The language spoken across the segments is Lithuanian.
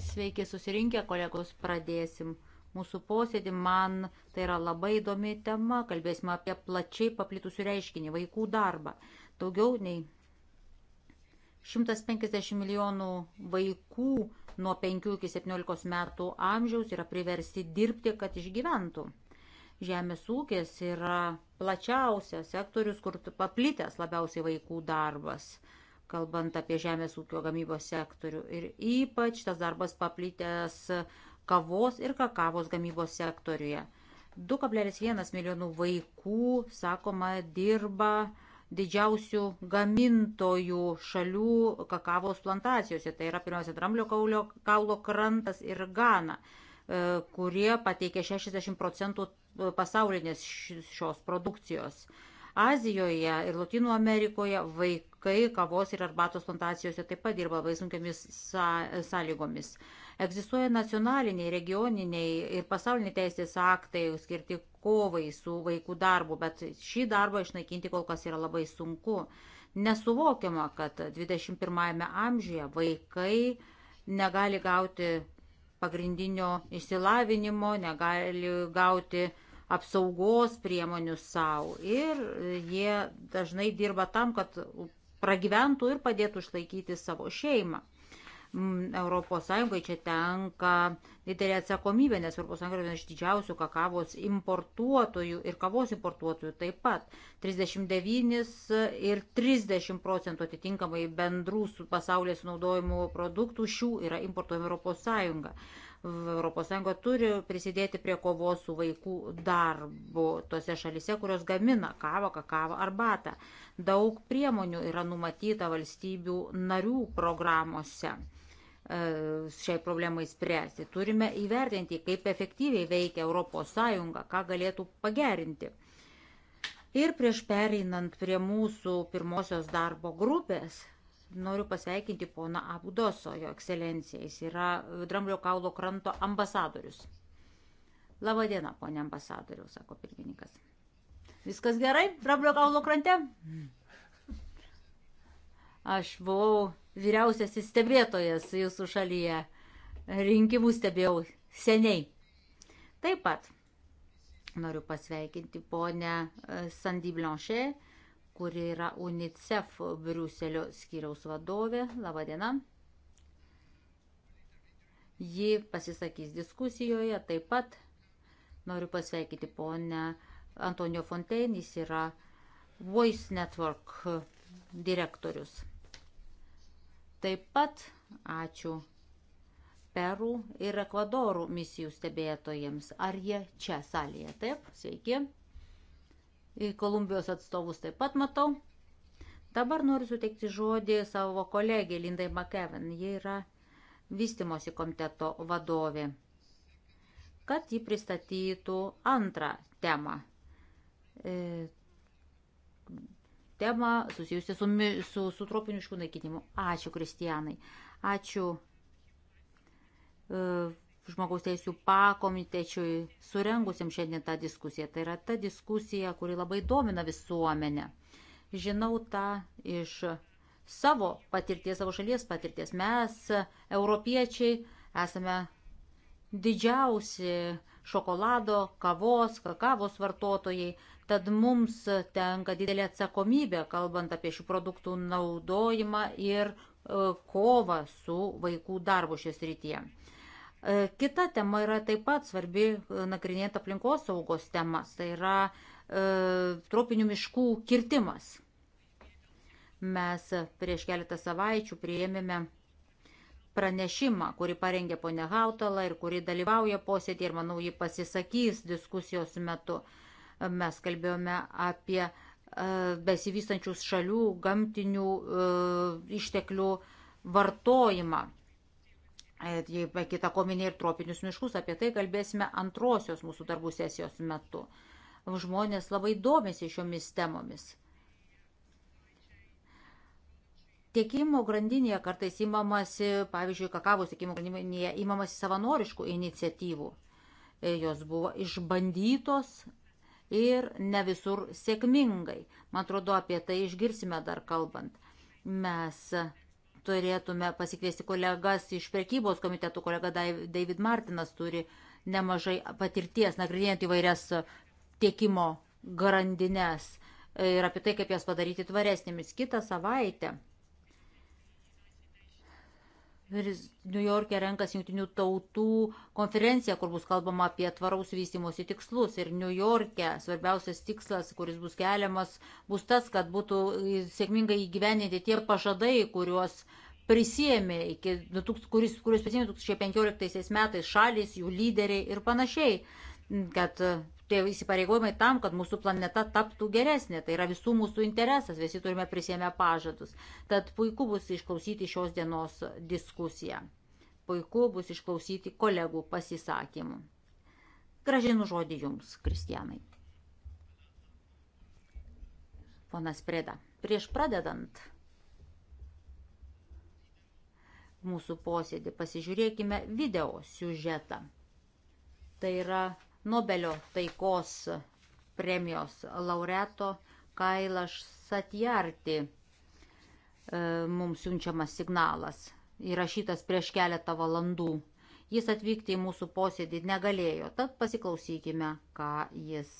Sveiki susirinkę, kolegos, pradėsim mūsų posėdį. Man tai yra labai įdomi tema. Kalbėsime apie plačiai paplitusių reiškinį - vaikų darbą. Daugiau nei 150 milijonų vaikų nuo 5 iki 17 metų amžiaus yra priversti dirbti, kad išgyventų. Žemės ūkis yra plačiausias sektorius, kur paplitęs labiausiai vaikų darbas kalbant apie žemės ūkio gamybos sektorių. Ir ypač tas darbas paplitęs kavos ir kakavos gamybos sektoriuje. 2,1 milijonų vaikų, sakoma, dirba didžiausių gamintojų šalių kakavos plantacijose. Tai yra pirmiausia Dramblio kaulio, kaulo krantas ir Gana, e, kurie pateikia 60 procentų pasaulinės šios produkcijos. Azijoje ir Latino Amerikoje vaikai kavos ir arbatos plantacijose taip pat dirba labai sunkiamis sąlygomis. Egzistuoja nacionaliniai, regioniniai ir pasauliniai teisės aktai skirti kovai su vaikų darbu, bet šį darbą išnaikinti kol kas yra labai sunku. Nesuvokiama, kad 21-ame amžiuje vaikai negali gauti pagrindinio išsilavinimo, negali gauti apsaugos priemonių savo ir jie dažnai dirba tam, kad pragyventų ir padėtų išlaikyti savo šeimą. Mm, ES čia tenka didelė atsakomybė, nes ES yra vienas iš didžiausių kakavos importuotojų ir kavos importuotojų taip pat. 39 ir 30 procentų atitinkamai bendrų su pasaulės sunaudojimų produktų šių yra importuojami ES. ES turi prisidėti prie kovos su vaikų darbu tose šalise, kurios gamina kavą, kakavą arbatą. Daug priemonių yra numatyta valstybių narių programuose e, šiai problemai spręsti. Turime įvertinti, kaip efektyviai veikia ES, ką galėtų pagerinti. Ir prieš pereinant prie mūsų pirmosios darbo grupės, Noriu pasveikinti poną Abudoso, jo ekscelenciją. Jis yra Dramblio kaulo kranto ambasadorius. Labadiena, ponė ambasadoriu, sako pirmininkas. Viskas gerai, Dramblio kaulo krante? Aš buvau vyriausiasis stebėtojas jūsų šalyje. Rinkimų stebėjau seniai. Taip pat noriu pasveikinti ponę Sandy Blanchet kuri yra UNICEF Briuselio skyriaus vadovė. Labadiena. Ji pasisakys diskusijoje. Taip pat noriu pasveikyti ponę Antonio Fontein, jis yra Voice Network direktorius. Taip pat ačiū Perų ir Ekvadorų misijų stebėtojams. Ar jie čia salėje? Taip, sveiki. Kolumbijos atstovus taip pat matau. Dabar noriu suteikti žodį savo kolegė Lindai McEwen. Ji yra vystimosi komiteto vadovė, kad ji pristatytų antrą temą. E, temą susijusią su, su, su tropiniu iškų naikinimu. Ačiū, Kristijanai. Ačiū. E, žmogaus teisų pakomitečiui surengusiam šiandien tą diskusiją. Tai yra ta diskusija, kuri labai domina visuomenę. Žinau tą iš savo patirties, savo šalies patirties. Mes, europiečiai, esame didžiausi šokolado, kavos, kakavos vartotojai, tad mums tenka didelė atsakomybė, kalbant apie šių produktų naudojimą ir e, kovą su vaikų darbu šios rytyje. E, kita tema yra taip pat svarbi e, nagrinėti aplinkos saugos temas, tai yra e, tropinių miškų kirtimas. Mes prieš keletą savaičių prieėmėme pranešimą, kurį parengė ponė Hautala ir kuri dalyvauja posėdį ir manau jį pasisakys diskusijos metu. E, mes kalbėjome apie e, besivystančius šalių gamtinių e, išteklių vartojimą Jei be kita kominė ir tropinius miškus, apie tai kalbėsime antrosios mūsų darbų sesijos metu. Žmonės labai domisi šiomis temomis. Tiekimo grandinėje kartais įmamasi, pavyzdžiui, kakavos tiekimo grandinėje įmamasi savanoriškų iniciatyvų. E, jos buvo išbandytos ir ne visur sėkmingai. Man atrodo, apie tai išgirsime dar kalbant. Mes turėtume pasikviesti kolegas iš prekybos komitetų. Kolega David Martinas turi nemažai patirties nagrinėjant įvairias tiekimo grandinės ir apie tai, kaip jas padaryti tvaresnėmis. Kitą savaitę New York'e renkas jungtinių tautų konferencija, kur bus kalbama apie tvaraus vystimosi tikslus. Ir New York'e svarbiausias tikslas, kuris bus keliamas, bus tas, kad būtų sėkmingai įgyveninti tie pažadai, kuriuos prisėmė, iki, kuris, kuris prisėmė 2015 metais šalis, jų lyderiai ir panašiai, kad tie įsipareigojimai tam, kad mūsų planeta taptų geresnė. Tai yra visų mūsų interesas, visi turime prisėmę pažadus. Tad puiku bus išklausyti šios dienos diskusiją. Puiku bus išklausyti kolegų pasisakymų. Gražinu žodį jums, Kristianai. Ponas Preda, prieš pradedant mūsų posėdį pasižiūrėkime video siužetą. Tai yra Nobelio taikos premijos laureato Kailaš Satjarti e, mums siunčiamas signalas, įrašytas prieš keletą valandų. Jis atvykti į mūsų posėdį negalėjo, tad pasiklausykime, ką jis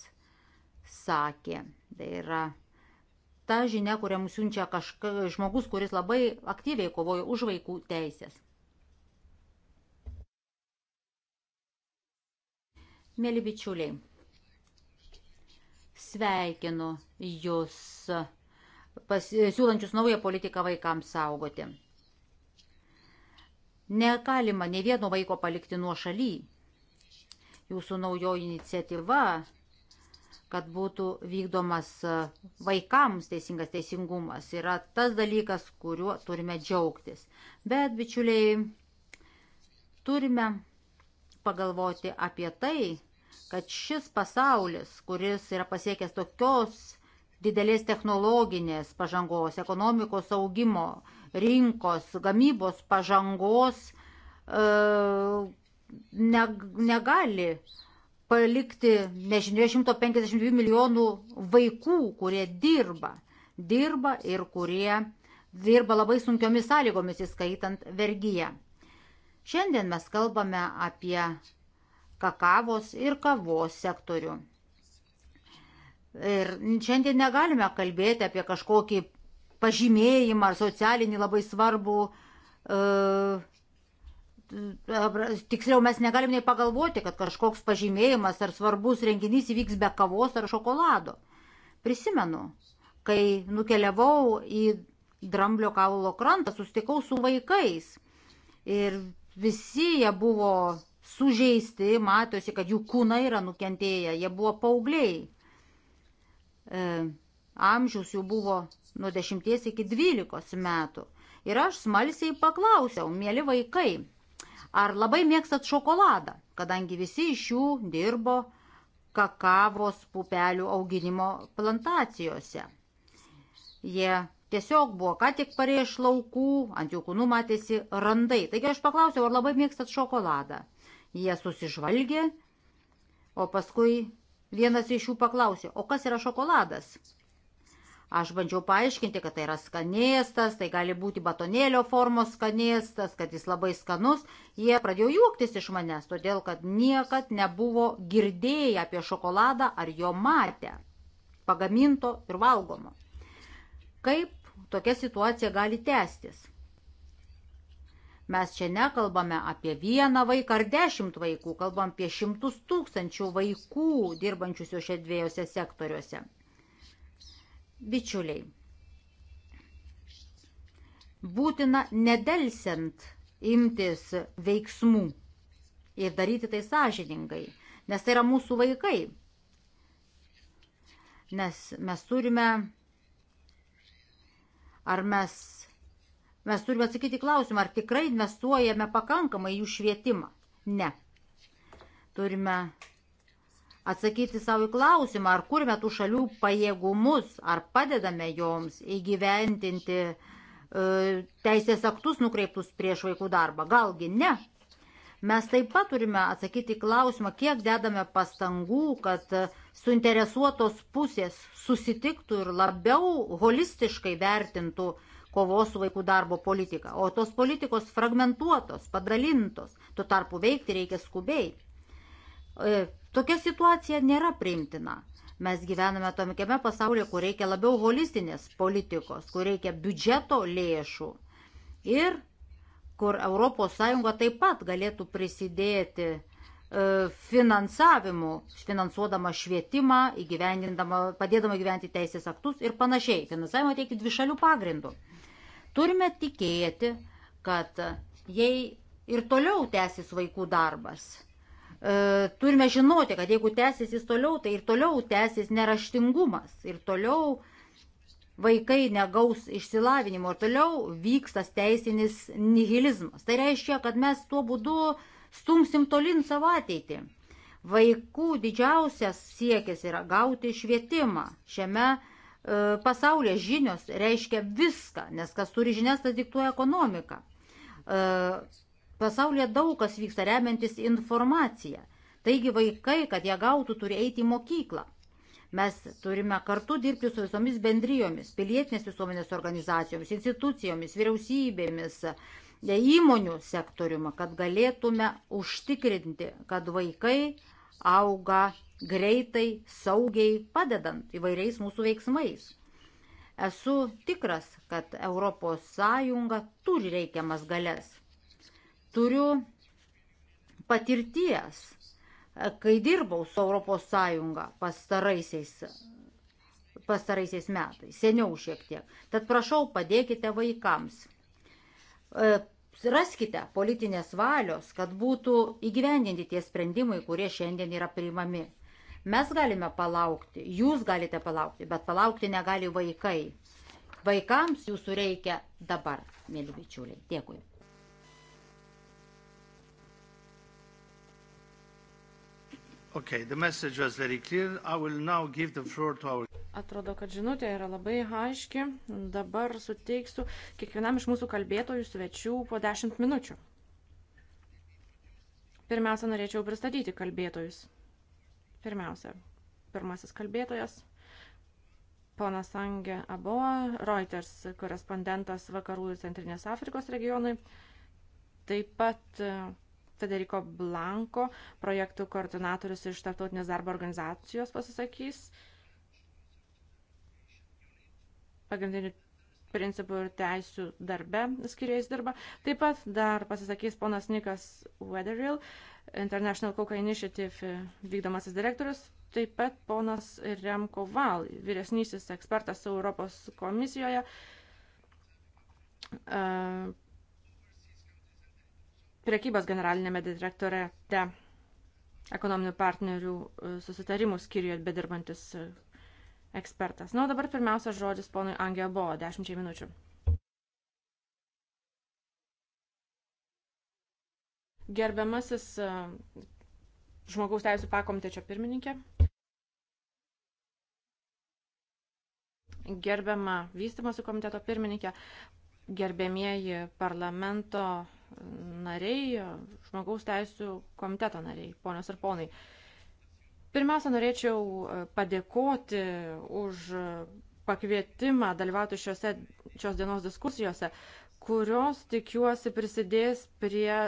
sakė. Tai yra ta žinia, kurią mums siunčia kažkas žmogus, kuris labai aktyviai kovojo už vaikų teisės. Mėly bičiuliai, sveikinu Jūs siūlančius naują politiką vaikams saugoti. Negalima ne vieno vaiko palikti nuo šaly. Jūsų naujoji iniciatyva, kad būtų vykdomas vaikams teisingas teisingumas, yra tas dalykas, kuriuo turime džiaugtis. Bet, bičiuliai, turime pagalvoti apie tai, kad šis pasaulis, kuris yra pasiekęs tokios didelės technologinės pažangos, ekonomikos augimo, rinkos, gamybos pažangos, e, ne, negali palikti, nežinia, 152 milijonų vaikų, kurie dirba, dirba ir kurie dirba labai sunkiomis sąlygomis, įskaitant vergyje. Šiandien mes kalbame apie kakavos ir kavos sektorių. Ir šiandien negalime kalbėti apie kažkokį pažymėjimą ar socialinį labai svarbų. E, tiksliau, mes negalim nei pagalvoti, kad kažkoks pažymėjimas ar svarbus renginys įvyks be kavos ar šokolado. Prisimenu, kai nukeliavau į Dramblio kaulo krantą, sustikau su vaikais. Ir Visi jie buvo sužeisti, matosi, kad jų kūnai yra nukentėję, jie buvo paaugliai. E, amžius jų buvo nuo 10 iki 12 metų. Ir aš smalsiai paklausiau, mėly vaikai, ar labai mėgstat šokoladą, kadangi visi iš jų dirbo kakavos pupelių auginimo plantacijose. Jie tiesiog buvo ką tik parėję iš laukų, ant jų kūnų matėsi randai. Taigi aš paklausiau, ar labai mėgstat šokoladą. Jie susižvalgė, o paskui vienas iš jų paklausė, o kas yra šokoladas? Aš bandžiau paaiškinti, kad tai yra skanėstas, tai gali būti batonėlio formos skanėstas, kad jis labai skanus. Jie pradėjo juoktis iš manęs, todėl kad niekad nebuvo girdėję apie šokoladą ar jo matę, pagaminto ir valgomo. Kaip tokia situacija gali tęstis. Mes čia nekalbame apie vieną vaiką ar dešimt vaikų, kalbam apie šimtus tūkstančių vaikų dirbančių šiuose dviejose sektoriuose. Bičiuliai, būtina nedelsiant imtis veiksmų ir daryti tai sąžiningai, nes tai yra mūsų vaikai. Nes mes turime Ar mes, mes turime atsakyti klausimą, ar tikrai investuojame pakankamai jų švietimą? Ne. Turime atsakyti savo į klausimą, ar kurime tų šalių pajėgumus, ar padedame joms įgyventinti e, teisės aktus nukreiptus prieš vaikų darbą. Galgi ne, Mes taip pat turime atsakyti klausimą, kiek dedame pastangų, kad suinteresuotos pusės susitiktų ir labiau holistiškai vertintų kovos su vaikų darbo politika. O tos politikos fragmentuotos, padalintos, tuo tarpu veikti reikia skubiai. E, tokia situacija nėra priimtina. Mes gyvename tomikiame pasaulyje, kur reikia labiau holistinės politikos, kur reikia biudžeto lėšų ir kur ES taip pat galėtų prisidėti e, finansavimu, finansuodama švietimą, padėdama gyventi teisės aktus ir panašiai. Finansavimą teikti dvišalių pagrindų. Turime tikėti, kad jei ir toliau tęsis vaikų darbas, e, turime žinoti, kad jeigu tęsis jis toliau, tai ir toliau tęsis neraštingumas, ir toliau vaikai negaus išsilavinimo ir toliau vykstas teisinis nihilizmas. Tai reiškia, kad mes tuo būdu stumsim tolin savo ateitį. Vaikų didžiausias siekis yra gauti švietimą. Šiame e, pasaulyje žinios reiškia viską, nes kas turi žinias, tas diktuoja ekonomiką. E, pasaulyje daug kas vyksta remiantis informacija. Taigi vaikai, kad jie gautų, turi eiti į mokyklą. Mes turime kartu dirbti su visomis bendrijomis, pilietinės visuomenės organizacijomis, institucijomis, vyriausybėmis, e, įmonių sektoriumi, kad galėtume užtikrinti, kad vaikai auga greitai, saugiai, padedant įvairiais mūsų veiksmais. Esu tikras, kad ES turi reikiamas galės. Turiu patirties E, kai dirbau su Europos Sąjunga pastaraisiais, pastaraisiais metais, seniau šiek tiek. Tad prašau, padėkite vaikams. E, raskite politinės valios, kad būtų įgyvendinti tie sprendimai, kurie šiandien yra priimami. Mes galime palaukti, jūs galite palaukti, bet palaukti negali vaikai. Vaikams jūsų reikia dabar, mėly bičiuliai. Dėkui. Okay, the message was very clear. I will now give the floor to our... Atrodo, kad žinutė yra labai aiški. Dabar suteiksiu kiekvienam iš mūsų kalbėtojų svečių po 10 minučių. Pirmiausia, norėčiau pristatyti kalbėtojus. Pirmiausia, pirmasis kalbėtojas ponas Angė Aboa, Reuters korespondentas Vakarų ir Centrinės Afrikos regionui, taip pat Federico Blanco, projektų koordinatorius iš Tartautinės darbo organizacijos pasisakys. Pagrindinių principų ir teisių darbe skiriais dirba. Taip pat dar pasisakys ponas Nikas Wetherill, International Coca Initiative vykdomasis direktorius, taip pat ponas Remko Val, vyresnysis ekspertas Europos komisijoje, prekybos generalinėme direktorėte ekonominių partnerių e, susitarimų skyriuje bedirbantis e, ekspertas. Na, o dabar pirmiausia žodis ponui Angė buvo 10 minučių. Gerbiamasis e, žmogaus teisų pakomitečio pirmininkė. Gerbiama vystimosi komiteto pirmininkė, gerbėmieji parlamento nariai, žmogaus teisų komiteto nariai, ponios ir ponai. Pirmiausia, norėčiau e, padėkoti už pakvietimą dalyvauti šiuose, šios dienos diskusijose, kurios, tikiuosi, prisidės prie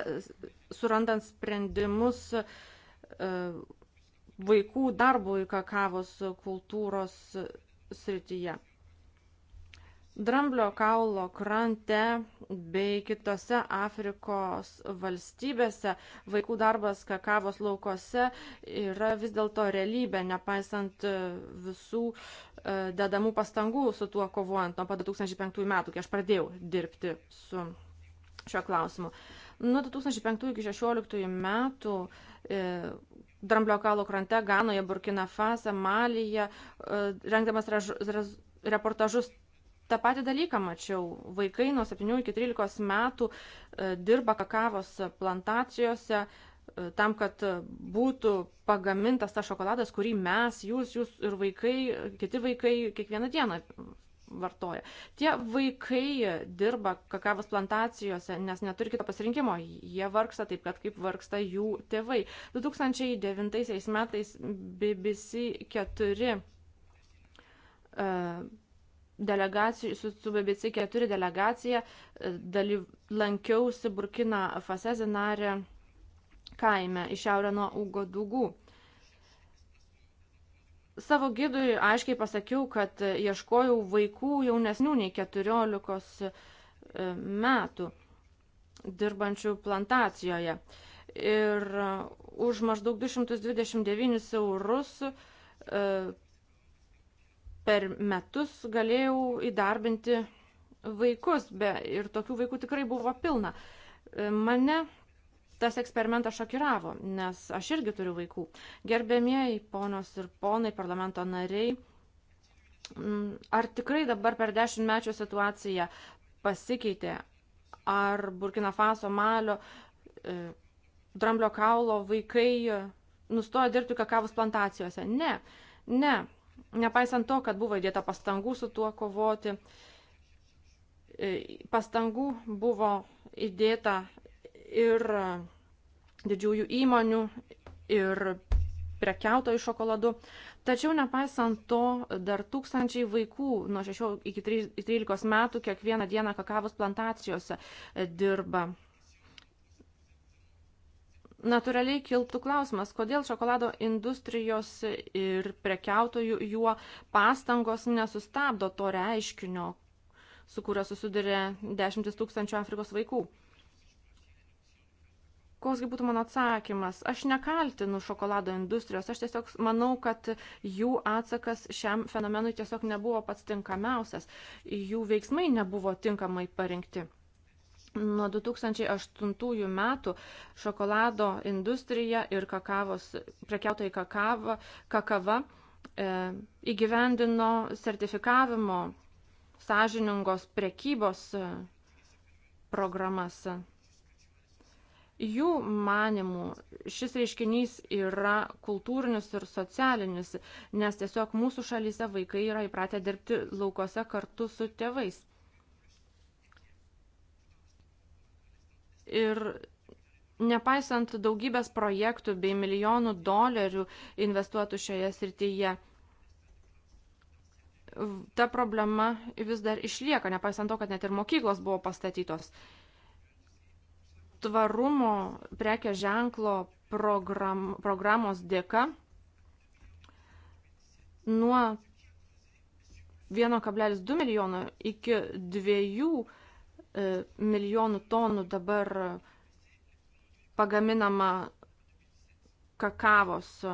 surandant sprendimus e, vaikų darbui kakavos kultūros e, srityje. Dramblio kaulo krante bei kitose Afrikos valstybėse vaikų darbas kakavos laukose yra vis dėlto realybė, nepaisant e, visų e, dedamų pastangų su tuo kovojant nuo pat 2005 metų, kai aš pradėjau dirbti su šiuo klausimu. Nuo 2005 iki 2016 metų e, Dramblio kalo krante, Ganoje, Burkina Fase, Malyje, e, rengdamas rež, rež, reportažus tą patį dalyką mačiau. Vaikai nuo 7 iki 13 metų e, dirba kakavos plantacijose e, tam, kad būtų pagamintas tas šokoladas, kurį mes, jūs, jūs ir vaikai, kiti vaikai kiekvieną dieną vartoja. Tie vaikai dirba kakavos plantacijose, nes neturi kito pasirinkimo. Jie vargsta taip, kad kaip vargsta jų tėvai. 2009 metais BBC 4 uh, delegacijų, su, su BBC keturi delegacija, e, dalyv, lankiausi Burkina Fase Zenarė kaime iš šiaurę nuo Ugo Dugų. Savo gidui aiškiai pasakiau, kad ieškojau vaikų jaunesnių nei 14 e, metų dirbančių plantacijoje. Ir e, už maždaug 229 eurus per metus galėjau įdarbinti vaikus, be, ir tokių vaikų tikrai buvo pilna. E, mane tas eksperimentas šokiravo, nes aš irgi turiu vaikų. Gerbėmieji ponios ir ponai, parlamento nariai, ar tikrai dabar per dešimt mečių situacija pasikeitė? Ar Burkina Faso, Malio, e, Dramblio kaulo vaikai e, nustojo dirbti kakavos plantacijose? Ne, ne Nepaisant to, kad buvo įdėta pastangų su tuo kovoti, e, pastangų buvo įdėta ir didžiųjų įmonių, ir prekiautojų šokoladu. Tačiau nepaisant to, dar tūkstančiai vaikų nuo 6 iki 13 metų kiekvieną dieną kakavos plantacijose e, dirba. Natūraliai kiltų klausimas, kodėl šokolado industrijos ir prekiautojų juo pastangos nesustabdo to reiškinio, su kurio susiduria dešimtis tūkstančių Afrikos vaikų. Koksgi būtų mano atsakymas? Aš nekaltinu šokolado industrijos, aš tiesiog manau, kad jų atsakas šiam fenomenui tiesiog nebuvo pats tinkamiausias, jų veiksmai nebuvo tinkamai parinkti. Nuo 2008 metų šokolado industrija ir kakavos, prekiautojai kakava, kakava e, įgyvendino sertifikavimo sąžiningos prekybos e, programas. Jų manimų šis reiškinys yra kultūrinis ir socialinis, nes tiesiog mūsų šalyse vaikai yra įpratę dirbti laukose kartu su tėvais. Ir nepaisant daugybės projektų bei milijonų dolerių investuotų šioje srityje, ta problema vis dar išlieka, nepaisant to, kad net ir mokyklos buvo pastatytos. Tvarumo prekė ženklo program, programos dėka nuo 1,2 milijono iki 2 E, milijonų tonų dabar pagaminama kakavos, e,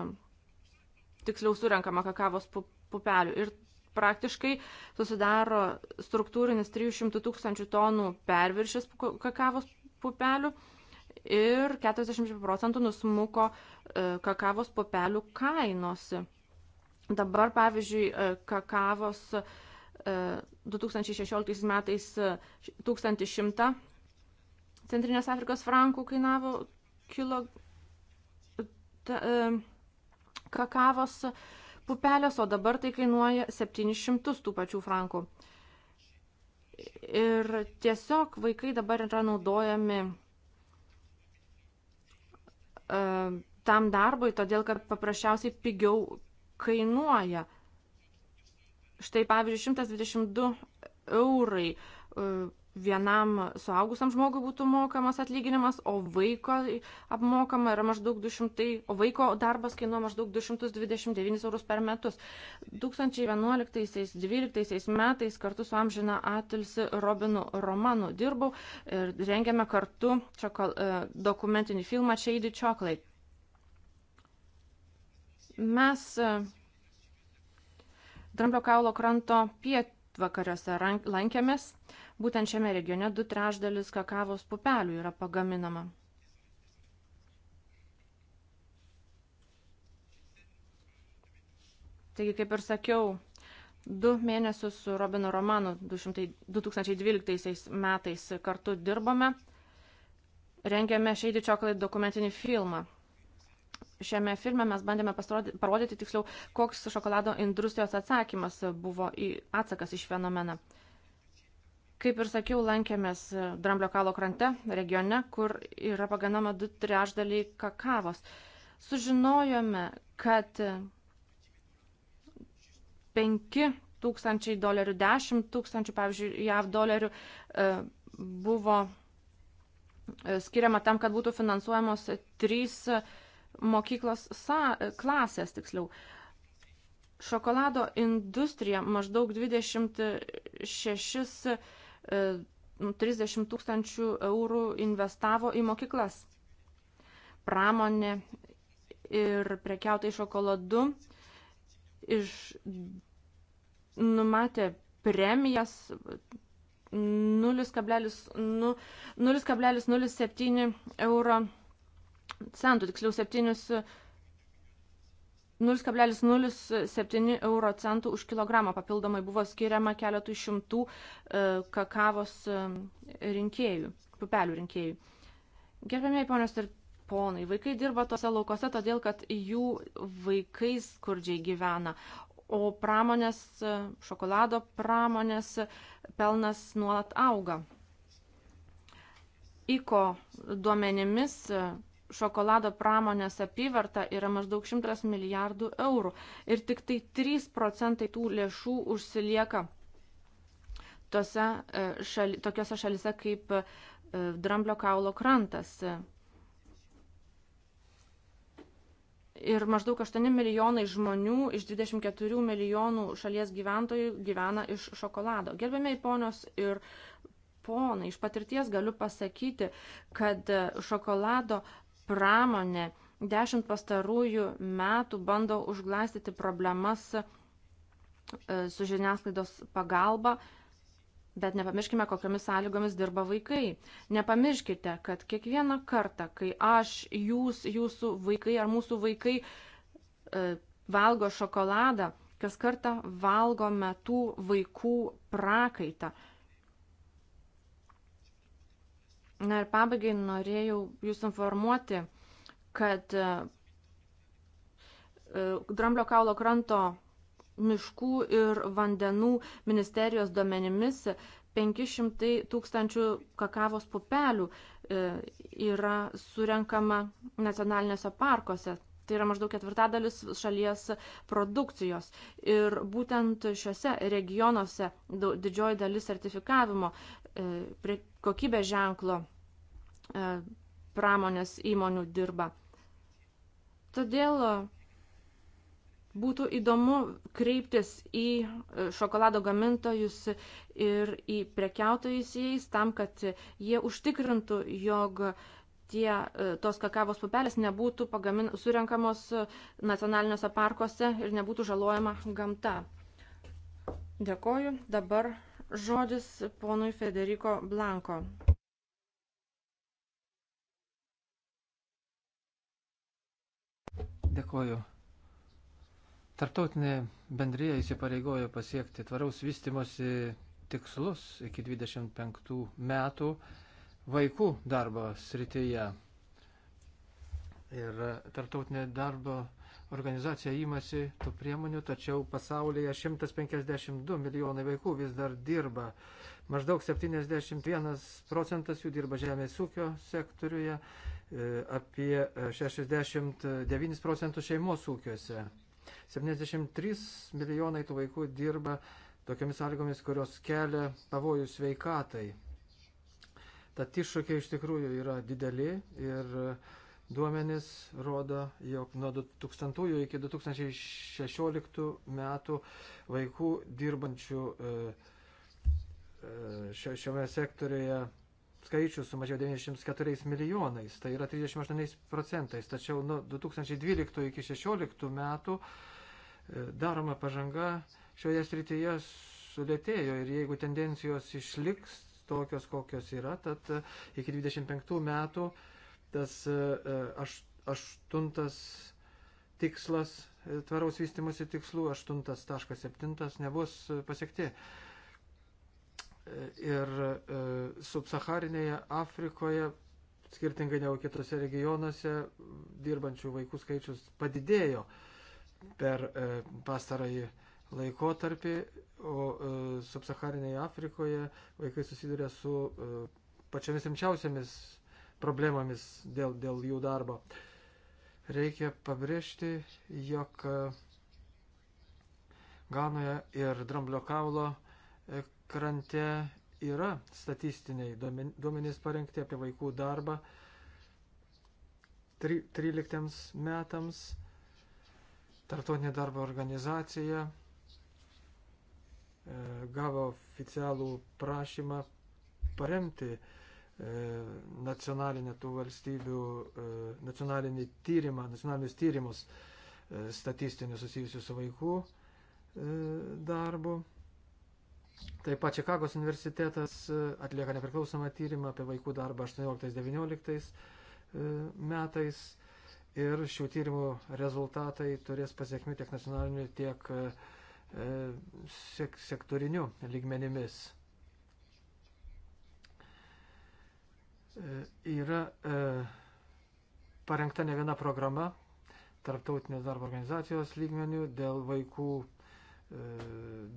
tiksliau surenkama kakavos pupelių. Ir praktiškai susidaro struktūrinis 300 tūkstančių tonų perviršis kakavos pupelių ir 40 procentų nusmuko e, kakavos pupelių kainos. Dabar, pavyzdžiui, kakavos pupelių 2016 e, metais 1100 e, Centrinės Afrikos frankų kainavo kilo e, ta, kakavos pupelės, o dabar tai kainuoja 700 tų pačių frankų. Ir tiesiog vaikai dabar yra naudojami tam darbui, todėl kad paprasčiausiai pigiau kainuoja. Štai pavyzdžiui, 122 eurai e, vienam suaugusiam žmogui būtų mokamas atlyginimas, o vaiko apmokama yra maždaug 200, o vaiko darbas kainuoja maždaug 229 eurus per metus. 2011-2012 metais kartu su amžina atilsi Robinu Romanu dirbau ir rengėme kartu čokol, e, dokumentinį filmą Shady Chocolate. Mes e, Dramblio kaulo kranto pietvakariuose lankėmės. Būtent šiame regione du trešdalis kakavos pupelių yra pagaminama. Taigi, kaip ir sakiau, du mėnesius su Robinu Romanu 200, 2012 metais kartu dirbome, rengėme Shady Chocolate dokumentinį filmą. Šiame filme mes bandėme parodyti tiksliau, koks šokolado industrijos atsakymas buvo į atsakas iš fenomeną. Kaip ir sakiau, lankėmės Dramblio kalo krante, regione, kur yra paganama du trešdaliai kakavos. Sužinojome, kad 5 tūkstančiai dolerių, 10 tūkstančių, pavyzdžiui, JAV dolerių e, buvo e, skiriama tam, kad būtų finansuojamos trys mokyklos sa, klasės tiksliau. Šokolado industrija maždaug 26 30 e, nu, tūkstančių eurų investavo į mokyklas. Pramonė ir prekiautai šokoladu iš numatė premijas 0,07 nu, euro centų, tiksliau 0,07 euro centų už kilogramą papildomai buvo skiriama keletui šimtų e, kakavos e, rinkėjų, pupelių rinkėjų. Gerbėmiai ponios ir ponai, vaikai dirba tose laukose todėl, kad jų vaikai skurdžiai gyvena, o pramonės, e, šokolado pramonės pelnas nuolat auga. ICO duomenimis šokolado pramonės apyvarta yra maždaug 100 milijardų eurų ir tik tai 3 procentai tų lėšų užsilieka tose e, šali, tokiose šalise kaip e, Dramblio kaulo krantas. Ir maždaug 8 milijonai žmonių iš 24 milijonų šalies gyventojų gyvena iš šokolado. Gerbėmiai ponios ir ponai, iš patirties galiu pasakyti, kad e, šokolado pramonė dešimt pastarųjų metų bando užglaistyti problemas e, su žiniasklaidos pagalba, bet nepamirškime, kokiamis sąlygomis dirba vaikai. Nepamirškite, kad kiekvieną kartą, kai aš, jūs, jūsų vaikai ar mūsų vaikai e, valgo šokoladą, kas kartą valgome tų vaikų prakaitą. Na ir pabaigai norėjau Jūs informuoti, kad e, e, Dramblio kaulo kranto miškų ir vandenų ministerijos duomenimis 500 tūkstančių kakavos pupelių e, yra surenkama nacionalinėse parkuose tai yra maždaug ketvirtadalis šalies produkcijos. Ir būtent šiuose regionuose didžioji dalis sertifikavimo e, kokybės ženklo e, pramonės įmonių dirba. Todėl e, būtų įdomu kreiptis į šokolado gamintojus ir į prekiautojus jais tam, kad jie užtikrintų, jog uh, tie, e, tos kakavos pupelės nebūtų pagamin, surenkamos e, nacionaliniuose parkuose ir nebūtų žalojama gamta. Dėkoju. Dabar žodis ponui Federico Blanko. Dėkoju. Tartautinė bendryja įsipareigojo pasiekti tvaraus vystimosi tikslus iki 25 metų vaikų darbo srityje. Ir tartautinė darbo organizacija įmasi tų priemonių, tačiau pasaulyje 152 milijonai vaikų vis dar dirba. Maždaug 71 procentas jų dirba žemės ūkio sektoriuje, e, apie 69 procentus šeimos ūkiuose. 73 milijonai tų vaikų dirba tokiamis sąlygomis, kurios kelia pavojų sveikatai. Tad iššūkiai iš tikrųjų yra dideli ir duomenys rodo, jog nuo 2000 iki 2016 metų vaikų dirbančių e, e, šiame sektorėje skaičius sumažėjo 94 milijonais, tai yra 38 procentais. Tačiau nuo 2012 iki 2016 metų e, daroma pažanga šioje srityje sulėtėjo ir jeigu tendencijos išliks, tokios, kokios yra, tad e, iki 25 metų tas e, e, aš, aštuntas tikslas, tvaraus vystimosi tikslų, aštuntas taškas septintas nebus pasiekti. Ir subsaharinėje Afrikoje, skirtingai negu kitose regionuose, dirbančių vaikų skaičius padidėjo per pastarąjį laikotarpį o e, subsaharinėje Afrikoje vaikai susiduria su e, pačiamis rimčiausiamis problemomis dėl, dėl jų darbo. Reikia pabrėžti, jog e, Ganoje ir Dramblio kaulo krante yra statistiniai duomenys parengti apie vaikų darbą 13 metams. Tartotinė darbo organizacija E, gavo oficialų prašymą paremti e, nacionalinę tų valstybių, e, nacionalinį tyrimą, nacionalinius tyrimus statistinius susijusius su vaikų darbu. Taip pat Čikagos universitetas atlieka nepriklausomą tyrimą apie vaikų darbą 18-19 metais ir šių tyrimų rezultatai turės pasiekmių tiek nacionaliniu, tiek uh, E, sek sektoriniu lygmenimis. E, yra e, parengta ne viena programa tarptautinės darbo organizacijos lygmenių dėl vaikų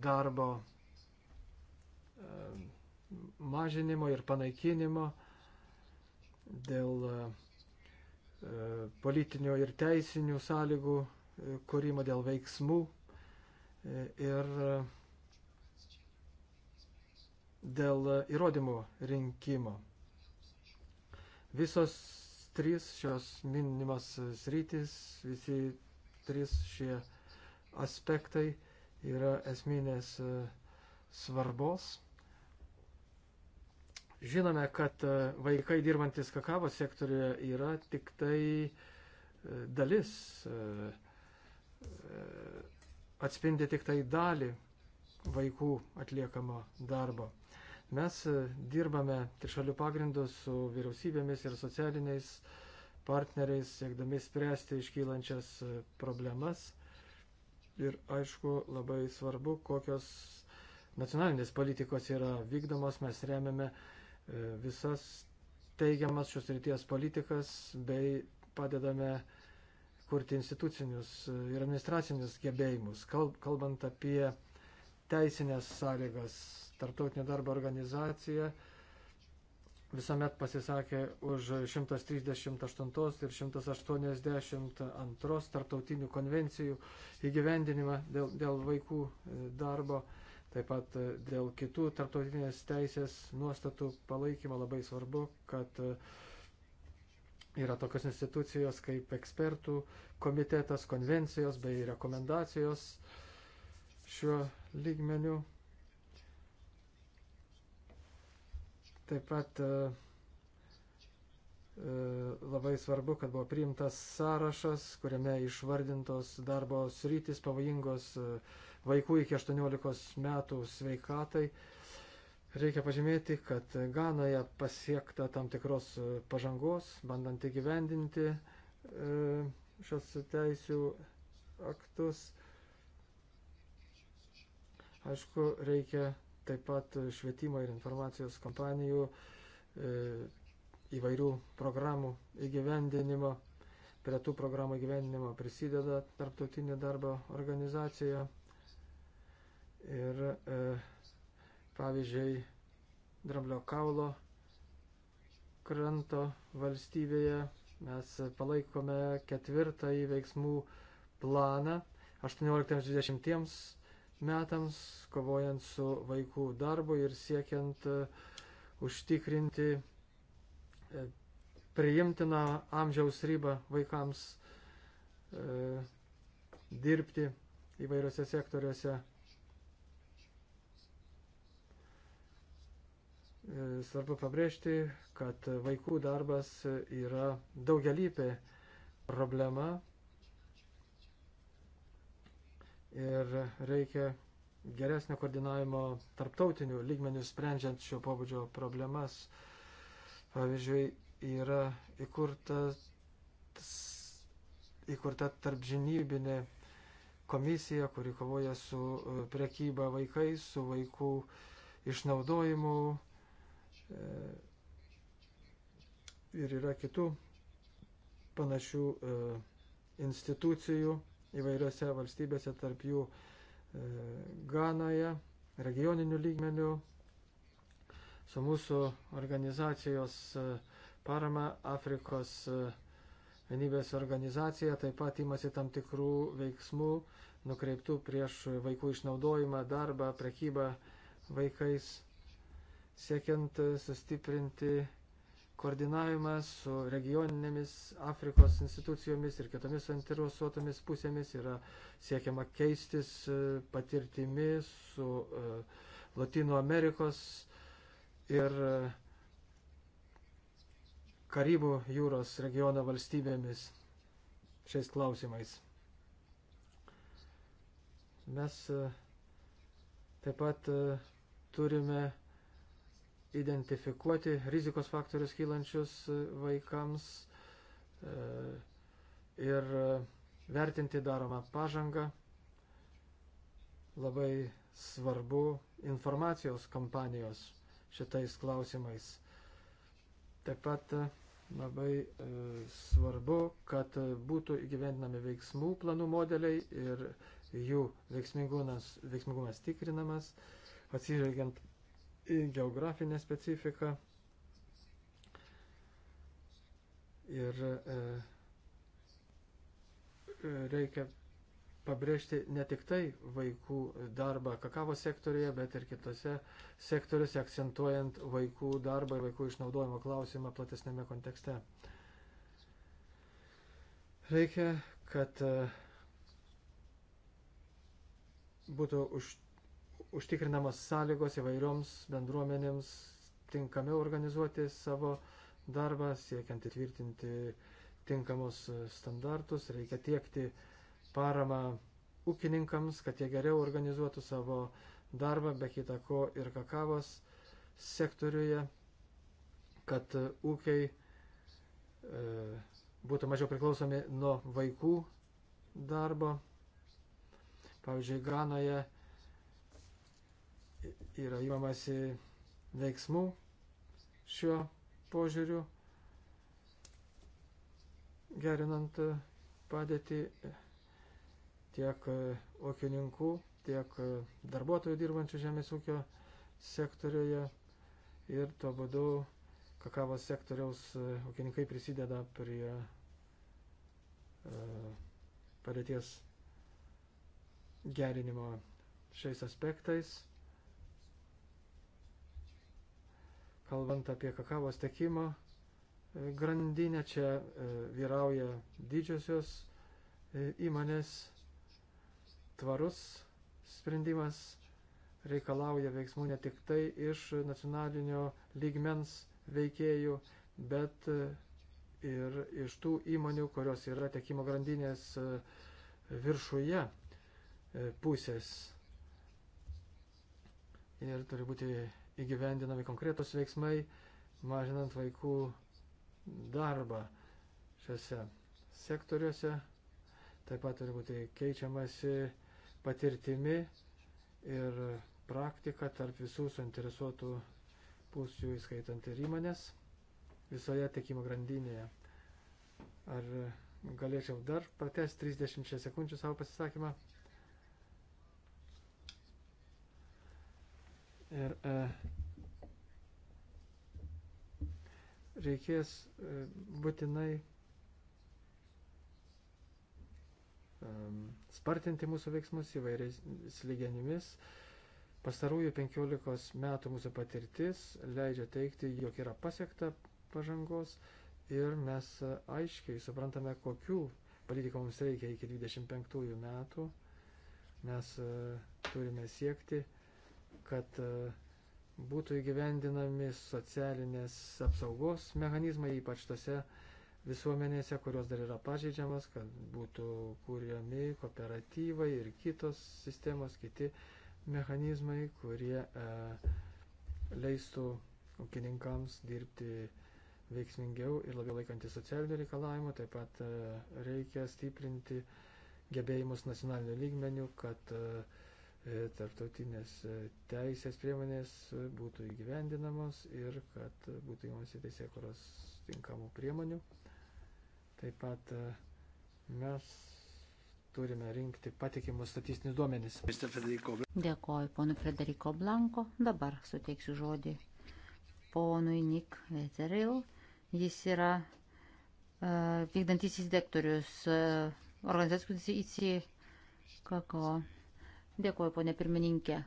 darbo mažinimo ir panaikinimo, dėl politinių ir teisinių sąlygų kūrimo, dėl veiksmų ir dėl įrodymų rinkimo. Visos trys šios minimas sritis, visi trys šie aspektai yra esminės e, svarbos. Žinome, kad e, vaikai dirbantis kakavo sektoriuje yra tik tai e, dalis atspindi tik tai dalį vaikų atliekamo darbo. Mes e, dirbame trišalių pagrindų su vyriausybėmis ir socialiniais partneriais, siekdami spręsti iškylančias e, problemas. Ir aišku, labai svarbu, kokios nacionalinės politikos yra vykdomos. Mes remiame e, visas teigiamas šios ryties politikas bei padedame uh, kurti institucinius e, ir administracinius gebėjimus. Kalbant apie teisinės sąlygas, Tartautinė darbo organizacija visuomet pasisakė už 138 ir 182 tartautinių konvencijų įgyvendinimą dėl, dėl vaikų e, darbo, taip pat e, dėl kitų tartautinės teisės nuostatų palaikymo labai svarbu, kad uh, Yra tokios institucijos kaip ekspertų komitetas, konvencijos bei rekomendacijos šiuo lygmeniu. Taip pat e, e labai svarbu, kad buvo priimtas sąrašas, kuriame išvardintos darbo sritis pavojingos e, vaikų iki 18 metų sveikatai Reikia pažymėti, kad Ganoje pasiekta tam tikros e, pažangos, bandant įgyvendinti e, šios teisių aktus. Aišku, reikia taip pat švietimo ir informacijos kompanijų e, įvairių programų įgyvendinimo. Prie tų programų įgyvendinimo prisideda Tarptautinė darbo organizacija. Ir e, Pavyzdžiui, Dramblio kaulo kranto valstybėje mes palaikome ketvirtąjį veiksmų planą 18-20 metams, kovojant su vaikų darbu ir siekiant e, užtikrinti e, priimtiną amžiaus ribą vaikams e, dirbti įvairiose sektoriuose E, svarbu pabrėžti, kad vaikų darbas yra daugialypė problema ir reikia geresnio koordinavimo tarptautinių lygmenių sprendžiant šio pobūdžio problemas. Pavyzdžiui, yra įkurtas, įkurta tarpžinybinė komisija, kuri kovoja su e, prekyba vaikais, su vaikų išnaudojimu, E, ir yra kitų panašių e, institucijų įvairiose valstybėse, tarp jų e, Ganoje, regioninių lygmenių. Su mūsų organizacijos parama Afrikos vienybės organizacija taip pat imasi tam tikrų veiksmų nukreiptų prieš vaikų išnaudojimą, darbą, prekybą vaikais siekiant sustiprinti koordinavimą su regioninėmis Afrikos institucijomis ir kitomis interesuotomis pusėmis yra siekiama keistis e, patirtimi su e, Latino Amerikos ir e, Karibų jūros regiono valstybėmis šiais klausimais. Mes taip pat turime identifikuoti rizikos faktorius kylančius vaikams e, ir vertinti daromą pažangą. Labai svarbu informacijos kampanijos šitais klausimais. Taip pat e, labai e, svarbu, kad būtų įgyvendinami veiksmų planų modeliai ir jų veiksmingumas, veiksmingumas tikrinamas, atsižvelgiant į geografinę specifiką ir e, e, reikia pabrėžti ne tik tai vaikų darbą kakavo sektorėje, bet ir kitose sektoriuose, akcentuojant vaikų darbą ir vaikų išnaudojimo klausimą platesnėme kontekste. Reikia, kad e, būtų už, užtikrinamos sąlygos įvairioms bendruomenėms tinkamiau organizuoti savo darbą, siekiant įtvirtinti tinkamus standartus, reikia tiekti paramą ūkininkams, kad jie geriau organizuotų savo darbą, be kita ko ir kakavos sektoriuje, kad ūkiai e, būtų mažiau priklausomi nuo vaikų darbo. Pavyzdžiui, Ganoje yra įmamasi veiksmų šiuo požiūriu, gerinant padėtį tiek ūkininkų, tiek darbuotojų dirbančių žemės ūkio sektoriuje ir tuo būdu kakavos sektoriaus ūkininkai prisideda prie e, padėties gerinimo šiais aspektais. kalbant apie kakavos tekimo e, grandinę, čia e, vyrauja didžiosios e, įmonės, tvarus sprendimas reikalauja veiksmų ne tik tai iš nacionalinio lygmens veikėjų, bet ir iš tų įmonių, kurios yra tekimo grandinės viršuje pusės. Ir turi būti įgyvendinami konkretos veiksmai, mažinant vaikų darbą šiuose sektoriuose. Taip pat turi būti keičiamasi patirtimi ir praktika tarp visų suinteresuotų pusių, įskaitant ir įmonės, visoje tiekimo grandinėje. Ar galėčiau dar pratęsti 30 sekundžių savo pasisakymą? Ir e, reikės e, būtinai spartinti mūsų veiksmus įvairiais lygenimis. Pastarųjų 15 metų mūsų patirtis leidžia teikti, jog yra pasiekta pažangos ir mes aiškiai suprantame, kokių politikų mums reikia iki 25 metų. Mes e, turime siekti kad e, būtų įgyvendinami socialinės apsaugos mechanizmai, ypač tose visuomenėse, kurios dar yra pažeidžiamas, kad būtų kūriami kooperatyvai ir kitos sistemos, kiti mechanizmai, kurie e, leistų ūkininkams dirbti veiksmingiau ir labiau laikantį socialinių reikalavimų. Taip pat e, reikia stiprinti gebėjimus nacionalinių lygmenių, kad e, E, tarptautinės e, teisės priemonės būtų įgyvendinamos ir kad būtų įmasi teisėkuros tinkamų priemonių. Taip pat e, mes turime rinkti patikimus statistinius duomenis. Dėkoju ponui Frederiko Blanko. Dabar suteiksiu žodį ponui Nik Veteril. Jis yra uh, vykdantisis direktorius uh, organizacijos ICI KKO Dėkuoju, ponė pirmininkė. E,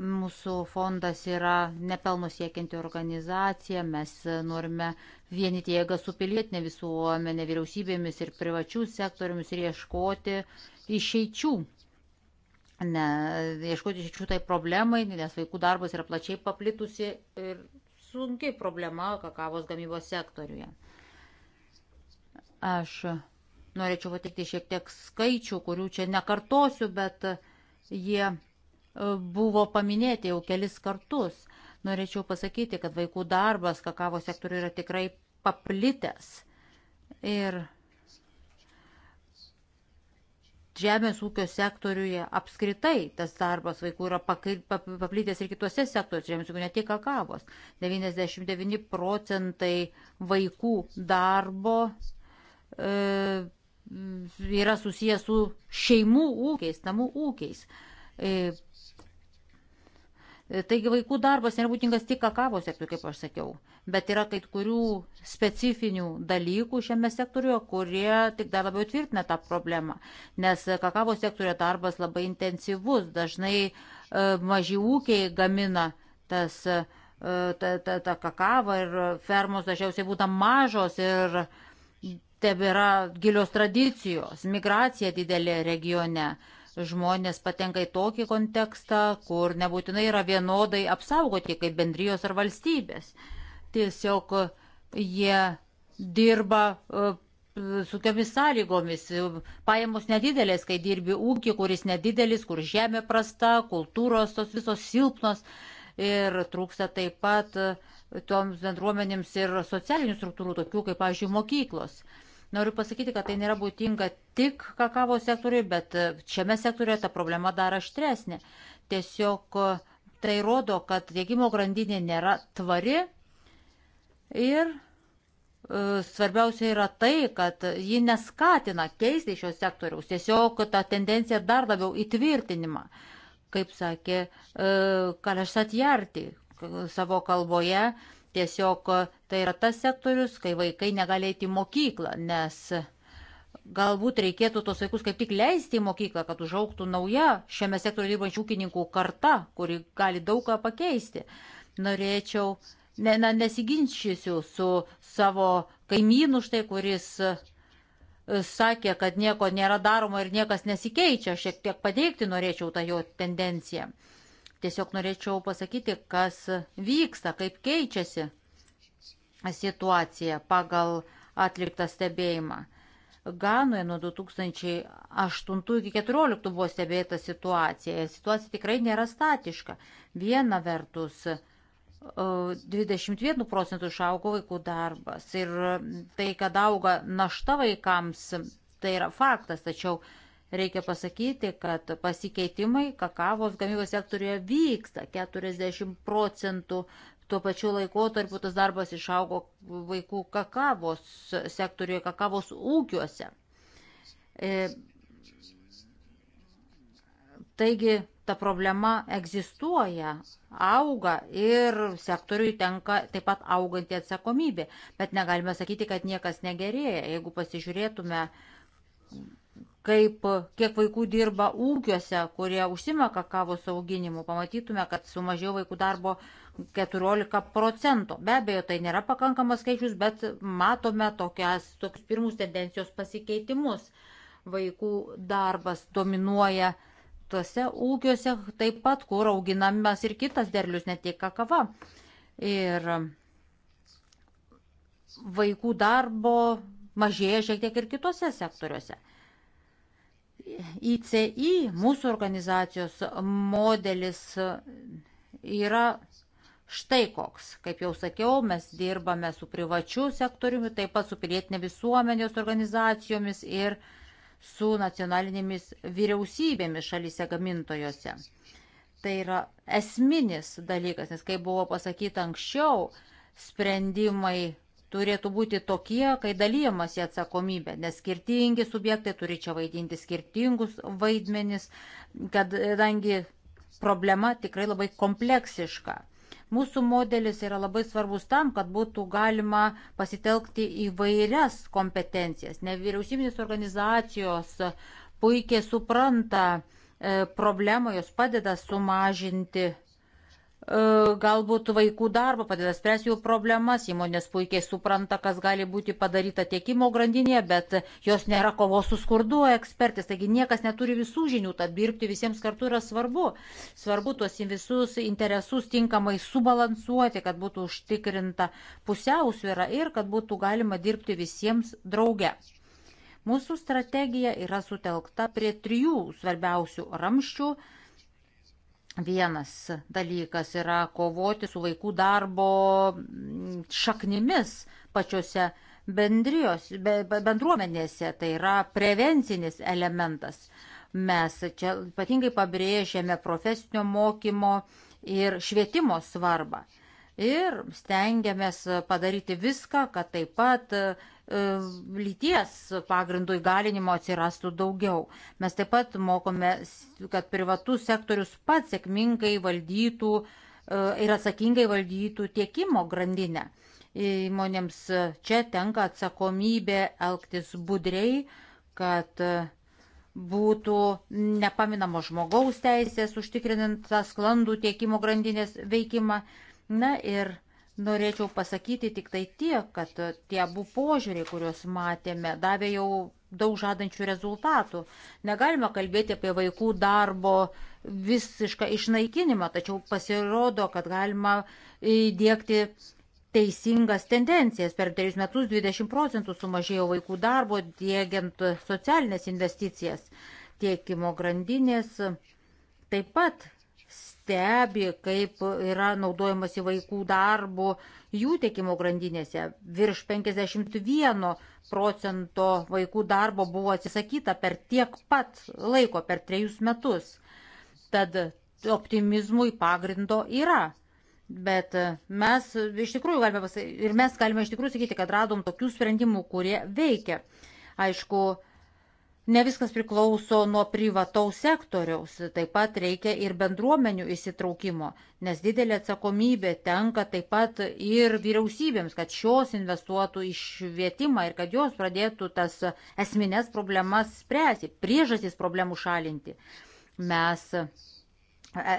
mūsų fondas yra nepelno siekianti organizacija, mes norime vienyti jėgą su pilietinė visuomenė, vyriausybėmis ir privačių sektoriumis ir ieškoti išeičių. Ne, ieškoti išeičių tai problemai, nes vaikų darbas yra plačiai paplitusi ir sunki problema kakavos gamybos sektoriuje. Aš norėčiau pateikti šiek tiek skaičių, kurių čia nekartosiu, bet uh, Jie e, buvo paminėti jau kelis kartus. Norėčiau pasakyti, kad vaikų darbas kakavo sektoriuje yra tikrai paplitęs. Ir žemės ūkio sektoriuje apskritai tas darbas vaikų yra paplitęs ir kitose sektoriuose, žemės ūkio ne tik kakavos. 99 procentai vaikų darbo e, yra susijęs su šeimų ūkiais, namų ūkiais. E, taigi vaikų darbas nėra būtingas tik kakavos sektoriui, kaip aš sakiau, bet yra kai kurių specifinių dalykų šiame sektoriuje, kurie tik dar labiau tvirtina tą problemą, nes kakavos sektoriuje darbas labai intensyvus, dažnai e, maži ūkiai gamina tas, e, ta, ta, ta kakavą ir fermos dažniausiai būna mažos ir uh, tebėra gilios tradicijos, migracija didelė regione. Žmonės patenka į tokį kontekstą, kur nebūtinai yra vienodai apsaugoti kaip bendrijos ar valstybės. Tiesiog jie dirba e, su tomis sąlygomis. Pajamos nedidelės, kai dirbi ūkį, kuris nedidelis, kur žemė prasta, kultūros tos visos silpnos ir trūksta taip pat toms bendruomenėms ir socialinių struktūrų, tokių kaip, pavyzdžiui, mokyklos. Uh, Noriu pasakyti, kad tai nėra būtinga tik kakavos sektoriui, bet šiame sektoriuje ta problema dar aštresnė. Tiesiog e, tai rodo, kad tiekimo grandinė nėra tvari ir e, svarbiausia yra tai, kad ji neskatina keisti šios sektoriaus, tiesiog ta tendencija dar labiau įtvirtinimą, kaip sakė e, Kalešatjarti savo kalboje, Tiesiog tai yra tas sektorius, kai vaikai negali eiti į mokyklą, nes galbūt reikėtų tos vaikus kaip tik leisti į mokyklą, kad užauktų nauja šiame sektoriuje dirbančių ūkininkų karta, kuri gali daug ką pakeisti. Norėčiau, ne, na, nesiginčysiu su savo kaimynu štai, kuris e, sakė, kad nieko nėra daroma ir niekas nesikeičia, šiek tiek pateikti norėčiau tą jo tendenciją. Tiesiog norėčiau pasakyti, kas vyksta, kaip keičiasi situacija pagal atliktą stebėjimą. Ganoje nuo 2008 iki 2014 buvo stebėta situacija. Situacija tikrai nėra statiška. Viena vertus, 21 e, procentų išaugo vaikų darbas ir tai, kad auga našta vaikams, tai yra faktas, tačiau Reikia pasakyti, kad pasikeitimai kakavos gamybos sektoriuje vyksta 40 procentų. Tuo pačiu laikotarpiu tas darbas išaugo vaikų kakavos sektoriuje, kakavos ūkiuose. E, taigi ta problema egzistuoja, auga ir sektoriui tenka taip pat auganti atsakomybė. Bet negalime sakyti, kad niekas negerėja. Jeigu pasižiūrėtume kaip kiek vaikų dirba ūkiuose, kurie užsima kakavos auginimu, pamatytume, kad sumažėjo vaikų darbo 14 procentų. Be abejo, tai nėra pakankamas skaičius, bet matome tokias, tokius pirmus tendencijos pasikeitimus. Vaikų darbas dominuoja tuose ūkiuose taip pat, kur auginamas ir kitas derlius, ne tik kakava. Ir vaikų darbo mažėja šiek tiek ir kitose sektoriuose. ICI, mūsų organizacijos modelis yra štai koks. Kaip jau sakiau, mes dirbame su privačiu sektoriumi, taip pat su pilietinė visuomenės organizacijomis ir su nacionalinėmis vyriausybėmis šalyse gamintojose. Tai yra esminis dalykas, nes kaip buvo pasakyta anksčiau, sprendimai turėtų būti tokie, kai dalyjamasi atsakomybė, nes skirtingi subjektai turi čia vaidinti skirtingus vaidmenis, kadangi problema tikrai labai kompleksiška. Mūsų modelis yra labai svarbus tam, kad būtų galima pasitelkti įvairias kompetencijas. Nevyriausybinės organizacijos puikiai supranta e, problemą, jos padeda sumažinti E, galbūt vaikų darbą, padeda spręsti jų problemas, įmonės puikiai supranta, kas gali būti padaryta tiekimo grandinėje, bet jos nėra kovos su skurdu ekspertis, taigi niekas neturi visų žinių, tad dirbti visiems kartu yra svarbu. Svarbu tuos visus interesus tinkamai subalansuoti, kad būtų užtikrinta pusiausvėra ir kad būtų galima dirbti visiems drauge. Mūsų strategija yra sutelkta prie trijų svarbiausių ramščių Vienas dalykas yra kovoti su vaikų darbo mm, šaknimis pačiose bendrijos, be, bendruomenėse, tai yra prevencinis elementas. Mes čia ypatingai pabrėžėme profesinio mokymo ir švietimo svarbą. Ir stengiamės padaryti viską, kad taip pat E, lyties pagrindų įgalinimo atsirastų daugiau. Mes taip pat mokome, kad privatus sektorius pats sėkmingai valdytų e, ir atsakingai valdytų tiekimo grandinę. Įmonėms čia tenka atsakomybė elgtis budriai, kad e, būtų nepaminamos žmogaus teisės, užtikrinant tą sklandų tiekimo grandinės veikimą. Na ir Norėčiau pasakyti tik tai tiek, kad tie abu požiūriai, kuriuos matėme, davė jau daug žadančių rezultatų. Negalima kalbėti apie vaikų darbo visišką išnaikinimą, tačiau pasirodo, kad galima įdėkti teisingas tendencijas. Per trejus metus 20 procentų sumažėjo vaikų darbo, dėgiant socialinės investicijas, tiekimo grandinės taip pat stebi, kaip yra naudojamas į vaikų darbų jų tiekimo grandinėse. Virš 51 procento vaikų darbo buvo atsisakyta per tiek pat laiko, per trejus metus. Tad optimizmui pagrindo yra. Bet mes iš tikrųjų galime pasakyti, ir mes galime iš tikrųjų sakyti, kad radom tokių sprendimų, kurie veikia. Aišku, Ne viskas priklauso nuo privataus sektoriaus, taip pat reikia ir bendruomenių įsitraukimo, nes didelė atsakomybė tenka taip pat ir vyriausybėms, kad šios investuotų į švietimą ir kad jos pradėtų tas esminės problemas spręsti, priežastys problemų šalinti. Mes e,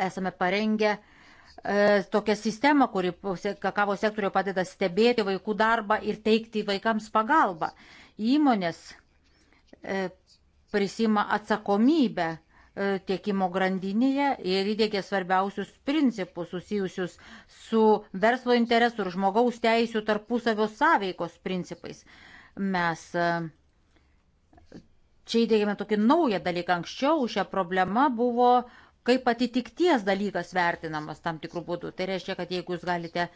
esame parengę e, tokią sistemą, kuri kakavo sektorio padeda stebėti vaikų darbą ir teikti vaikams pagalbą. Įmonės e, prisima atsakomybę e, tiekimo grandinėje ir įdėgė svarbiausius principus susijusius su verslo interesų ir žmogaus teisų tarpusavio sąveikos principais. Mes e, čia įdėgėme tokį naują dalyką. Anksčiau šią problemą buvo kaip atitikties dalykas vertinamas tam tikrų būdų. Tai reiškia, kad jeigu jūs galite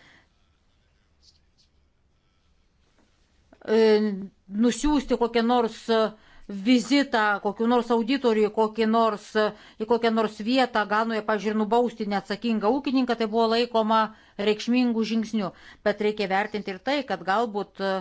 e, nusiųsti kokią nors uh, vizitą kokiu nors auditoriu į, nors, į kokią nors vietą Ganoje, pažiūrėjau, nubausti neatsakingą ūkininką, tai buvo laikoma reikšmingų žingsnių. Bet reikia vertinti ir tai, kad galbūt e,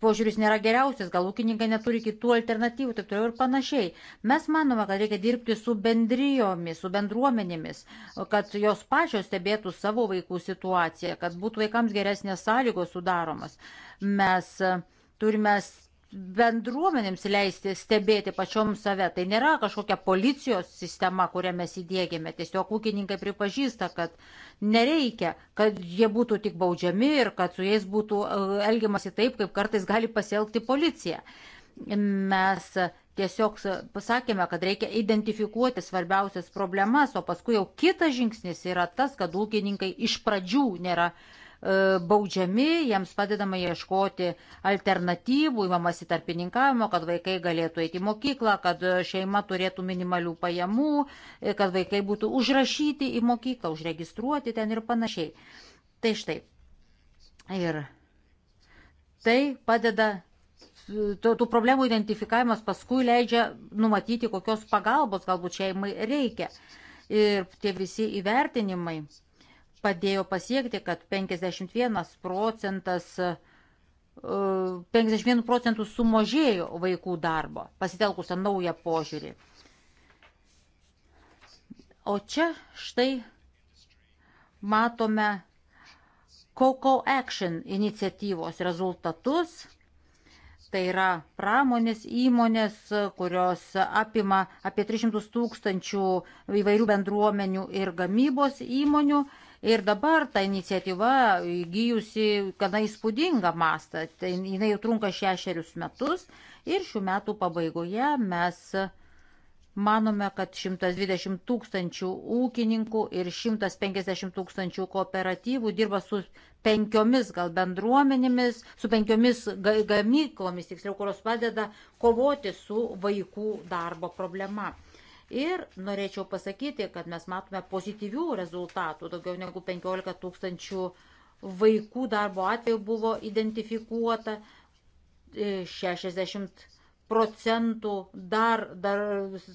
požiūris nėra geriausias, gal ūkininkai neturi kitų alternatyvų, taip toliau ir panašiai. Mes manome, kad reikia dirbti su bendrijomis, su bendruomenėmis, kad jos pačios stebėtų savo vaikų situaciją, kad būtų vaikams geresnės sąlygos sudaromas. Mes e, turime bendruomenėms leisti stebėti pačioms save. Tai nėra kažkokia policijos sistema, kurią mes įdėgėme. Tiesiog ūkininkai pripažįsta, kad nereikia, kad jie būtų tik baudžiami ir kad su jais būtų e, elgiamasi taip, kaip kartais gali pasielgti policija. Mes tiesiog pasakėme, kad reikia identifikuoti svarbiausias problemas, o paskui jau kitas žingsnis yra tas, kad ūkininkai iš pradžių nėra E, baudžiami, jiems padedama ieškoti alternatyvų, įmamasi tarpininkavimo, kad vaikai galėtų eiti į mokyklą, kad šeima turėtų minimalių pajamų, e, kad vaikai būtų užrašyti į mokyklą, užregistruoti ten ir panašiai. Tai štai. Ir tai padeda tų, tų problemų identifikavimas paskui leidžia numatyti, kokios pagalbos galbūt šeimai reikia. Ir tie visi įvertinimai padėjo pasiekti, kad 51 procentas 51 e, procentų sumažėjo vaikų darbo, pasitelkusią naują požiūrį. O čia štai matome COCO Action iniciatyvos rezultatus. Tai yra pramonės įmonės, kurios apima apie 300 tūkstančių įvairių bendruomenių ir gamybos įmonių. Ir dabar ta iniciatyva įgyjusi gana įspūdingą mastą. Tai jinai jau trunka šešerius metus ir šių metų pabaigoje mes Manome, kad 120 tūkstančių ūkininkų ir 150 tūkstančių kooperatyvų dirba su penkiomis gal bendruomenėmis, su penkiomis gamyklomis, tiksliau, kurios padeda kovoti su vaikų darbo problema. Ir norėčiau pasakyti, kad mes matome pozityvių rezultatų. Daugiau negu 15 tūkstančių vaikų darbo atveju buvo identifikuota. 60 e, procentų dar, dar,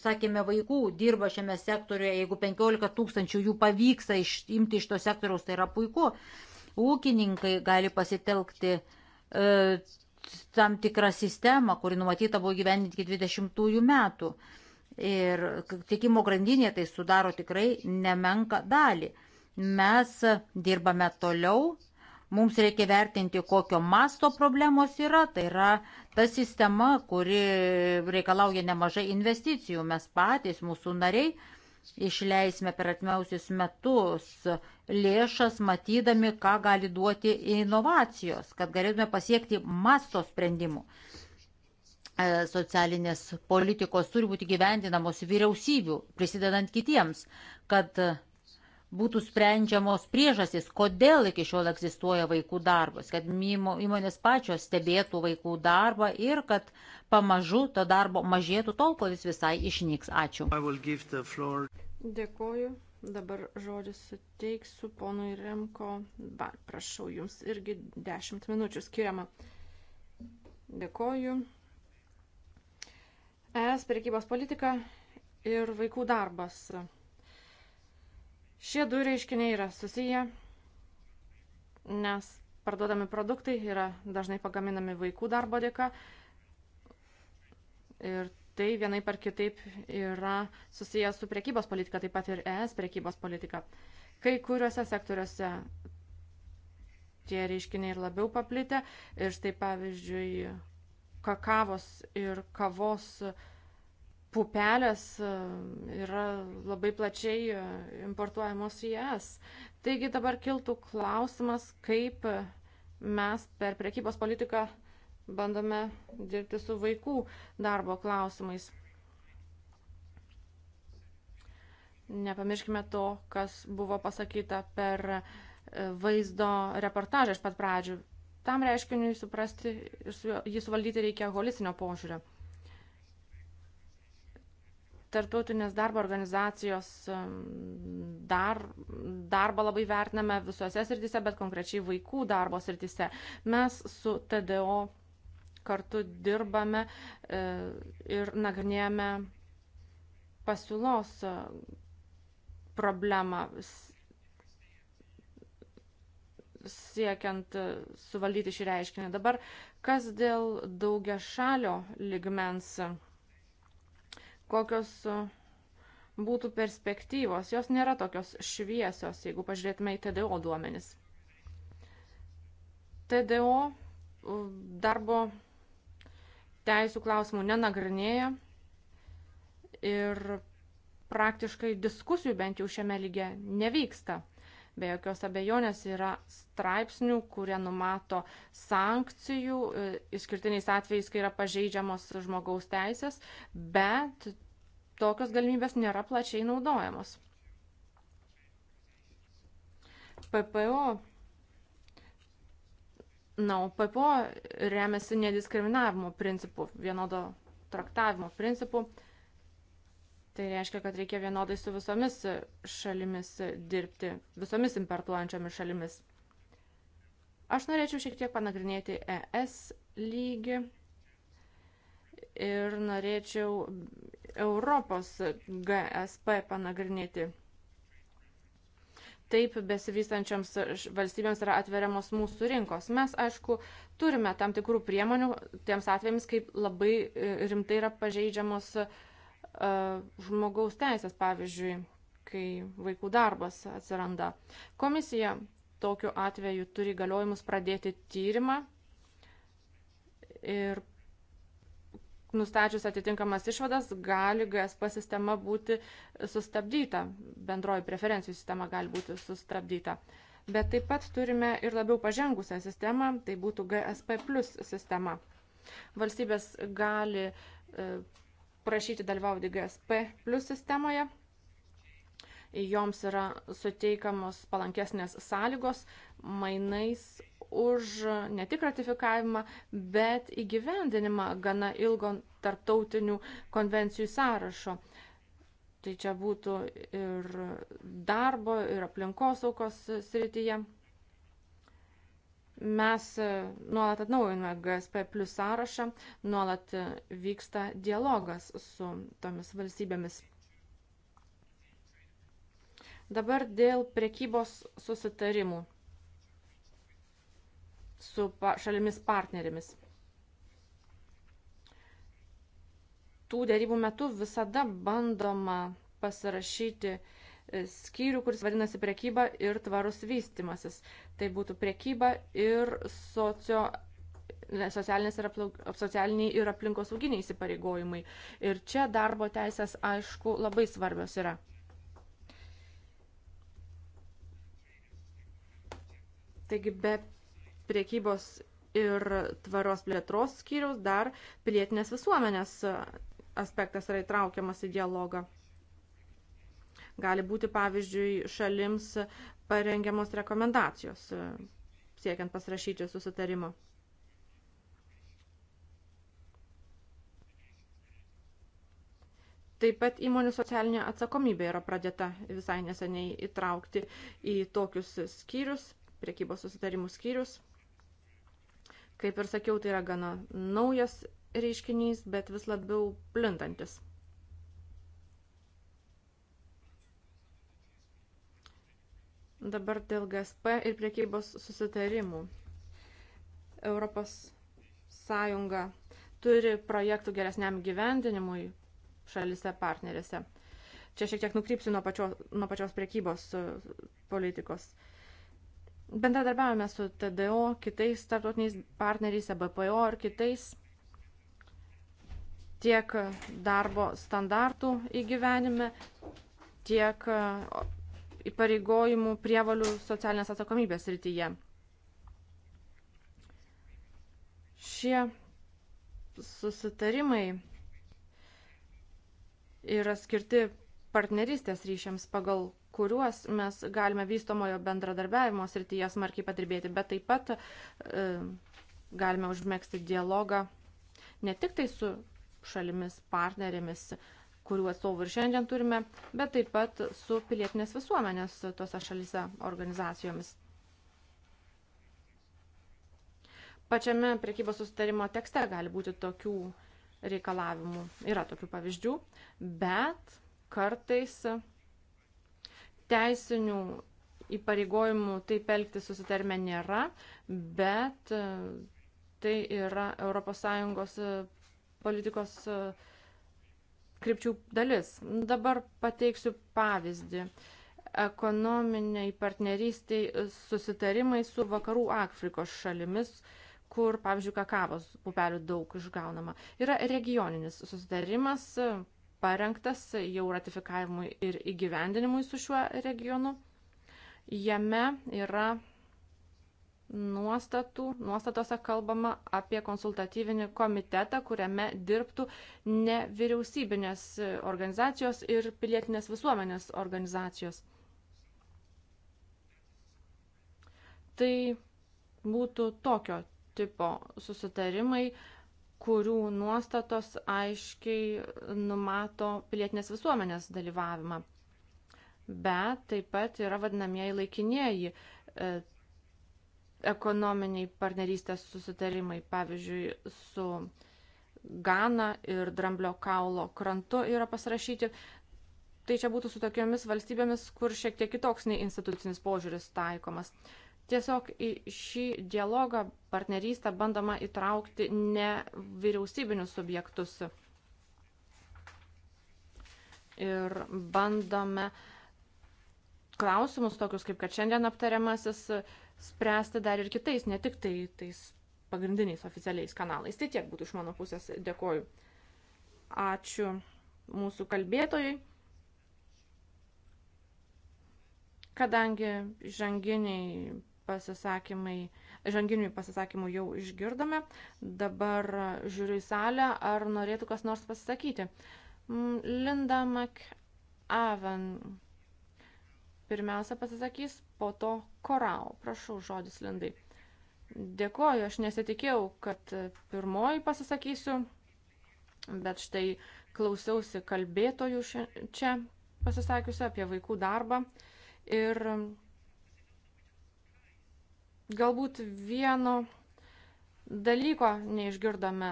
sakėme, vaikų dirba šiame sektoriuje. Jeigu 15 tūkstančių jų pavyksta išimti iš to sektoriaus, tai yra puiku. Ūkininkai gali pasitelkti. E, tam tikrą sistemą, kuri numatyta buvo gyveninti iki 20 metų. E, Ir tikimo grandinė tai sudaro tikrai nemenka dalį. Mes dirbame toliau, mums reikia vertinti, kokio masto problemos yra. Tai yra ta sistema, kuri reikalauja nemažai investicijų. Mes patys, mūsų nariai, išleisime per atmiausius metus lėšas, matydami, ką gali duoti inovacijos, kad galėtume pasiekti masto sprendimų. E, socialinės politikos turi būti gyvendinamos vyriausybių, prisidedant kitiems, kad būtų sprendžiamos priežastys, kodėl iki šiol egzistuoja vaikų darbas, kad įmonės pačios stebėtų vaikų darbą ir kad pamažu to darbo mažėtų tol, kol jis visai išnyks. Ačiū. Dėkoju. Dabar žodį suteiksiu ponui Remko. Ba, prašau, jums irgi 10 minučių skiriama. Dėkoju. ES prekybos politika ir vaikų darbas. Šie du reiškiniai yra susiję, nes parduodami produktai yra dažnai pagaminami vaikų darbo dėka ir tai vienai par kitaip yra susiję su prekybos politika, taip pat ir ES prekybos politika. Kai kuriuose sektoriuose tie reiškiniai ir labiau paplitę ir štai pavyzdžiui kakavos ir kavos pupelės e, yra labai plačiai e, importuojamos į ES. Taigi dabar kiltų klausimas, kaip mes per prekybos politiką bandome dirbti su vaikų darbo klausimais. Nepamirškime to, kas buvo pasakyta per e, vaizdo reportažą iš pat pradžių Tam reiškiniui suprasti ir su jį suvaldyti reikia holistinio požiūrio. Tartautinės darbo organizacijos um, dar, darbą labai vertiname visose srityse, bet konkrečiai vaikų darbo srityse. Mes su TDO kartu dirbame e, ir nagrinėjame pasiūlos e, problemą, siekiant e, suvaldyti šį reiškinį. Dabar, kas dėl daugia šalio ligmens, kokios e, būtų perspektyvos, jos nėra tokios šviesios, jeigu pažiūrėtume į TDO duomenis. TDO e, darbo teisų klausimų nenagrinėja ir praktiškai diskusijų bent jau šiame lyge nevyksta. Be jokios abejonės yra straipsnių, kurie numato sankcijų, e, išskirtiniais atvejais, kai yra pažeidžiamos žmogaus teisės, bet tokios galimybės nėra plačiai naudojamos. PPO. Na, o PPO remiasi nediskriminavimo principu, vienodo traktavimo principu. Uh, Tai reiškia, kad reikia vienodai su visomis šalimis dirbti, visomis importuojančiomis šalimis. Aš norėčiau šiek tiek panagrinėti ES lygį ir norėčiau Europos GSP panagrinėti. Taip besivystančioms valstybėms yra atveriamos mūsų rinkos. Mes, aišku, turime tam tikrų priemonių tiems atvejams, kaip labai e, rimtai yra pažeidžiamos uh, E, žmogaus teisės, pavyzdžiui, kai vaikų darbas atsiranda. Komisija tokiu atveju turi galiojimus pradėti tyrimą ir nustačius atitinkamas išvadas gali GSP sistema būti sustabdyta, bendroji preferencijų sistema gali būti sustabdyta. Bet taip pat turime ir labiau pažengusią sistemą, tai būtų GSP plus sistema. Valstybės gali e, prašyti dalyvauti GSP plus sistemoje. Joms yra suteikamos palankesnės sąlygos mainais už ne tik ratifikavimą, bet įgyvendinimą gana ilgo tarptautinių konvencijų sąrašo. Tai čia būtų ir darbo, ir aplinkosaukos srityje. Mes e, nuolat atnaujiname GSP plus sąrašą, nuolat e, vyksta dialogas su tomis valstybėmis. Dabar dėl prekybos susitarimų su šalimis partnerėmis. Tų dėrybų metu visada bandoma pasirašyti e, skyrių, kuris vadinasi prekyba ir tvarus vystimasis. Tai būtų priekyba ir socio socialiniai ir, aplink, socialiniai ir aplinkosauginiai įsipareigojimai. Ir čia darbo teisės, aišku, labai svarbios yra. Taigi be priekybos ir tvaros plėtros skyriaus dar pilietinės visuomenės aspektas yra įtraukiamas į dialogą. Gali būti, pavyzdžiui, šalims parengiamos rekomendacijos e, siekiant pasirašyti susitarimo. Taip pat įmonių socialinė atsakomybė yra pradėta visai neseniai įtraukti į tokius skyrius, priekybos susitarimų skyrius. Kaip ir sakiau, tai yra gana naujas reiškinys, bet vis labiau plintantis. Dabar dėl GSP ir priekybos susitarimų. Europos Sąjunga turi projektų geresniam gyvendinimui šalise partnerėse. Čia šiek tiek nukrypsiu nuo pačios, nuo pačios priekybos e, politikos. Bendradarbiavame su TDO, kitais tarptautiniais partneriais, e BPO ir kitais tiek darbo standartų įgyvenime, tiek e, įpareigojimų prievalių socialinės atsakomybės rytyje. Šie susitarimai yra skirti partnerystės ryšiams, pagal kuriuos mes galime vystomojo bendradarbiavimo srityje smarkiai padirbėti, bet taip pat e, galime užmėgsti dialogą ne tik tai su šalimis partnerėmis, kurių atstovų ir šiandien turime, bet taip pat su pilietinės visuomenės tuose šalyse organizacijomis. Pačiame priekybos sustarimo tekste gali būti tokių reikalavimų, yra tokių pavyzdžių, bet kartais teisinių įpareigojimų taip elgti susitarime nėra, bet tai yra ES politikos uh, krypčių dalis. Nu, dabar pateiksiu pavyzdį ekonominiai partnerystiai susitarimai su vakarų Afrikos šalimis, kur, pavyzdžiui, kakavos pupelių daug išgaunama. Yra regioninis susitarimas e, parengtas jau ratifikavimui ir įgyvendinimui su šiuo regionu. Jame yra nuostatų, nuostatose kalbama apie konsultatyvinį komitetą, kuriame dirbtų nevyriausybinės organizacijos ir pilietinės visuomenės organizacijos. Tai būtų tokio tipo susitarimai, kurių nuostatos aiškiai numato pilietinės visuomenės dalyvavimą. Bet taip pat yra vadinamieji laikinieji e, ekonominiai partnerystės susitarimai, pavyzdžiui, su Gana ir Dramblio kaulo krantu yra pasirašyti. Tai čia būtų su tokiomis valstybėmis, kur šiek tiek kitoks nei institucinis požiūris taikomas. Tiesiog į šį dialogą, partnerystę bandoma įtraukti ne vyriausybinius subjektus. Ir bandome klausimus tokius, kaip kad šiandien aptariamasis, uh, spręsti dar ir kitais, ne tik tai tais pagrindiniais oficialiais kanalais. Tai tiek būtų iš mano pusės. Dėkoju. Ačiū mūsų kalbėtojai. Kadangi žanginiai pasisakymai, žanginių pasisakymų jau išgirdome, dabar žiūriu į salę, ar norėtų kas nors pasisakyti. Mm, Linda McAvan Pirmiausia pasisakys, po to Korao. Prašau, žodis Lindai. Dėkoju, aš nesitikėjau, kad pirmoji pasisakysiu, bet štai klausiausi kalbėtojų čia pasisakiusi apie vaikų darbą ir galbūt vieno dalyko neišgirdome,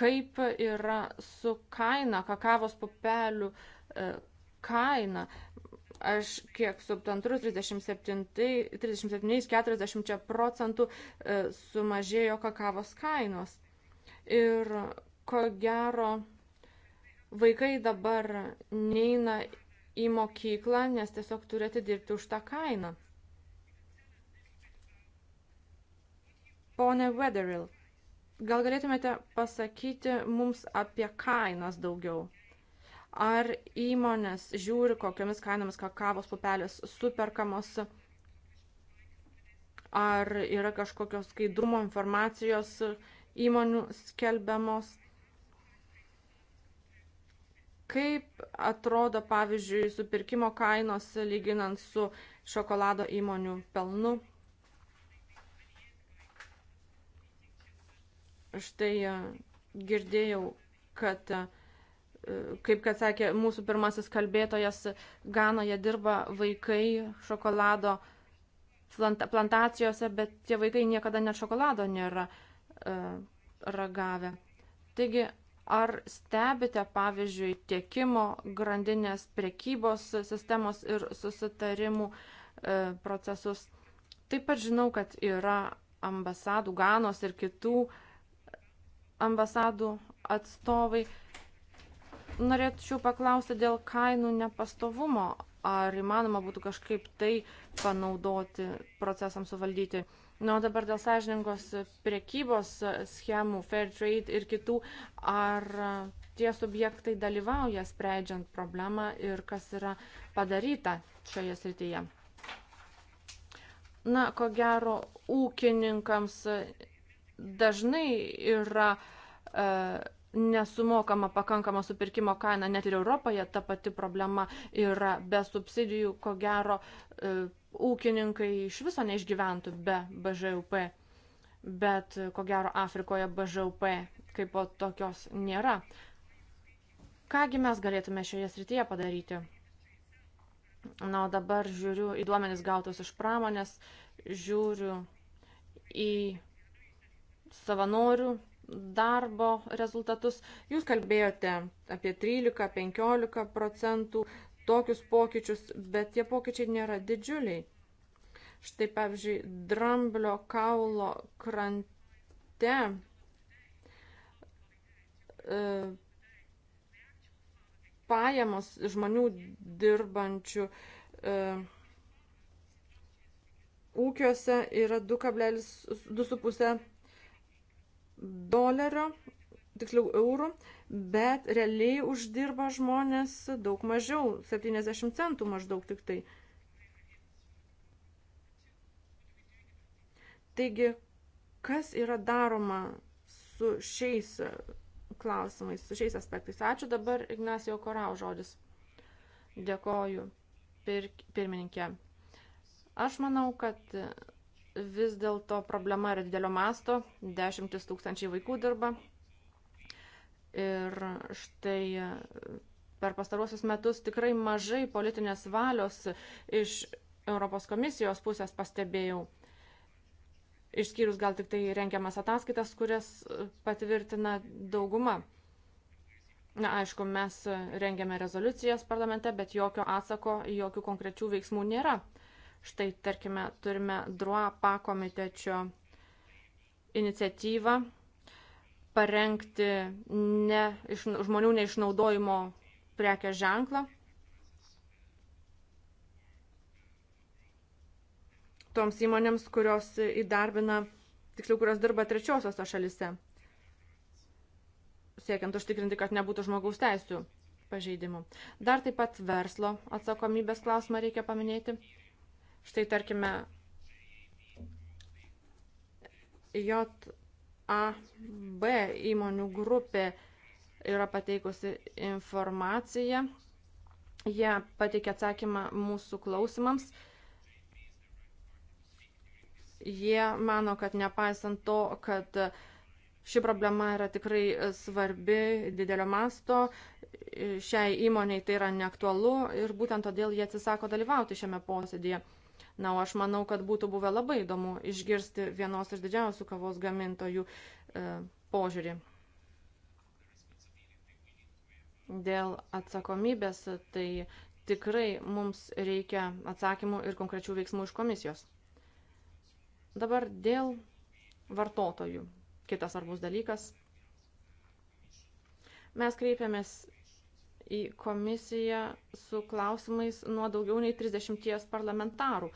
kaip yra su kaina, kakavos pupelių e, kaina. Aš kiek suptantru, 37-40 procentų e, sumažėjo kakavos kainos. Ir ko gero, vaikai dabar neina į mokyklą, nes tiesiog turėtų dirbti už tą kainą. Pone Wetherill, gal galėtumėte pasakyti mums apie kainas daugiau? ar įmonės žiūri, kokiomis kainomis kakavos pupelės superkamos, ar yra kažkokios skaidrumo informacijos įmonių skelbiamos. Kaip atrodo, pavyzdžiui, supirkimo kainos lyginant su šokolado įmonių pelnu? Štai e, girdėjau, kad uh, kaip kad sakė mūsų pirmasis kalbėtojas, Ganoje dirba vaikai šokolado plantacijose, bet tie vaikai niekada net šokolado nėra e, ragavę. Taigi, ar stebite, pavyzdžiui, tiekimo grandinės, prekybos sistemos ir susitarimų e, procesus? Taip pat žinau, kad yra ambasadų, Ganos ir kitų ambasadų atstovai norėčiau paklausti dėl kainų nepastovumo. Ar įmanoma būtų kažkaip tai panaudoti procesams suvaldyti? Na, nu, o dabar dėl sąžiningos priekybos schemų, fair trade ir kitų, ar tie subjektai dalyvauja sprendžiant problemą ir kas yra padaryta šioje srityje? Na, ko gero, ūkininkams dažnai yra uh, nesumokama pakankama supirkimo kaina, net ir Europoje ta pati problema yra. Be subsidijų, ko gero, e, ūkininkai iš viso neišgyventų be BŽUP. Bet, ko gero, Afrikoje BŽUP kaip po tokios nėra. Kągi mes galėtume šioje srityje padaryti? Na, o dabar žiūriu į duomenis gautus iš pramonės, žiūriu į savanorių darbo rezultatus. Jūs kalbėjote apie 13-15 procentų tokius pokyčius, bet tie pokyčiai nėra didžiuliai. Štai pavyzdžiui, dramblio kaulo krante e, pajamos žmonių dirbančių e, ūkiuose yra 2,5 dolerio, tiksliau eurų, bet realiai uždirba žmonės daug mažiau, 70 centų maždaug tik tai. Taigi, kas yra daroma su šiais klausimais, su šiais aspektais? Ačiū dabar Ignacio Korau žodis. Dėkoju, pir pirmininkė. Aš manau, kad vis dėlto problema yra didelio masto, dešimtis tūkstančiai vaikų dirba. Ir štai e, per pastaruosius metus tikrai mažai politinės valios iš Europos komisijos pusės pastebėjau. Išskyrus gal tik tai renkiamas ataskaitas, kurias e, patvirtina dauguma. Na, aišku, mes e, rengiame rezoliucijas parlamente, bet jokio atsako, jokių konkrečių veiksmų nėra. Štai, tarkime, turime DROA pakomitečio iniciatyvą parengti ne, iš, žmonių neišnaudojimo prekės ženklą. Toms įmonėms, kurios įdarbina, tiksliau, kurios dirba trečiosios šalise, siekiant užtikrinti, kad nebūtų žmogaus teisų pažeidimų. Dar taip pat verslo atsakomybės klausimą reikia paminėti. Štai tarkime, JAB įmonių grupė yra pateikusi informaciją. Jie pateikė atsakymą mūsų klausimams. Jie mano, kad nepaisant to, kad ši problema yra tikrai svarbi didelio masto, šiai įmoniai tai yra neaktualu ir būtent todėl jie atsisako dalyvauti šiame posėdėje. Na, o aš manau, kad būtų buvę labai įdomu išgirsti vienos iš didžiausių kavos gamintojų e, požiūrį. Dėl atsakomybės, tai tikrai mums reikia atsakymų ir konkrečių veiksmų iš komisijos. Dabar dėl vartotojų. Kitas svarbus dalykas. Mes kreipiamės į komisiją su klausimais nuo daugiau nei 30 parlamentarų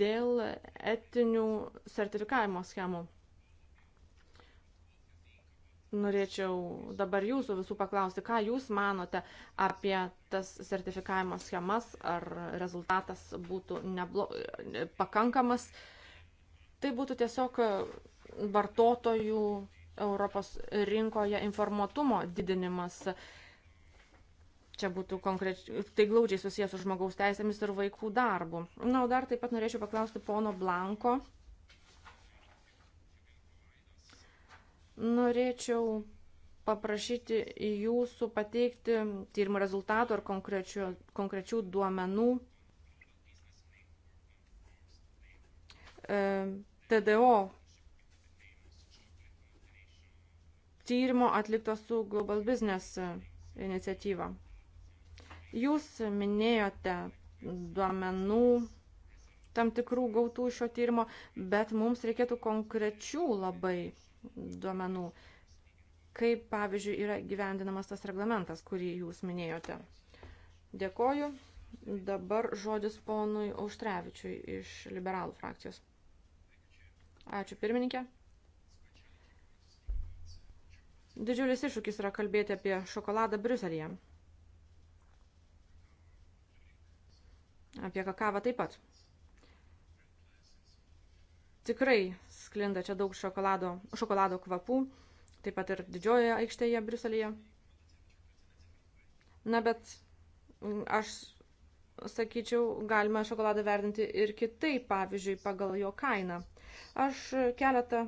dėl etinių sertifikavimo schemų. Norėčiau dabar jūsų visų paklausti, ką jūs manote apie tas sertifikavimo schemas, ar rezultatas būtų neblo... pakankamas. Tai būtų tiesiog vartotojų Europos rinkoje informuotumo didinimas čia būtų konkrečiai, tai glaudžiai susijęs su žmogaus teisėmis ir vaikų darbu. Na, o dar taip pat norėčiau paklausti pono Blanko. Norėčiau paprašyti jūsų pateikti tyrimo rezultatų ar konkrečių, konkrečių duomenų e, TDO tyrimo atlikto su Global Business iniciatyva. Jūs minėjote duomenų tam tikrų gautų iš šio tyrimo, bet mums reikėtų konkrečių labai duomenų, kaip pavyzdžiui yra gyvendinamas tas reglamentas, kurį jūs minėjote. Dėkoju. Dabar žodis ponui Auštrevičiui iš liberalų frakcijos. Ačiū pirmininkė. Didžiulis iššūkis yra kalbėti apie šokoladą Briuselėje. apie kakavą taip pat. Tikrai sklinda čia daug šokolado, šokolado kvapų, taip pat ir didžiojoje aikštėje Briuselėje. Na, bet mm, aš sakyčiau, galima šokoladą vertinti ir kitaip, pavyzdžiui, pagal jo kainą. Aš keletą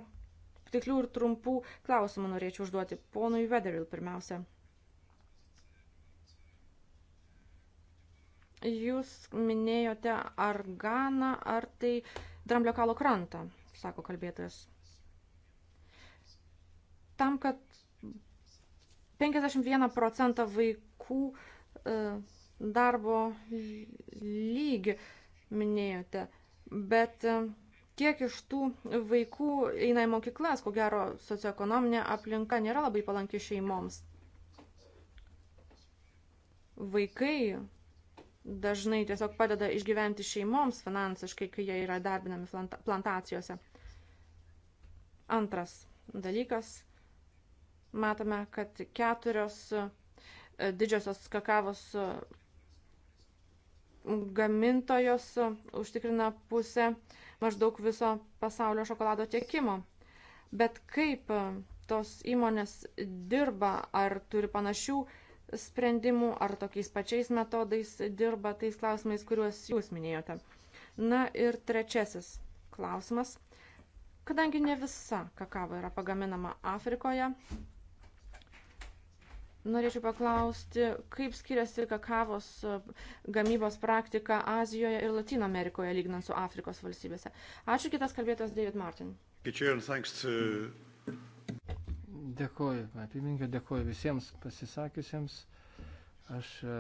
tiklių ir trumpų klausimų norėčiau užduoti ponui Vederill pirmiausia. Jūs minėjote Arganą, ar tai Dramblio kalo krantą, sako kalbėtojas. Tam, kad 51 procentą vaikų e, darbo lygį minėjote, bet e, kiek iš tų vaikų eina į mokyklas, ko gero socioekonominė aplinka nėra labai palanki šeimoms. Vaikai dažnai tiesiog padeda išgyventi šeimoms finansiškai, kai jie yra darbinami plantacijose. Antras dalykas. Matome, kad keturios e, didžiosios kakavos e, gamintojos e, užtikrina pusę maždaug viso pasaulio šokolado tiekimo. Bet kaip tos įmonės dirba, ar turi panašių uh, sprendimų, ar tokiais pačiais metodais dirba tais klausimais, kuriuos jūs minėjote. Na ir trečiasis klausimas. Kadangi ne visa kakava yra pagaminama Afrikoje, norėčiau paklausti, kaip skiriasi kakavos e, gamybos praktika Azijoje ir Latino Amerikoje lyginant su Afrikos valstybėse. Ačiū kitas kalbėtas David Martin. Chair, and thanks to Dėkoju, apiminkio, dėkoju visiems pasisakiusiems. Aš e,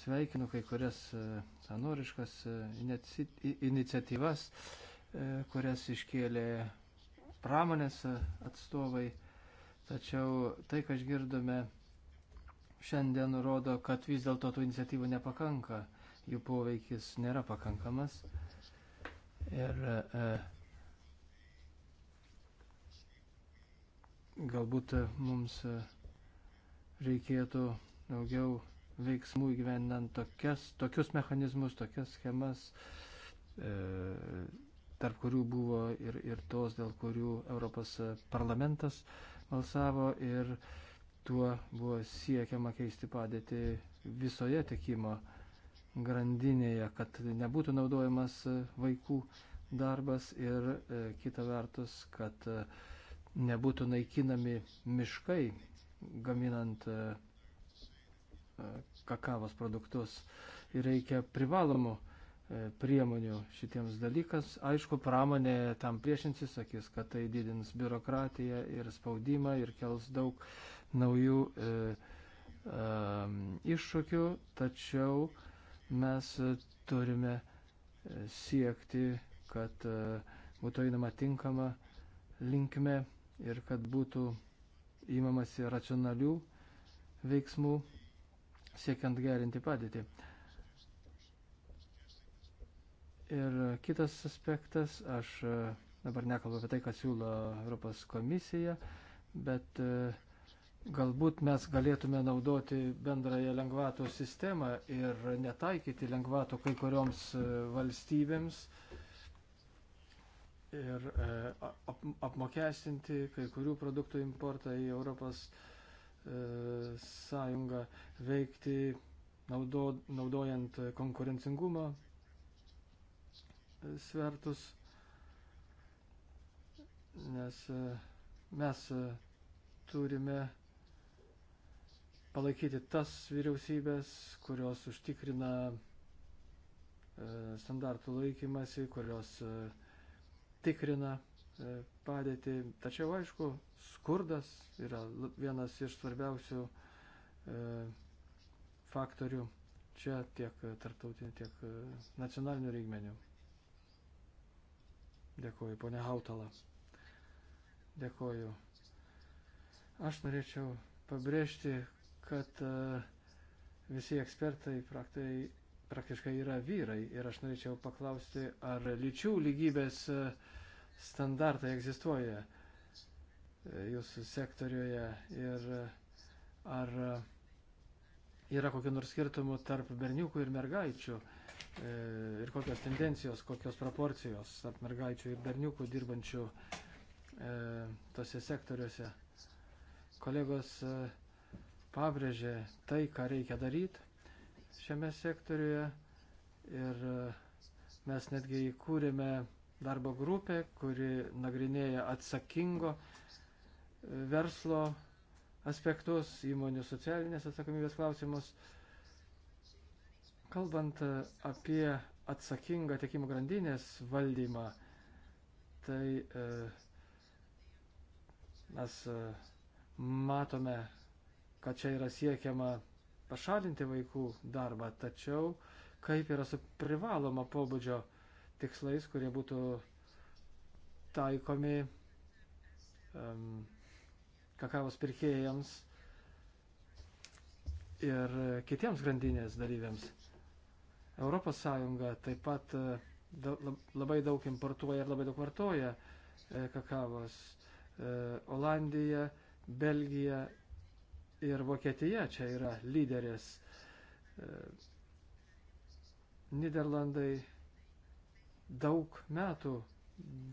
sveikinu kai kurias e, anoriškas e, iniciatyvas, kurias iškėlė pramonės atstovai. Tačiau tai, ką išgirdome šiandien, rodo, kad vis dėlto tų iniciatyvų nepakanka, jų poveikis nėra pakankamas. Ir e, Galbūt e, mums e, reikėtų daugiau veiksmų įgyvendinant tokias, tokius mechanizmus, tokias schemas, e, tarp kurių buvo ir, ir tos, dėl kurių Europos parlamentas balsavo ir tuo buvo siekiama keisti padėtį visoje tikimo grandinėje, kad nebūtų naudojamas vaikų darbas ir e, kita vertus, kad e, nebūtų naikinami miškai, gaminant e, e, kakavos produktus. Ir reikia privalomų e, priemonių šitiems dalykams. Aišku, pramonė tam priešinsis, sakys, kad tai didins biurokratiją ir spaudimą ir kels daug naujų e, e, iššūkių, tačiau mes turime siekti, kad e, būtų einama tinkama linkme ir kad būtų įmamasi racionalių veiksmų siekiant gerinti padėtį. Ir kitas aspektas, aš e, dabar nekalbu apie tai, ką siūlo Europos komisija, bet e, galbūt mes galėtume naudoti bendrąją lengvatų sistemą ir netaikyti lengvatų kai kurioms e, valstybėms, ir e, ap, apmokestinti kai kurių produktų importą į Europos e, sąjungą, veikti naudo, naudojant konkurencingumo e, svertus, nes e, mes e, turime palaikyti tas vyriausybės, kurios užtikrina e, standartų laikymasi, kurios e, tikrina e, padėtį. Tačiau, aišku, skurdas yra vienas iš svarbiausių e, faktorių čia tiek tarptautinių, tiek e, nacionalinių reikmenių. Dėkuoju, ponia Hautala. Dėkuoju. Aš norėčiau pabrėžti, kad visi ekspertai praktai praktiškai yra vyrai. Ir aš norėčiau paklausti, ar lyčių lygybės e, standartai egzistuoja e, jūsų sektoriuje ir e, ar yra kokiu nors skirtumu tarp berniukų ir mergaičių ir kokios tendencijos, kokios proporcijos tarp mergaičių ir berniukų dirbančių tose sektoriuose. Kolegos pabrėžė tai, ką reikia daryti šiame sektoriuje ir e, mes netgi įkūrėme darbo grupę, kuri nagrinėja atsakingo e, verslo aspektus, įmonių socialinės atsakomybės klausimus. Kalbant e, apie atsakingą tiekimo grandinės valdymą, tai e, mes matome, kad čia yra siekiama pašalinti vaikų darbą, tačiau kaip yra su privaloma pobūdžio tikslais, kurie būtų taikomi um, kakavos pirkėjams ir kitiems grandinės dalyviams. Europos Sąjunga taip pat e, da, labai daug importuoja ir labai daug vartoja e, kakavos. E, Olandija, Belgija ir Vokietija čia yra lyderis. E, Niderlandai daug metų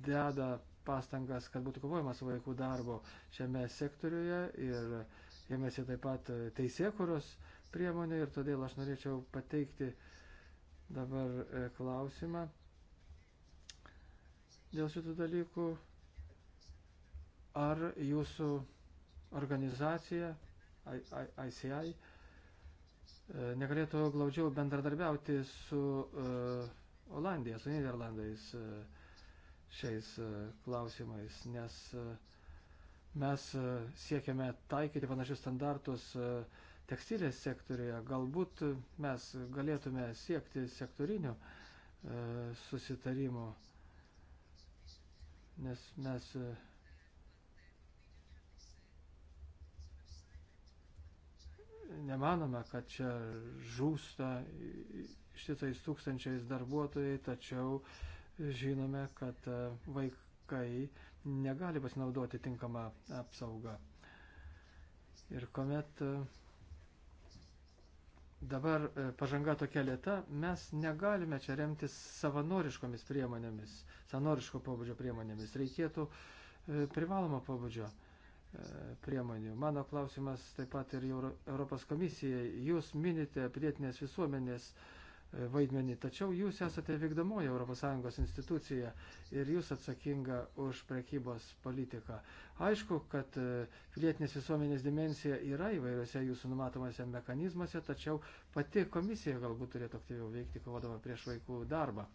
deda pastangas, kad būtų kovojama su vaikų darbo šiame sektoriuje ir ėmėsi taip pat teisėkuros priemonė ir todėl aš norėčiau pateikti dabar e, klausimą dėl šitų dalykų. Ar jūsų organizacija ICI e, negalėtų glaudžiau bendradarbiauti su e, Olandija, su Niderlandais e, šiais klausimais, nes mes siekiame taikyti panašius standartus tekstilės sektorėje. Galbūt mes galėtume siekti sektorinių susitarimų, nes mes nemanome, kad čia žūsta šitais tūkstančiais darbuotojai, tačiau žinome, kad e, vaikai negali pasinaudoti tinkamą apsaugą. Ir kuomet e, dabar e, pažanga tokia lėta, mes negalime čia remtis savanoriškomis priemonėmis, savanoriško pobūdžio priemonėmis. Reikėtų privalomą pobūdžio priemonių. Mano klausimas taip pat ir Europos komisijai. Jūs minite pilietinės visuomenės e, vaidmenį, tačiau jūs esate vykdomoji ES institucija ir jūs atsakinga už prekybos politiką. Aišku, kad e, pilietinės visuomenės dimensija yra įvairiose jūsų numatomose mechanizmuose, tačiau pati komisija galbūt turėtų aktyviau veikti, kovodama prieš vaikų darbą.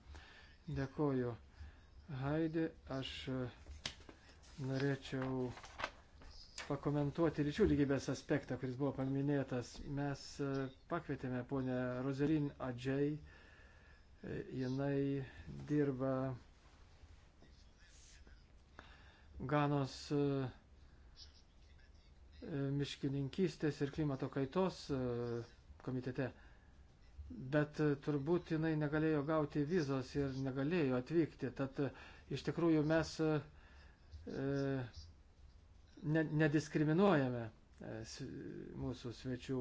Dėkoju. Haidi, aš e, norėčiau pakomentuoti lyčių lygybės aspektą, kuris buvo paminėtas. Mes e, pakvietėme ponę Rozelin Adžiai, e, jinai dirba Ganos e, miškininkystės ir klimato kaitos komitete. Bet turbūt jinai negalėjo gauti vizos ir negalėjo atvykti. Tad iš tikrųjų mes e, nediskriminuojame e, mūsų svečių.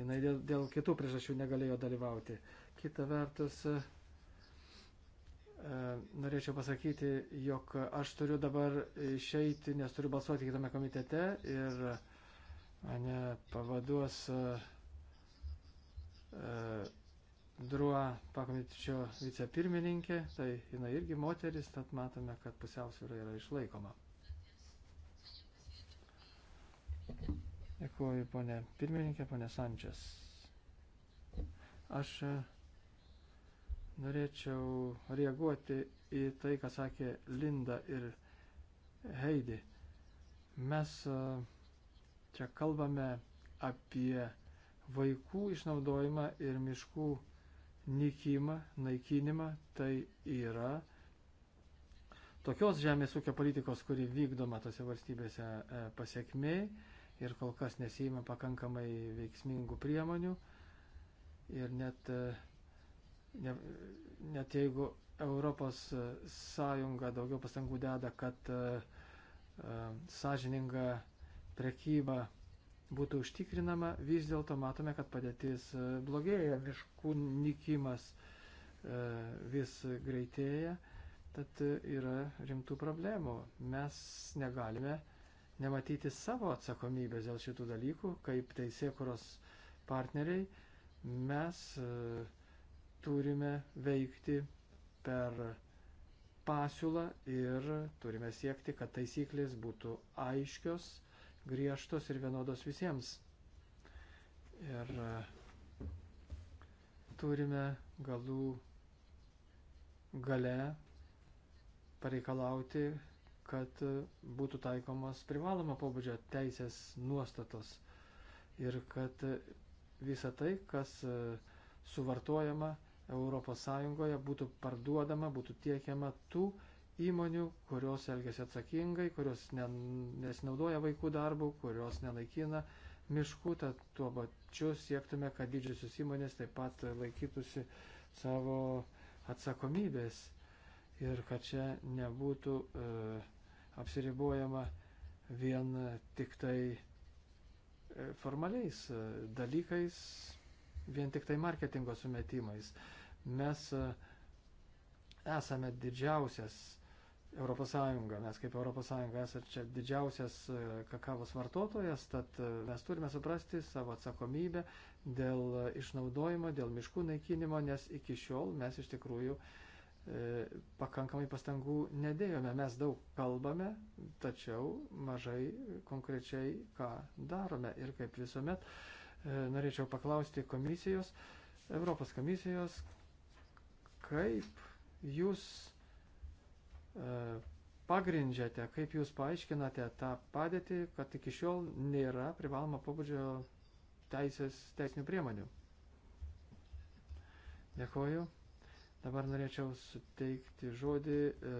Jis dėl, dėl kitų priežasčių negalėjo dalyvauti. Kita vertus, e, norėčiau pasakyti, jog aš turiu dabar išeiti, nes turiu balsuoti kitame komitete ir mane pavaduos e, Drua pakomitečio vicepirmininkė, tai jinai irgi moteris, tad matome, kad pusiausvyrą yra išlaikoma. Dėkuoju, ponė pirmininkė, ponė Sančias. Aš e, norėčiau reaguoti į tai, ką sakė Linda ir Heidi. Mes e, čia kalbame apie vaikų išnaudojimą ir miškų nykimą, naikinimą. Tai yra tokios žemės ūkio politikos, kuri vykdoma tose valstybėse e, pasiekmei ir kol kas nesijima pakankamai veiksmingų priemonių. Ir net, e, ne, net jeigu Europos Sąjunga daugiau pastangų deda, kad uh, sąžininga prekyba būtų užtikrinama, vis dėlto matome, kad padėtis blogėja, miškų nikimas vis greitėja, tad yra rimtų problemų. Mes negalime uh, nematyti savo atsakomybės dėl šitų dalykų, kaip teisėkuros partneriai mes e, turime veikti per pasiūlą ir turime siekti, kad taisyklės būtų aiškios, griežtos ir vienodos visiems. Ir e, turime galų gale pareikalauti, kad e, būtų taikomas privaloma pobūdžio teisės nuostatos ir kad e, visa tai, kas e, suvartojama ES, būtų parduodama, būtų tiekiama tų įmonių, kurios elgesi atsakingai, kurios nesinaudoja vaikų darbų, kurios nenaikina miškų, tad tuo pačiu siektume, kad didžiosios įmonės taip pat laikytųsi savo atsakomybės ir kad čia nebūtų e, apsiribuojama vien tik tai e, formaliais e, dalykais, vien tik tai marketingo sumetimais. Mes e, esame didžiausias ES, mes kaip ES esame čia didžiausias kakavos vartotojas, tad mes turime suprasti savo atsakomybę dėl išnaudojimo, dėl miškų naikinimo, nes iki šiol mes iš tikrųjų uh, E, pakankamai pastangų nedėjome. Mes daug kalbame, tačiau mažai konkrečiai ką darome. Ir kaip visuomet e, norėčiau paklausti komisijos, Europos komisijos, kaip jūs e, pagrindžiate, kaip jūs paaiškinate tą padėtį, kad iki šiol nėra privaloma pobūdžio teisės, teisinių priemonių. Dėkuoju. Dabar norėčiau suteikti žodį e,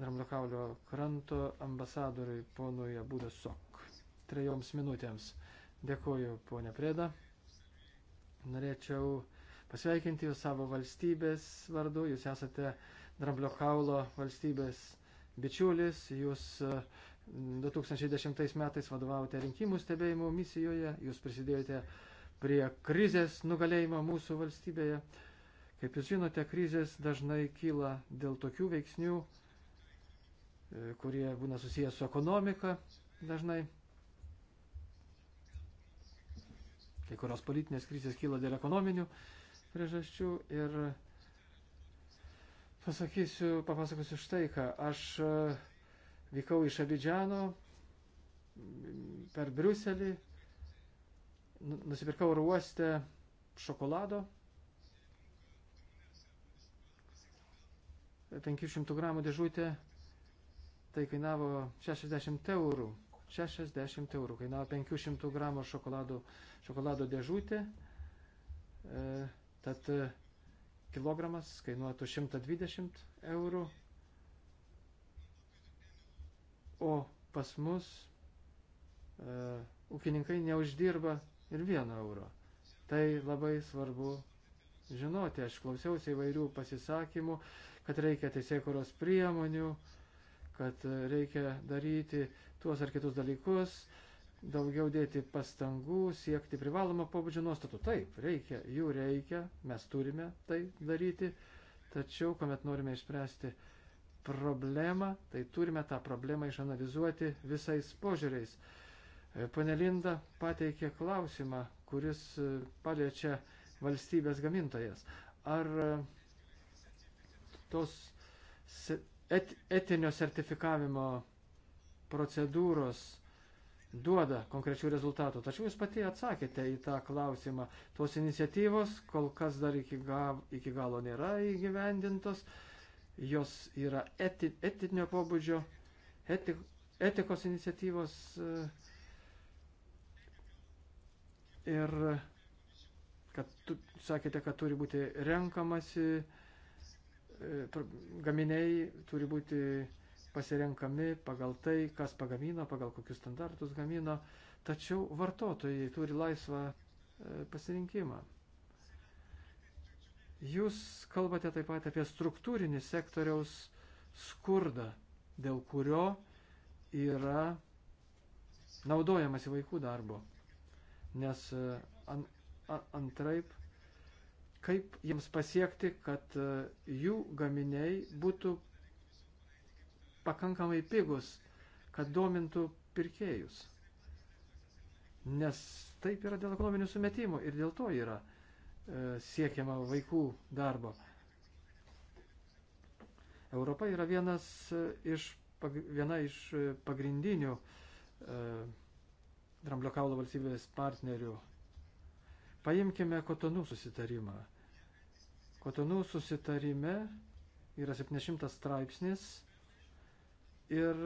Drambliokaulio kranto ambasadoriui ponui Abuda Sok. Trejoms minutėms. Dėkuoju, ponė Preda. Norėčiau pasveikinti jūs savo valstybės vardu. Jūs esate Drambliokaulo valstybės bičiulis. Jūs 2010 e, metais vadovavote rinkimų stebėjimo misijoje. Jūs prisidėjote prie krizės nugalėjimo mūsų valstybėje. Kaip jūs žinote, krizės dažnai kyla dėl tokių veiksnių, e, kurie būna susijęs su ekonomika dažnai. Kai kurios politinės krizės kyla dėl ekonominių priežasčių ir pasakysiu, papasakosiu štai ką. Aš e, vykau iš Abidžano per Briuselį, nusipirkau oro uoste šokolado 500 gramų dėžutė, tai kainavo 60 eurų. 60 eurų kainavo 500 gramų šokolado, šokolado dėžutė. E, tad e, kilogramas kainuotų 120 eurų. O pas mus e, ūkininkai neuždirba ir vieno euro. Tai labai svarbu žinoti. Aš klausiausi įvairių pasisakymų. E, kad reikia teisėkuros priemonių, kad reikia daryti tuos ar kitus dalykus, daugiau dėti pastangų, siekti privalomą pobūdžio nuostatų. Taip, reikia, jų reikia, mes turime tai daryti, tačiau, kuomet norime išspręsti problemą, tai turime tą problemą išanalizuoti visais požiūriais. E, Pane Linda pateikė klausimą, kuris e, paliečia valstybės gamintojas. Ar e, tos et, etinio sertifikavimo procedūros duoda konkrečių rezultatų. Tačiau jūs pati atsakėte į tą klausimą. Tos iniciatyvos kol kas dar iki, gav, iki galo nėra įgyvendintos. Jos yra eti, etinio pobūdžio, etik, etikos iniciatyvos. E, ir kad tu, sakėte, kad turi būti renkamasi gaminiai turi būti pasirenkami pagal tai, kas pagamino, pagal kokius standartus gamino, tačiau vartotojai turi laisvą e, pasirinkimą. Jūs kalbate taip pat apie struktūrinį sektoriaus skurdą, dėl kurio yra naudojamas į vaikų darbo. Nes e, an, an, antraip kaip jiems pasiekti, kad e, jų gaminiai būtų pakankamai pigus, kad domintų pirkėjus. Nes taip yra dėl ekonominių sumetimų ir dėl to yra e, siekiama vaikų darbo. Europa yra vienas e, iš, viena iš e, pagrindinių e, Dramblio kaulo valstybės partnerių. Paimkime kotonų susitarimą. Kotonų susitarime yra 700 straipsnis ir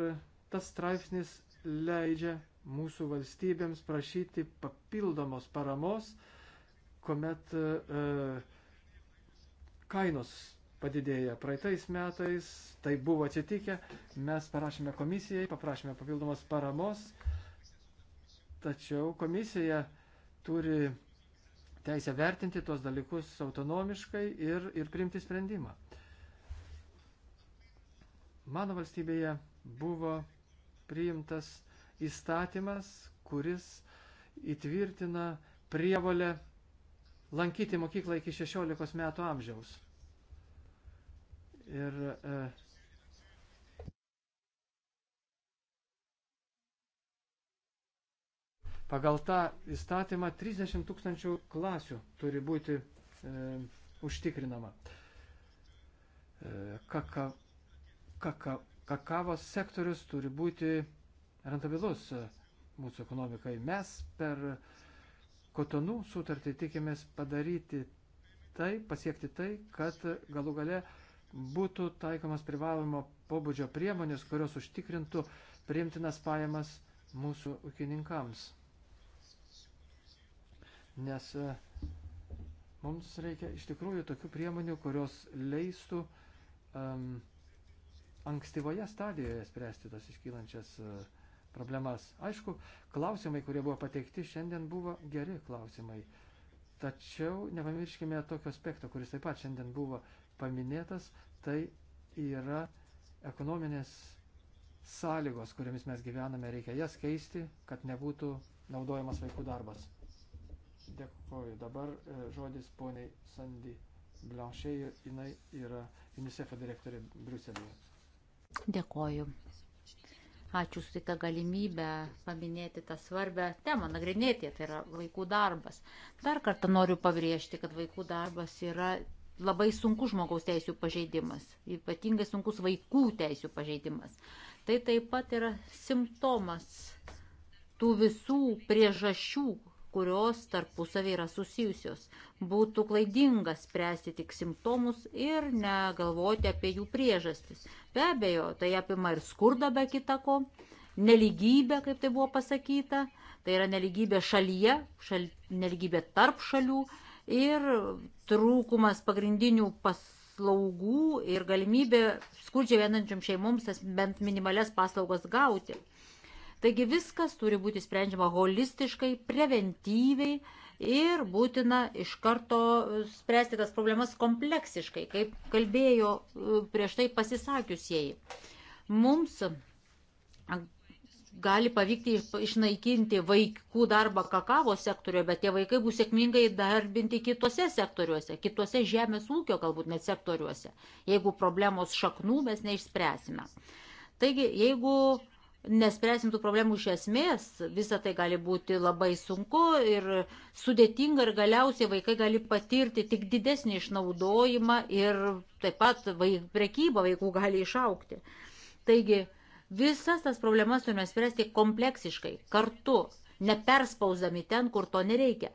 tas straipsnis leidžia mūsų valstybėms prašyti papildomos paramos, kuomet e, kainos padidėja. Praeitais metais tai buvo atsitikę, mes parašėme komisijai, paprašėme papildomos paramos, tačiau komisija turi teisę vertinti tuos dalykus autonomiškai ir, ir priimti sprendimą. Mano valstybėje buvo priimtas įstatymas, kuris įtvirtina prievalę lankyti mokyklą iki 16 metų amžiaus. Ir e, Pagal tą įstatymą 30 tūkstančių klasių turi būti e, užtikrinama. E, kaka, kaka, kakavos sektorius turi būti rentabilus e, mūsų ekonomikai. Mes per kotonų sutartį tikimės padaryti tai, pasiekti tai, kad galų gale būtų taikomas privalomo pobūdžio priemonės, kurios užtikrintų priimtinas pajamas mūsų ūkininkams nes e, mums reikia iš tikrųjų tokių priemonių, kurios leistų um, ankstyvoje stadijoje spręsti tas iškylančias uh, problemas. Aišku, klausimai, kurie buvo pateikti, šiandien buvo geri klausimai. Tačiau nepamirškime tokio aspekto, kuris taip pat šiandien buvo paminėtas, tai yra ekonominės sąlygos, kuriamis mes gyvename, reikia jas keisti, kad nebūtų naudojamas vaikų darbas. Dėkuoju. Dabar e, žodis poniai Sandy Blanchė, jinai yra UNICEF direktorė Bruselėje. Dėkuoju. Ačiū sutiktą galimybę paminėti tą svarbę temą, nagrinėti, tai yra vaikų darbas. Dar kartą noriu pabrėžti, kad vaikų darbas yra labai sunkus žmogaus teisų pažeidimas, ypatingai sunkus vaikų teisų pažeidimas. Tai taip pat yra simptomas tų visų priežasčių, kurios tarpusavį yra susijusios. Būtų klaidinga spręsti tik simptomus ir negalvoti apie jų priežastis. Be abejo, tai apima ir skurdą be kitako, neligybę, kaip tai buvo pasakyta, tai yra neligybė šalyje, šal, neligybė tarp šalių ir trūkumas pagrindinių paslaugų ir galimybė skurdžiai vienančiam šeimoms tas bent minimales paslaugas gauti Taigi viskas turi būti sprendžiama holistiškai, preventyviai ir būtina iš karto spręsti tas problemas kompleksiškai, kaip kalbėjo e, prieš tai pasisakiusieji. Mums gali pavykti išnaikinti vaikų darbą kakavo sektoriuje, bet tie vaikai bus sėkmingai darbinti kitose sektoriuose, kitose žemės ūkio galbūt net sektoriuose, jeigu problemos šaknų mes neišspręsime. Taigi, jeigu nespręsim tų problemų iš esmės, visa tai gali būti labai sunku ir sudėtinga ir galiausiai vaikai gali patirti tik didesnį išnaudojimą ir taip pat vaik, prekyba vaikų gali išaukti. Taigi visas tas problemas turime spręsti kompleksiškai, kartu, neperspausdami ten, kur to nereikia.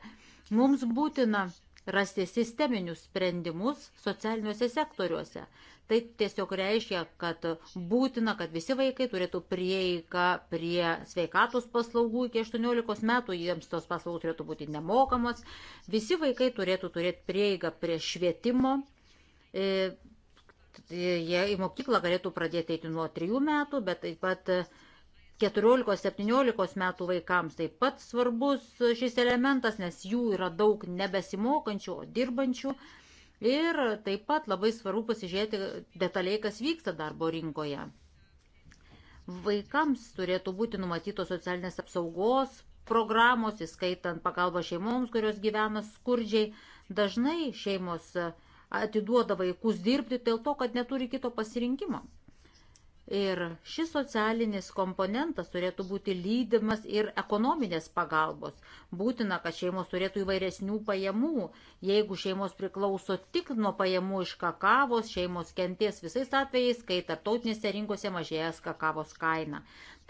Mums būtina rasti sisteminius sprendimus socialiniuose sektoriuose. Tai tiesiog reiškia, kad būtina, kad visi vaikai turėtų prieigą prie sveikatos paslaugų iki 18 metų, jiems tos paslaugos turėtų būti nemokamos, visi vaikai turėtų turėti prieigą prie švietimo. E, jie į mokyklą galėtų pradėti eiti nuo 3 metų, bet taip pat 14-17 metų vaikams taip pat svarbus šis elementas, nes jų yra daug nebesimokančių, o dirbančių. Ir taip pat labai svarbu pasižiūrėti detaliai, kas vyksta darbo rinkoje. Vaikams turėtų būti numatytos socialinės apsaugos programos, įskaitant pagalbą šeimoms, kurios gyvena skurdžiai. Dažnai šeimos atiduoda vaikus dirbti dėl to, kad neturi kito pasirinkimo. Ir šis socialinis komponentas turėtų būti lydimas ir ekonominės pagalbos. Būtina, kad šeimos turėtų įvairesnių pajamų. Jeigu šeimos priklauso tik nuo pajamų iš kakavos, šeimos kenties visais atvejais, kai tarptautinėse rinkose mažėjęs kakavos kaina.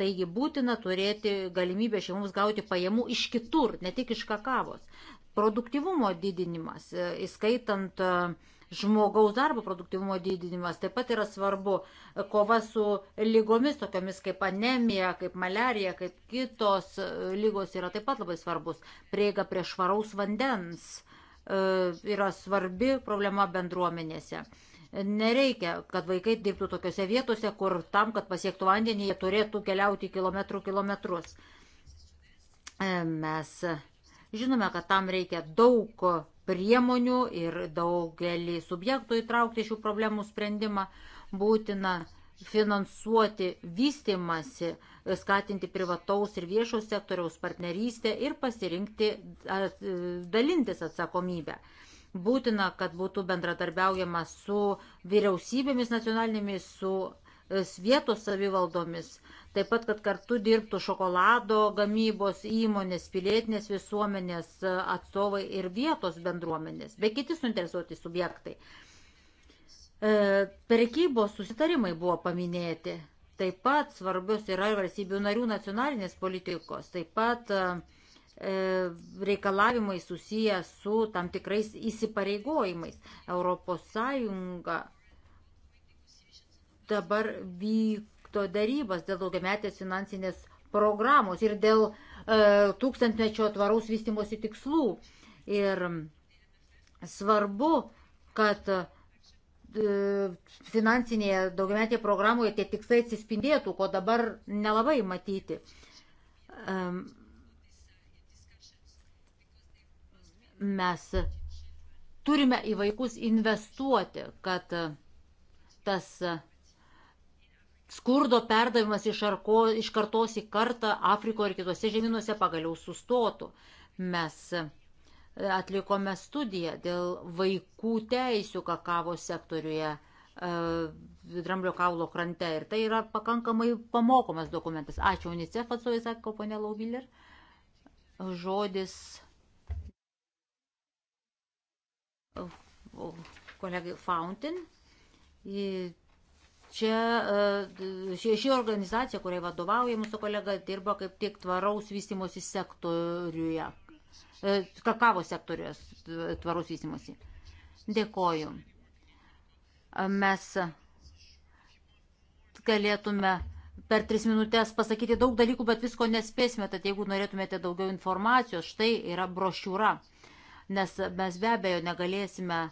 Taigi būtina turėti galimybę šeimoms gauti pajamų iš kitur, ne tik iš kakavos. Produktivumo didinimas, e, įskaitant uh, Žmogaus darbo produktivumo didinimas taip pat yra svarbu. Kova su lygomis tokiamis kaip anemija, kaip malerija, kaip kitos e, lygos yra taip pat labai svarbus. Prieiga prie švaraus vandens e, yra svarbi problema bendruomenėse. Nereikia, kad vaikai dirbtų tokiose vietose, kur tam, kad pasiektų vandenį, jie turėtų keliauti kilometrų kilometrus. E, mes Žinome, kad tam reikia daug priemonių ir daugelį subjektų įtraukti šių problemų sprendimą. Būtina finansuoti vystimasi, skatinti privataus ir viešo sektoriaus partnerystę ir pasirinkti dalintis atsakomybę. Būtina, kad būtų bendradarbiaujama su vyriausybėmis nacionalinėmis, su vietos savivaldomis, taip pat, kad kartu dirbtų šokolado gamybos įmonės, pilietinės visuomenės atstovai ir vietos bendruomenės, bei kiti suinteresuoti subjektai. E, prekybos susitarimai buvo paminėti, taip pat svarbios yra ir valstybių narių nacionalinės politikos, taip pat e, reikalavimai susiję su tam tikrais įsipareigojimais. Europos Sąjunga dabar vykdo darybas dėl daugiametės finansinės programos ir dėl e, tūkstantmečio tvaraus vystimosi tikslų. Ir svarbu, kad e, finansinėje daugiametėje programoje tie tikslai atsispindėtų, ko dabar nelabai matyti. E, mes turime į vaikus investuoti, kad tas skurdo perdavimas iš, arko, iš kartos į kartą Afrikoje ir kitose žemynuose pagaliau sustotų. Mes e, atlikome studiją dėl vaikų teisių kakavo sektoriuje e, Dramblio kaulo krante ir tai yra pakankamai pamokomas dokumentas. Ačiū UNICEF atstovai, sako ponė Lauviller. Žodis kolegai Fountain. Čia e, ši, ši organizacija, kuriai vadovauja mūsų kolega, dirba kaip tik tvaraus vystimosi sektoriuje, e, kakavo sektoriuje tvaraus vystimosi. Dėkoju. Mes galėtume per tris minutės pasakyti daug dalykų, bet visko nespėsime, tad jeigu norėtumėte daugiau informacijos, štai yra brošiūra, nes mes be abejo negalėsime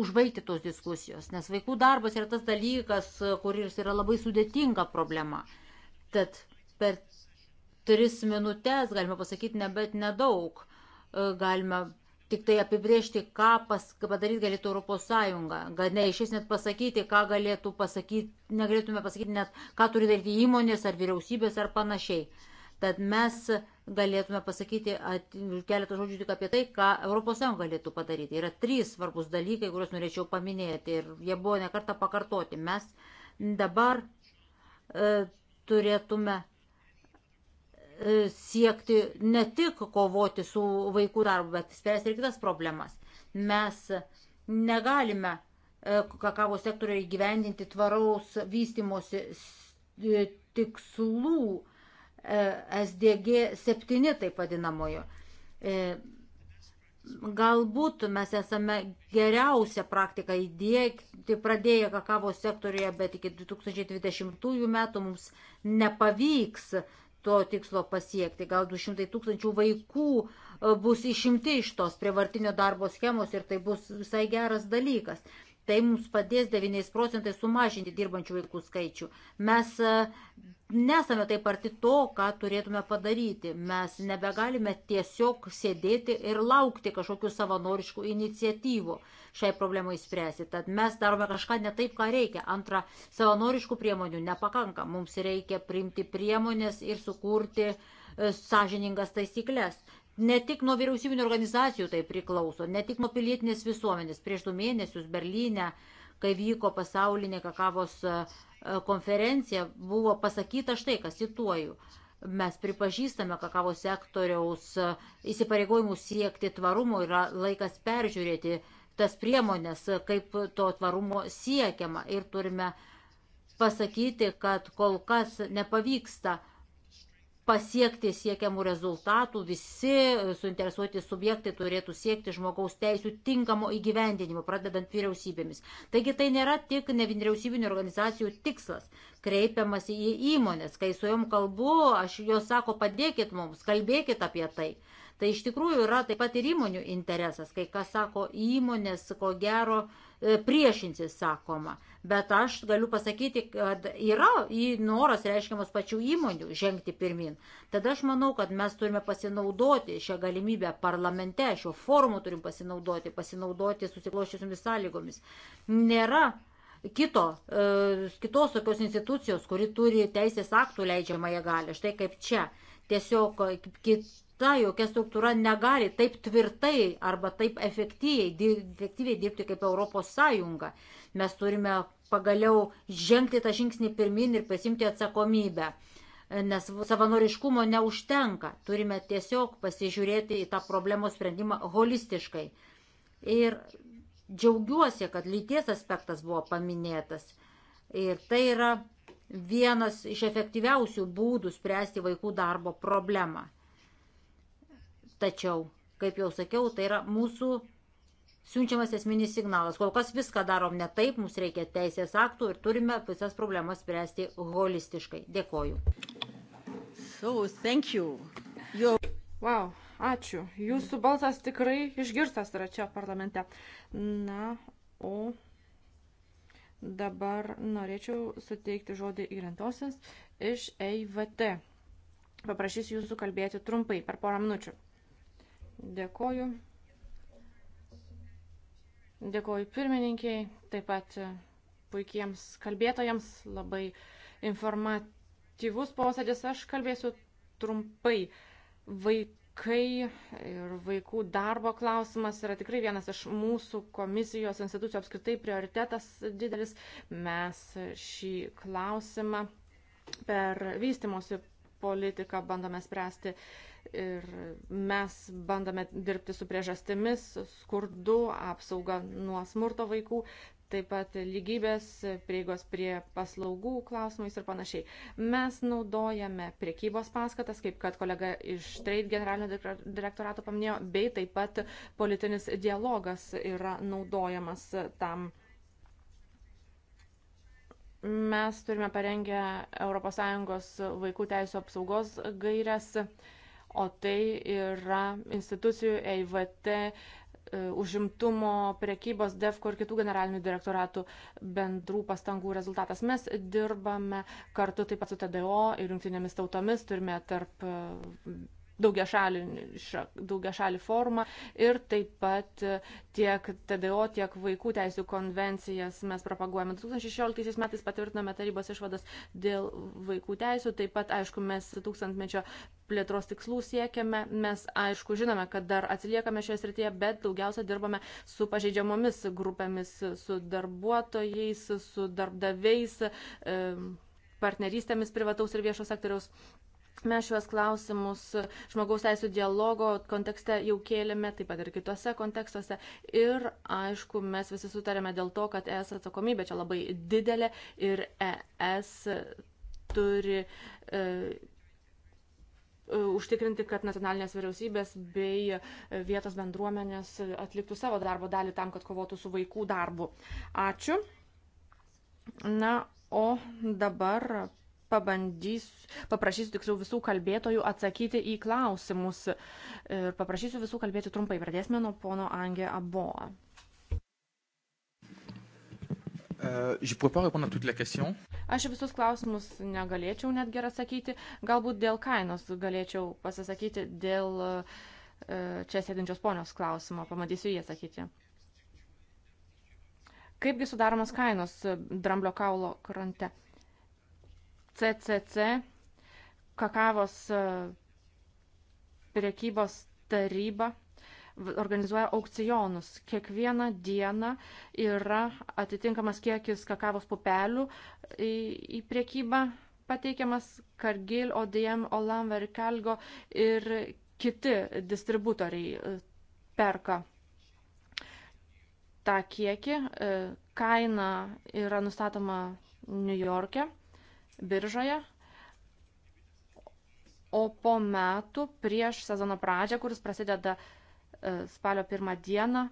užbaigti tos diskusijos, nes vaikų darbas yra tas dalykas, kuris yra labai sudėtinga problema. Tad per tris minutės, galima pasakyti, nebet nedaug, e, galima tik tai apibriežti, ką pas, padaryti galėtų Europos Sąjunga. Gal ne iš esmės pasakyti, ką galėtų pasakyti, negalėtume pasakyti net, ką turi daryti įmonės ar vyriausybės ar panašiai. Tad mes galėtume pasakyti at, keletą žodžių tik apie tai, ką ES galėtų padaryti. Yra trys svarbus dalykai, kuriuos norėčiau paminėti ir jie buvo nekarta pakartoti. Mes dabar e, turėtume e, siekti ne tik kovoti su vaikų darbu, bet spręsti ir kitas problemas. Mes negalime e, kakavos sektoriuje įgyvendinti tvaraus vystimosi e, tikslų, E, SDG 7 taip vadinamojo. E, galbūt mes esame geriausią praktiką įdėkti pradėję kakavos sektoriuje, bet iki 2020 metų mums nepavyks to tikslo pasiekti. Gal 200 tūkstančių vaikų e, bus išimti iš tos prievartinio darbo schemos ir tai bus visai geras dalykas. Tai mums padės 9 procentai sumažinti dirbančių vaikų skaičių. Mes nesame taip arti to, ką turėtume padaryti. Mes nebegalime tiesiog sėdėti ir laukti kažkokių savanoriškų iniciatyvų šiai problemai spręsti. Tad mes darome kažką ne taip, ką reikia. Antra, savanoriškų priemonių nepakanka. Mums reikia priimti priemonės ir sukurti e, sąžiningas taisyklės. Ne tik nuo vyriausybinio organizacijų tai priklauso, ne tik nuo pilietinės visuomenės. Prieš du mėnesius Berlyne, kai vyko pasaulinė kakavos e, konferenciją buvo pasakyta štai, kas cituoju. Mes pripažįstame kakavos sektoriaus e, įsipareigojimų siekti tvarumo ir laikas peržiūrėti tas priemonės, kaip to tvarumo siekiama. Ir turime pasakyti, kad kol kas nepavyksta uh, pasiekti siekiamų rezultatų, visi e, suinteresuoti subjektai turėtų siekti žmogaus teisų tinkamo įgyvendinimo, pradedant vyriausybėmis. Taigi tai nėra tik nevyriausybinio organizacijų tikslas. Kreipiamas į įmonės, kai su jom kalbu, aš jos sako, padėkit mums, kalbėkit apie tai. Tai iš tikrųjų yra taip pat ir įmonių interesas, kai kas sako, įmonės ko gero E, priešinsis, sakoma. Bet aš galiu pasakyti, kad yra į noras reiškiamas pačių įmonių žengti pirmin. Tada aš manau, kad mes turime pasinaudoti šią galimybę parlamente, šio forumo turim pasinaudoti, pasinaudoti susikloščiusiomis sąlygomis. Nėra kito, e, kitos tokios institucijos, kuri turi teisės aktų leidžiamąją galę. Štai kaip čia. Tiesiog kit, ta jokia struktūra negali taip tvirtai arba taip efektyviai, efektyviai dirbti kaip Europos Sąjunga. Mes turime pagaliau žengti tą žingsnį pirmin ir pasimti atsakomybę. Nes savanoriškumo neužtenka. Turime tiesiog pasižiūrėti į tą problemos sprendimą holistiškai. Ir džiaugiuosi, kad lyties aspektas buvo paminėtas. Ir tai yra vienas iš efektyviausių būdų spręsti vaikų darbo problemą. Tačiau, kaip jau sakiau, tai yra mūsų siunčiamas esminis signalas. Kol kas viską darom ne taip, mums reikia teisės aktų ir turime visas problemas spręsti holistiškai. Dėkoju. So, thank you. Your... Wow, ačiū. Jūsų balsas tikrai išgirstas yra čia parlamente. Na, o dabar norėčiau suteikti žodį įrentosiams iš EIVT. Paprašysiu jūsų kalbėti trumpai, per porą minučių. Dėkoju. Dėkoju pirmininkiai, taip pat puikiems kalbėtojams, labai informatyvus posėdis. Aš kalbėsiu trumpai. Vaikai ir vaikų darbo klausimas yra tikrai vienas iš mūsų komisijos institucijų apskritai prioritetas didelis. Mes šį klausimą per vystimosi politiką bandome spręsti Ir mes bandome dirbti su priežastimis, skurdu, apsauga nuo smurto vaikų, taip pat lygybės, prieigos prie paslaugų klausimais ir panašiai. Mes naudojame priekybos paskatas, kaip kad kolega iš Trade generalinio direktorato paminėjo, bei taip pat politinis dialogas yra naudojamas tam. Mes turime parengę ES vaikų teisų apsaugos gairias o tai yra institucijų EIVT e, užimtumo, prekybos, DEFCO ir kitų generalinių direktoratų bendrų pastangų rezultatas. Mes dirbame kartu taip pat su TDO ir jungtinėmis tautomis, turime tarp daugiašalį, daugiašalį formą ir taip pat e, tiek TDO, tiek vaikų teisų konvencijas mes propaguojame. 2016 metais patvirtinome tarybos išvadas dėl vaikų teisų, taip pat, aišku, mes tūkstantmečio plėtros tikslų siekiame, mes, aišku, žinome, kad dar atsiliekame šioje srityje, bet daugiausia dirbame su pažeidžiamomis grupėmis, su darbuotojais, su darbdaviais, e, partnerystėmis privataus ir viešo sektoriaus Mes šiuos klausimus žmogaus teisų dialogo kontekste jau kėlėme, taip pat ir kitose kontekstuose. Ir aišku, mes visi sutarėme dėl to, kad ES atsakomybė čia labai didelė ir ES turi e, e užtikrinti, kad nacionalinės vyriausybės bei vietos bendruomenės atliktų savo darbo dalį tam, kad kovotų su vaikų darbu. Ačiū. Na, o dabar pabandysiu, paprašysiu tiksliau visų kalbėtojų atsakyti į klausimus ir paprašysiu visų kalbėti trumpai. Pradėsime nuo pono Angė Aboa. Euh, Aš visus klausimus negalėčiau net gerą sakyti, galbūt dėl kainos galėčiau pasisakyti dėl e, čia sėdinčios ponios klausimo, pamatysiu jį atsakyti. Kaipgi sudaromas kainos dramblio kaulo krante? CCC, Kakavos e, priekybos taryba organizuoja aukcionus. Kiekvieną dieną yra atitinkamas kiekis kakavos pupelių į, į priekybą pateikiamas Kargil, ODM, Olam, Verikalgo ir kiti distributoriai e, perka tą kiekį. E, kaina yra nustatoma Niujorke biržoje, o po metų prieš sezono pradžią, kuris prasideda e, spalio pirmą dieną,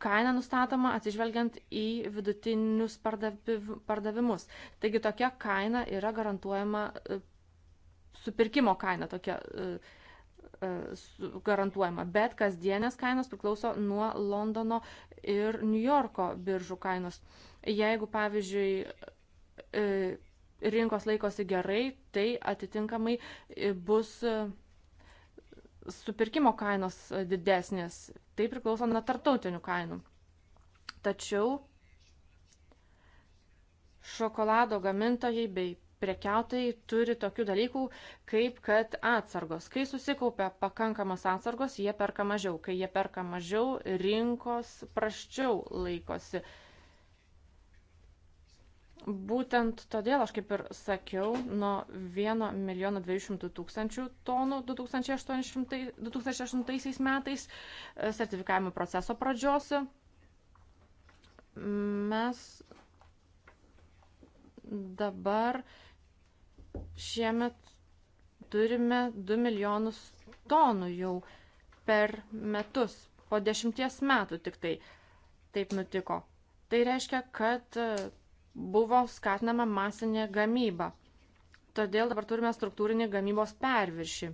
kaina nustatoma atsižvelgiant į vidutinius pardavimus. Taigi tokia kaina yra garantuojama, e, supirkimo kaina tokia e, garantuojama, bet kasdienės kainos priklauso nuo Londono ir Niujorko biržų kainos. Jeigu, pavyzdžiui, rinkos laikosi gerai, tai atitinkamai e, bus e, supirkimo kainos e, didesnės. Tai priklauso nuo tartautinių kainų. Tačiau šokolado gamintojai bei prekiautojai turi tokių dalykų, kaip kad atsargos. Kai susikaupia pakankamas atsargos, jie perka mažiau. Kai jie perka mažiau, rinkos praščiau laikosi. Uh, Būtent todėl aš kaip ir sakiau, nuo 1 milijono 200 tūkstančių tonų 2800, 2008 metais e, sertifikavimo proceso pradžios mes dabar šiemet turime 2 milijonus tonų jau per metus, po dešimties metų tik tai taip nutiko. Tai reiškia, kad e, buvo skatinama masinė gamyba. Todėl dabar turime struktūrinį gamybos perviršį.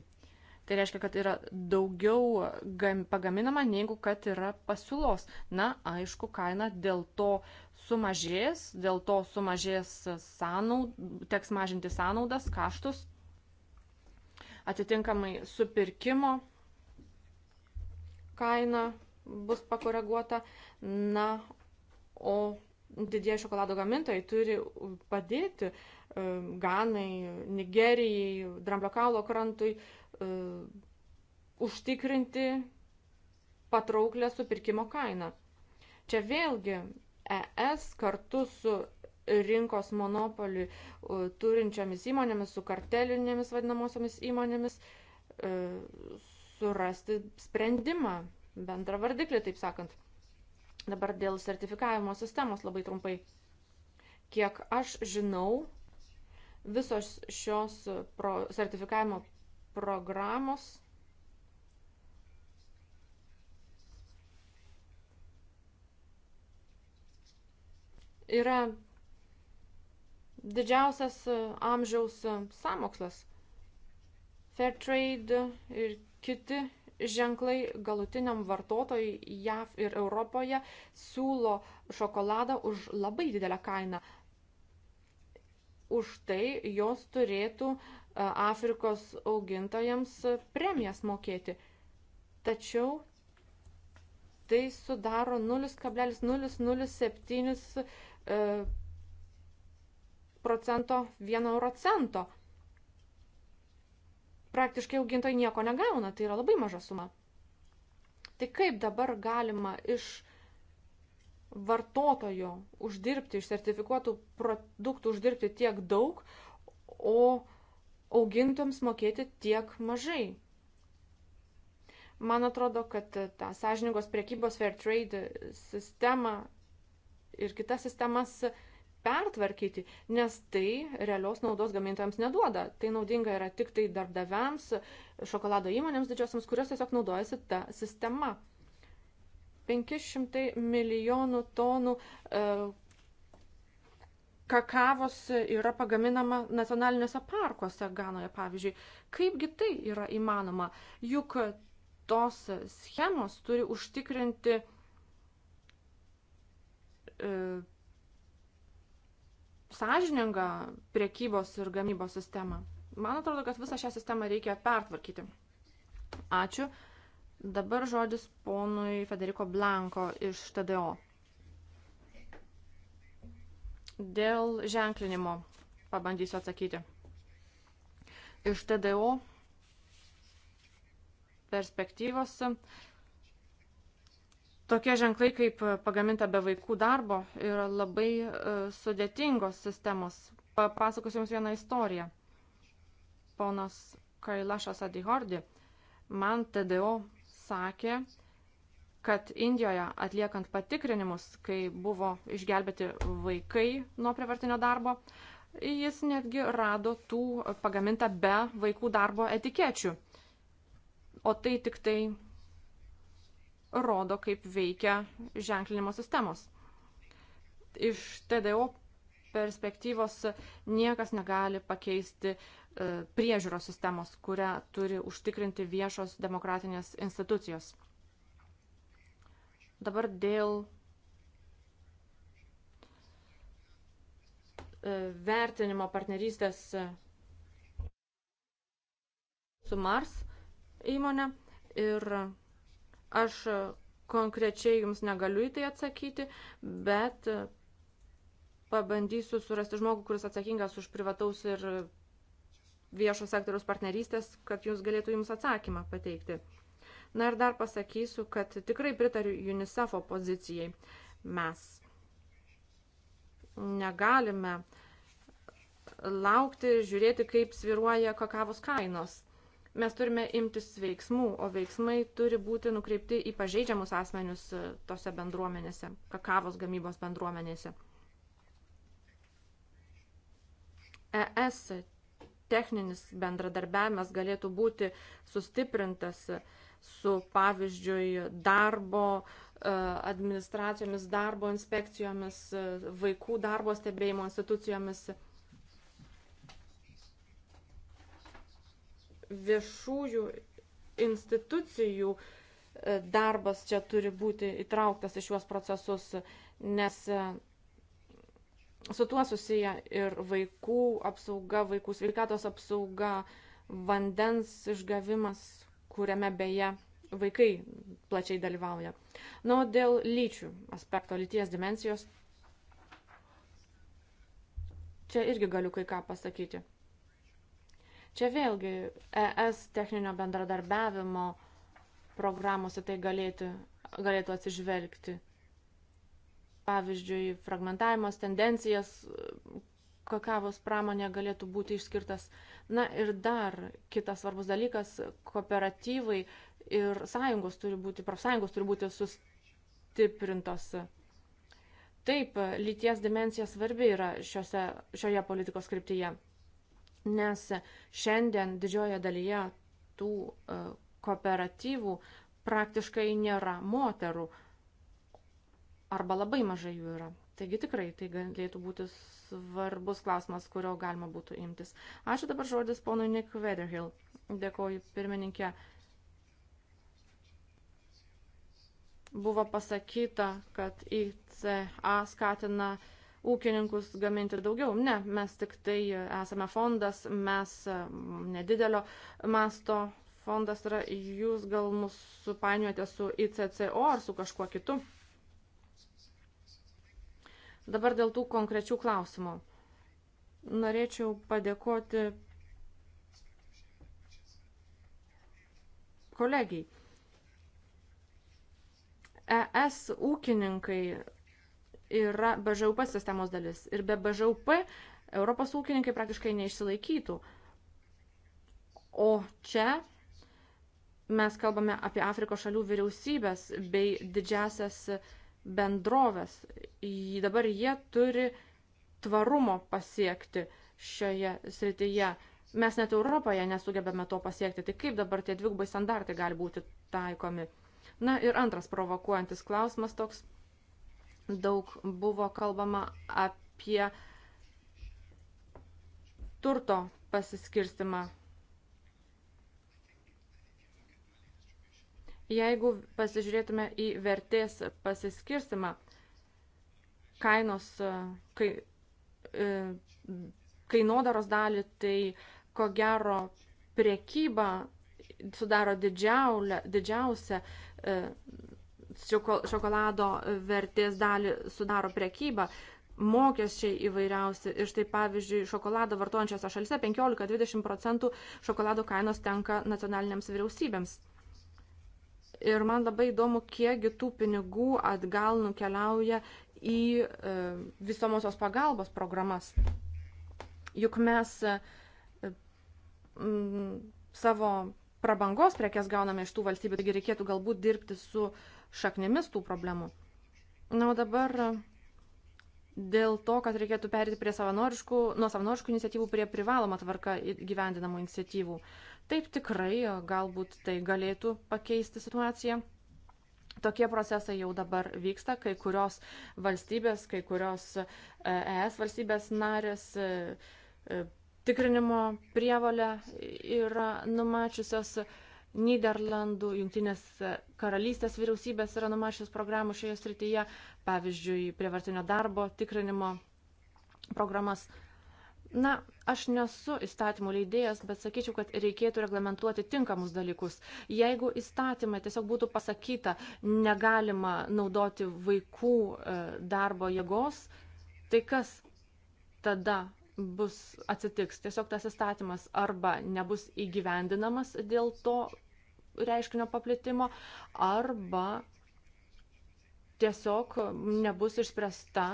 Tai reiškia, kad yra daugiau gam, pagaminama, negu kad yra pasiūlos. Na, aišku, kaina dėl to sumažės, dėl to sumažės sąnaud, teks mažinti sąnaudas, kaštus, atitinkamai supirkimo kaina bus pakoreguota. Na, o didieji šokolado gamintojai turi padėti e, Ganai, Nigerijai, Dramblio kaulo krantui e, užtikrinti patrauklę supirkimo kainą. Čia vėlgi ES kartu su rinkos monopolį e, turinčiomis įmonėmis, su kartelinėmis vadinamosiomis įmonėmis surasti sprendimą, bendrą vardiklį, taip sakant. Dabar dėl sertifikavimo sistemos labai trumpai. Kiek aš žinau, visos šios pro, sertifikavimo programos yra didžiausias amžiaus samokslas. Fairtrade ir kiti ženklai galutiniam vartotojui JAV ir Europoje siūlo šokoladą už labai didelę kainą. Už tai jos turėtų e, Afrikos augintojams premijas mokėti. Tačiau tai sudaro 0,007 e, procento 1 euro cento praktiškai augintojai nieko negauna, tai yra labai maža suma. Tai kaip dabar galima iš vartotojo uždirbti, iš sertifikuotų produktų uždirbti tiek daug, o augintojams mokėti tiek mažai? Man atrodo, kad tą sąžiningos priekybos fair trade sistemą ir kitas sistemas pertvarkyti, nes tai realios naudos gamintojams neduoda. Tai naudinga yra tik tai darbdaviams, šokolado įmonėms didžiosiams, kurios tiesiog naudojasi ta sistema. 500 milijonų tonų e, kakavos yra pagaminama nacionaliniuose parkuose Ganoje, pavyzdžiui. Kaipgi tai yra įmanoma? Juk tos schemos turi užtikrinti e, sąžiningą priekybos ir gamybos sistemą. Man atrodo, kad visą šią sistemą reikia pertvarkyti. Ačiū. Dabar žodis ponui Federico Blanko iš TDO. Dėl ženklinimo pabandysiu atsakyti. Iš TDO perspektyvos Tokie ženklai kaip e, pagaminta be vaikų darbo yra labai e, sudėtingos sistemos. Papasakosiu Jums vieną istoriją. Ponas Kailašas Adihordi man TDO sakė, kad Indijoje atliekant patikrinimus, kai buvo išgelbėti vaikai nuo privartinio darbo, jis netgi rado tų pagaminta be vaikų darbo etikečių. O tai tik tai rodo, kaip veikia ženklinimo sistemos. Iš TDO perspektyvos niekas negali pakeisti e, priežiūros sistemos, kurią turi užtikrinti viešos demokratinės institucijos. Dabar dėl e, vertinimo partnerystės e, su Mars įmonė ir Aš konkrečiai jums negaliu į tai atsakyti, bet pabandysiu surasti žmogų, kuris atsakingas už privataus ir viešo sektoriaus partnerystės, kad jūs galėtų jums atsakymą pateikti. Na ir dar pasakysiu, kad tikrai pritariu UNICEF'o pozicijai. Mes negalime laukti, žiūrėti, kaip sviruoja kakavos kainos mes turime imtis veiksmų, o veiksmai turi būti nukreipti į pažeidžiamus asmenius e, tose bendruomenėse, kakavos gamybos bendruomenėse. ES techninis bendradarbiavimas galėtų būti sustiprintas su, pavyzdžiui, darbo e, administracijomis, darbo inspekcijomis, e, vaikų darbo stebėjimo institucijomis. viešųjų institucijų e, darbas čia turi būti įtrauktas į šiuos procesus, nes e, su tuo susiję ir vaikų apsauga, vaikų sveikatos apsauga, vandens išgavimas, kuriame beje vaikai plačiai dalyvauja. Na, o dėl lyčių aspekto, lyties dimensijos, čia irgi galiu kai ką pasakyti. Čia vėlgi ES techninio bendradarbiavimo programuose tai galėtų, galėtų atsižvelgti. Pavyzdžiui, fragmentavimas, tendencijas, kakavos pramonė galėtų būti išskirtas. Na ir dar kitas svarbus dalykas - kooperatyvai ir sąjungos turi būti, profsąjungos turi būti sustiprintos. Taip, lyties dimensija svarbi yra šiose, šioje politikos skriptyje nes šiandien didžioje dalyje tų e, kooperatyvų praktiškai nėra moterų arba labai mažai jų yra. Taigi tikrai tai galėtų būti svarbus klausimas, kurio galima būtų imtis. Ačiū dabar žodis ponui Nick Weatherhill. Dėkoju pirmininkė. Buvo pasakyta, kad ICA skatina uh, ūkininkus gaminti ir daugiau. Ne, mes tik tai esame fondas, mes e, nedidelio masto fondas yra, jūs gal mus supainiojate su ICCO ar su kažkuo kitu. Dabar dėl tų konkrečių klausimų. Norėčiau padėkoti kolegijai. ES ūkininkai yra BŽUP sistemos dalis. Ir be BŽUP Europos ūkininkai praktiškai neišsilaikytų. O čia mes kalbame apie Afrikos šalių vyriausybės bei didžiasias bendrovės. Dabar jie turi tvarumo pasiekti šioje srityje. Mes net Europoje nesugebame to pasiekti. Tai kaip dabar tie dvigubai standartai gali būti taikomi? Na ir antras provokuojantis klausimas toks daug buvo kalbama apie turto pasiskirstimą. Jeigu pasižiūrėtume į vertės pasiskirstimą, kainos, e, kai, e, kainodaros dalį, tai ko gero prekyba sudaro didžiaulę, didžiausią e, šokolado vertės dalį sudaro prekyba, mokesčiai įvairiausi. Ir štai pavyzdžiui, šokoladą vartojančiose šalise 15-20 procentų šokolado kainos tenka nacionalinėms vyriausybėms. Ir man labai įdomu, kiekgi tų pinigų atgal nukeliauja į e, visomosios pagalbos programas. Juk mes e, m, savo prabangos prekes gauname iš tų valstybių, taigi reikėtų galbūt dirbti su e, šaknėmis tų problemų. Na, o dabar e, dėl to, kad reikėtų perėti prie savanoriškų, nuo savanoriškų iniciatyvų prie privalomą tvarką gyvendinamų iniciatyvų. Taip tikrai, e, galbūt tai galėtų pakeisti situaciją. Tokie procesai jau dabar vyksta, kai kurios valstybės, kai kurios ES e valstybės narės tikrinimo prievalę yra numačiusios. Niderlandų, Junktinės karalystės vyriausybės yra numačiusios programų šioje srityje, pavyzdžiui, prievartinio darbo tikrinimo programas. Na, aš nesu įstatymų leidėjas, bet sakyčiau, kad reikėtų reglamentuoti tinkamus dalykus. Jeigu įstatymai tiesiog būtų pasakyta, negalima naudoti vaikų e, darbo jėgos, tai kas tada bus atsitiks. Tiesiog tas įstatymas arba nebus įgyvendinamas dėl to reiškinio paplitimo, arba tiesiog nebus išspręsta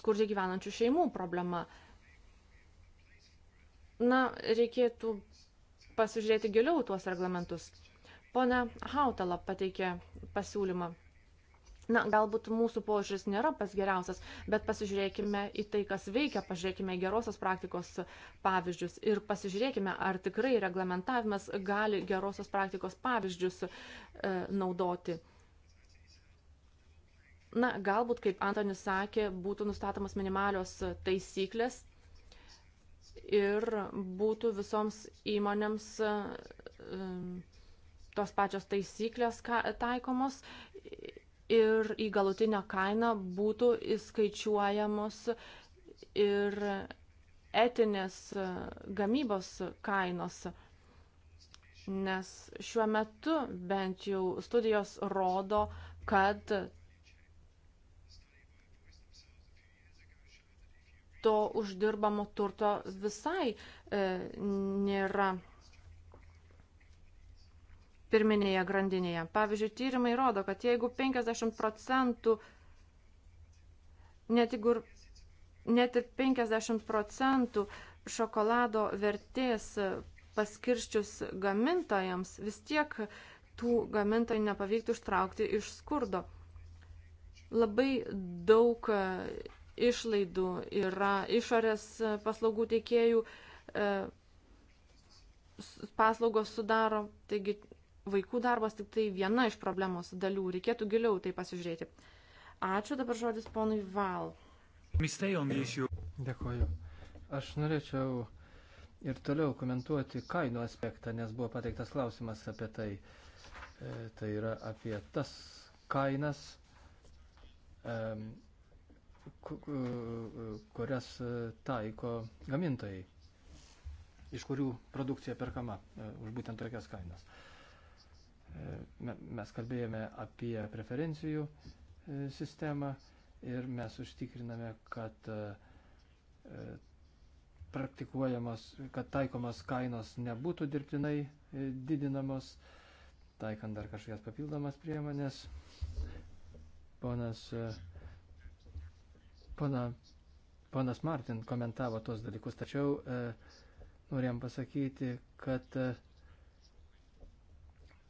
skurdžiai gyvenančių šeimų problema. Na, reikėtų pasižiūrėti giliau tuos reglamentus. Pone Hautala pateikė pasiūlymą Na, galbūt mūsų požiūris nėra pas geriausias, bet pasižiūrėkime į tai, kas veikia, pažiūrėkime gerosios praktikos pavyzdžius ir pasižiūrėkime, ar tikrai reglamentavimas gali gerosios praktikos pavyzdžius e, naudoti. Na, galbūt, kaip Antonis sakė, būtų nustatomas minimalios taisyklės ir būtų visoms įmonėms e, e tos pačios taisyklės ka, taikomos ir į galutinę kainą būtų įskaičiuojamos ir etinės gamybos kainos. Nes šiuo metu bent jau studijos rodo, kad to uždirbamo turto visai e, nėra pirminėje grandinėje. Pavyzdžiui, tyrimai rodo, kad jeigu 50 procentų, net, jeigu, net ir 50 procentų šokolado vertės paskirščius gamintojams, vis tiek tų gamintojų nepavyktų ištraukti iš skurdo. Labai daug e, išlaidų yra išorės paslaugų teikėjų e, paslaugos sudaro, taigi vaikų darbas tik tai viena iš problemos dalių. Reikėtų giliau tai pasižiūrėti. Ačiū, dabar žodis ponui Val. Dėkuoju. Aš norėčiau ir toliau komentuoti kainų aspektą, nes buvo pateiktas klausimas apie tai. E, tai yra apie tas kainas, e, kurias taiko gamintojai, iš kurių produkcija perkama e, už būtent tokias kainas. E, Mes kalbėjome apie preferencijų e, sistemą ir mes užtikriname, kad e, e, praktikuojamas, kad taikomas kainos nebūtų dirbtinai didinamos, taikant dar kažkokias papildomas priemonės. Ponas, pana, ponas Martin komentavo tuos dalykus, tačiau e, norėjom pasakyti, kad e,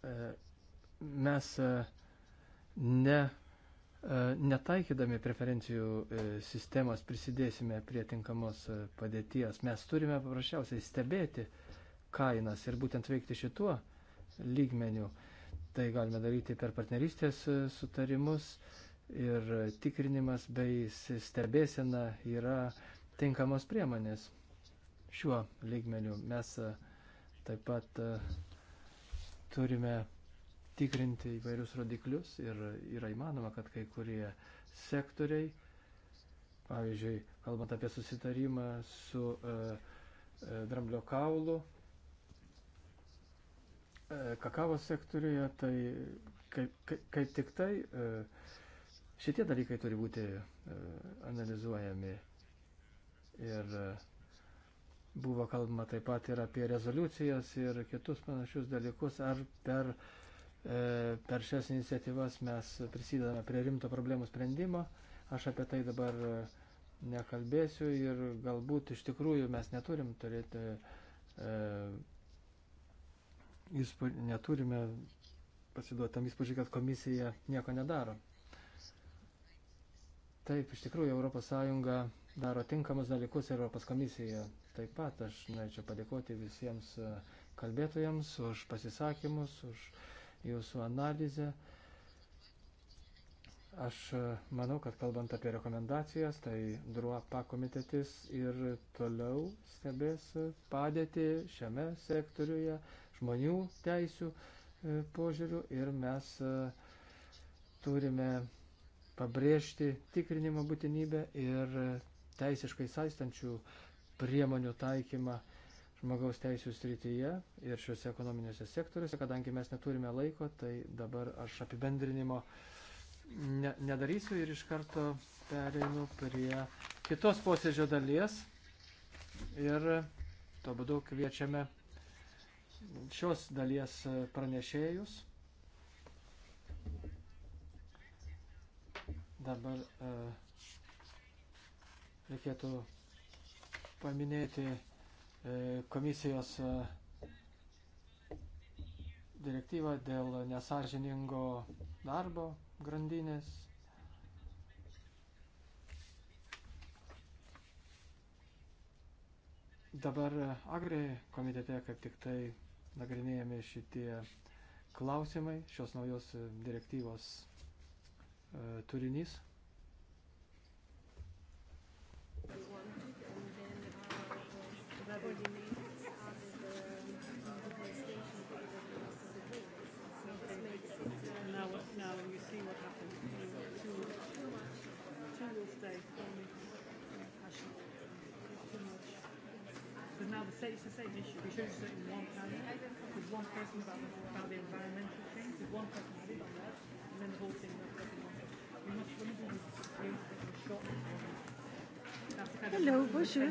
E, mes e, ne, e, netaikydami preferencijų sistemos prisidėsime prie tinkamos padėties. Mes turime paprasčiausiai stebėti kainas ir būtent veikti šituo lygmeniu. Tai galime daryti per partnerystės sutarimus ir tikrinimas bei stebėsena yra tinkamos priemonės šiuo lygmeniu. Mes taip pat Turime tikrinti įvairius rodiklius ir yra įmanoma, kad kai kurie sektoriai, pavyzdžiui, kalbant apie susitarimą su e, e, dramblio kaulu, e, kakavos sektoriuje, tai kaip, kaip, kaip tik tai e, šitie dalykai turi būti e, analizuojami. Ir e, Buvo kalbama taip pat ir apie rezoliucijas ir kitus panašius dalykus. Ar per, e, per šias iniciatyvas mes prisidedame prie rimto problemų sprendimo? Aš apie tai dabar e, nekalbėsiu ir galbūt iš tikrųjų mes neturim turėti. E, įspū... neturime pasiduoti tam įspūdžiui, kad komisija nieko nedaro. Taip, iš tikrųjų, ES daro tinkamus dalykus ir ES komisija Taip pat aš norėčiau padėkoti visiems e, kalbėtojams už pasisakymus, už jūsų analizę. Aš e, manau, kad kalbant apie rekomendacijas, tai DRUAPA komitetis ir toliau stebės padėti šiame sektoriuje žmonių teisių e, požiūrių ir mes turime pabrėžti tikrinimo būtinybę ir teisiškai saistančių uh, priemonių taikymą žmogaus teisų srityje ir šiuose ekonominėse sektoriuose. Kadangi mes neturime laiko, tai dabar aš apibendrinimo ne, nedarysiu ir iš karto pereinu prie kitos posėdžio dalies. Ir tuo būdu kviečiame šios dalies pranešėjus. Dabar uh, reikėtų paminėti e, komisijos e, direktyvą dėl nesažiningo darbo grandinės. Dabar Agri komitete kaip tik tai nagrinėjami šitie klausimai, šios naujos direktyvos e, turinys. everybody minutes added the PlayStation to the release of the game. So okay. this makes it. now, now you see what happened. Too, too much. Too much day for me. Passion. It's too much. Because now the same, it's the same issue. We should do it in one panel. There's one person about the, about the environmental things. There's one person about that, and then the whole thing wrapped up in one. We must really do this short. Hello, bonjour.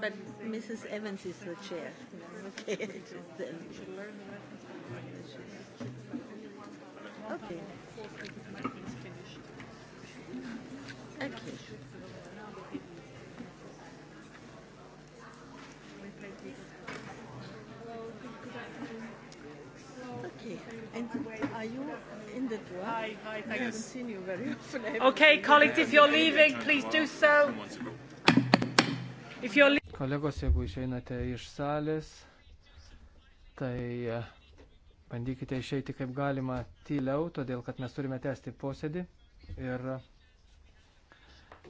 But Mrs. Evans is the chair. Okay. okay. Okay. you. Huh? Hi, hi, thank yes. I haven't seen you very often. Okay, colleagues, if you're leaving, please do so. If you're leaving... Kolegos, jeigu išeinate iš salės, tai e, bandykite išeiti kaip galima tyliau, todėl kad mes turime tęsti posėdį. Ir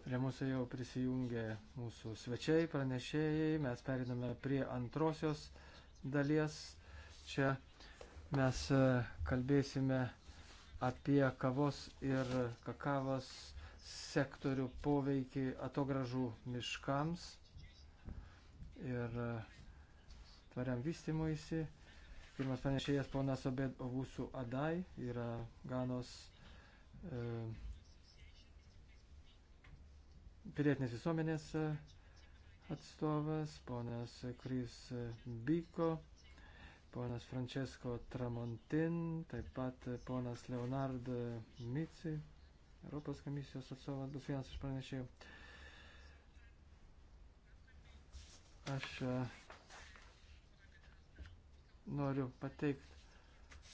prie mūsų jau prisijungė mūsų svečiai, pranešėjai. Mes periname prie antrosios dalies. Čia mes e, kalbėsime apie kavos ir kakavos sektorių poveikį atogražų miškams ir e, tvariam vystimuisi. Pirmas panešėjas ponas Obed Ovusų Adai yra Ganos e, pilietinės visuomenės e, atstovas, ponas Kris Biko ponas Francesco Tramontin, taip pat ponas Leonard Mici, Europos komisijos atstovas bus vienas iš pranešėjų. Aš e, noriu pateikti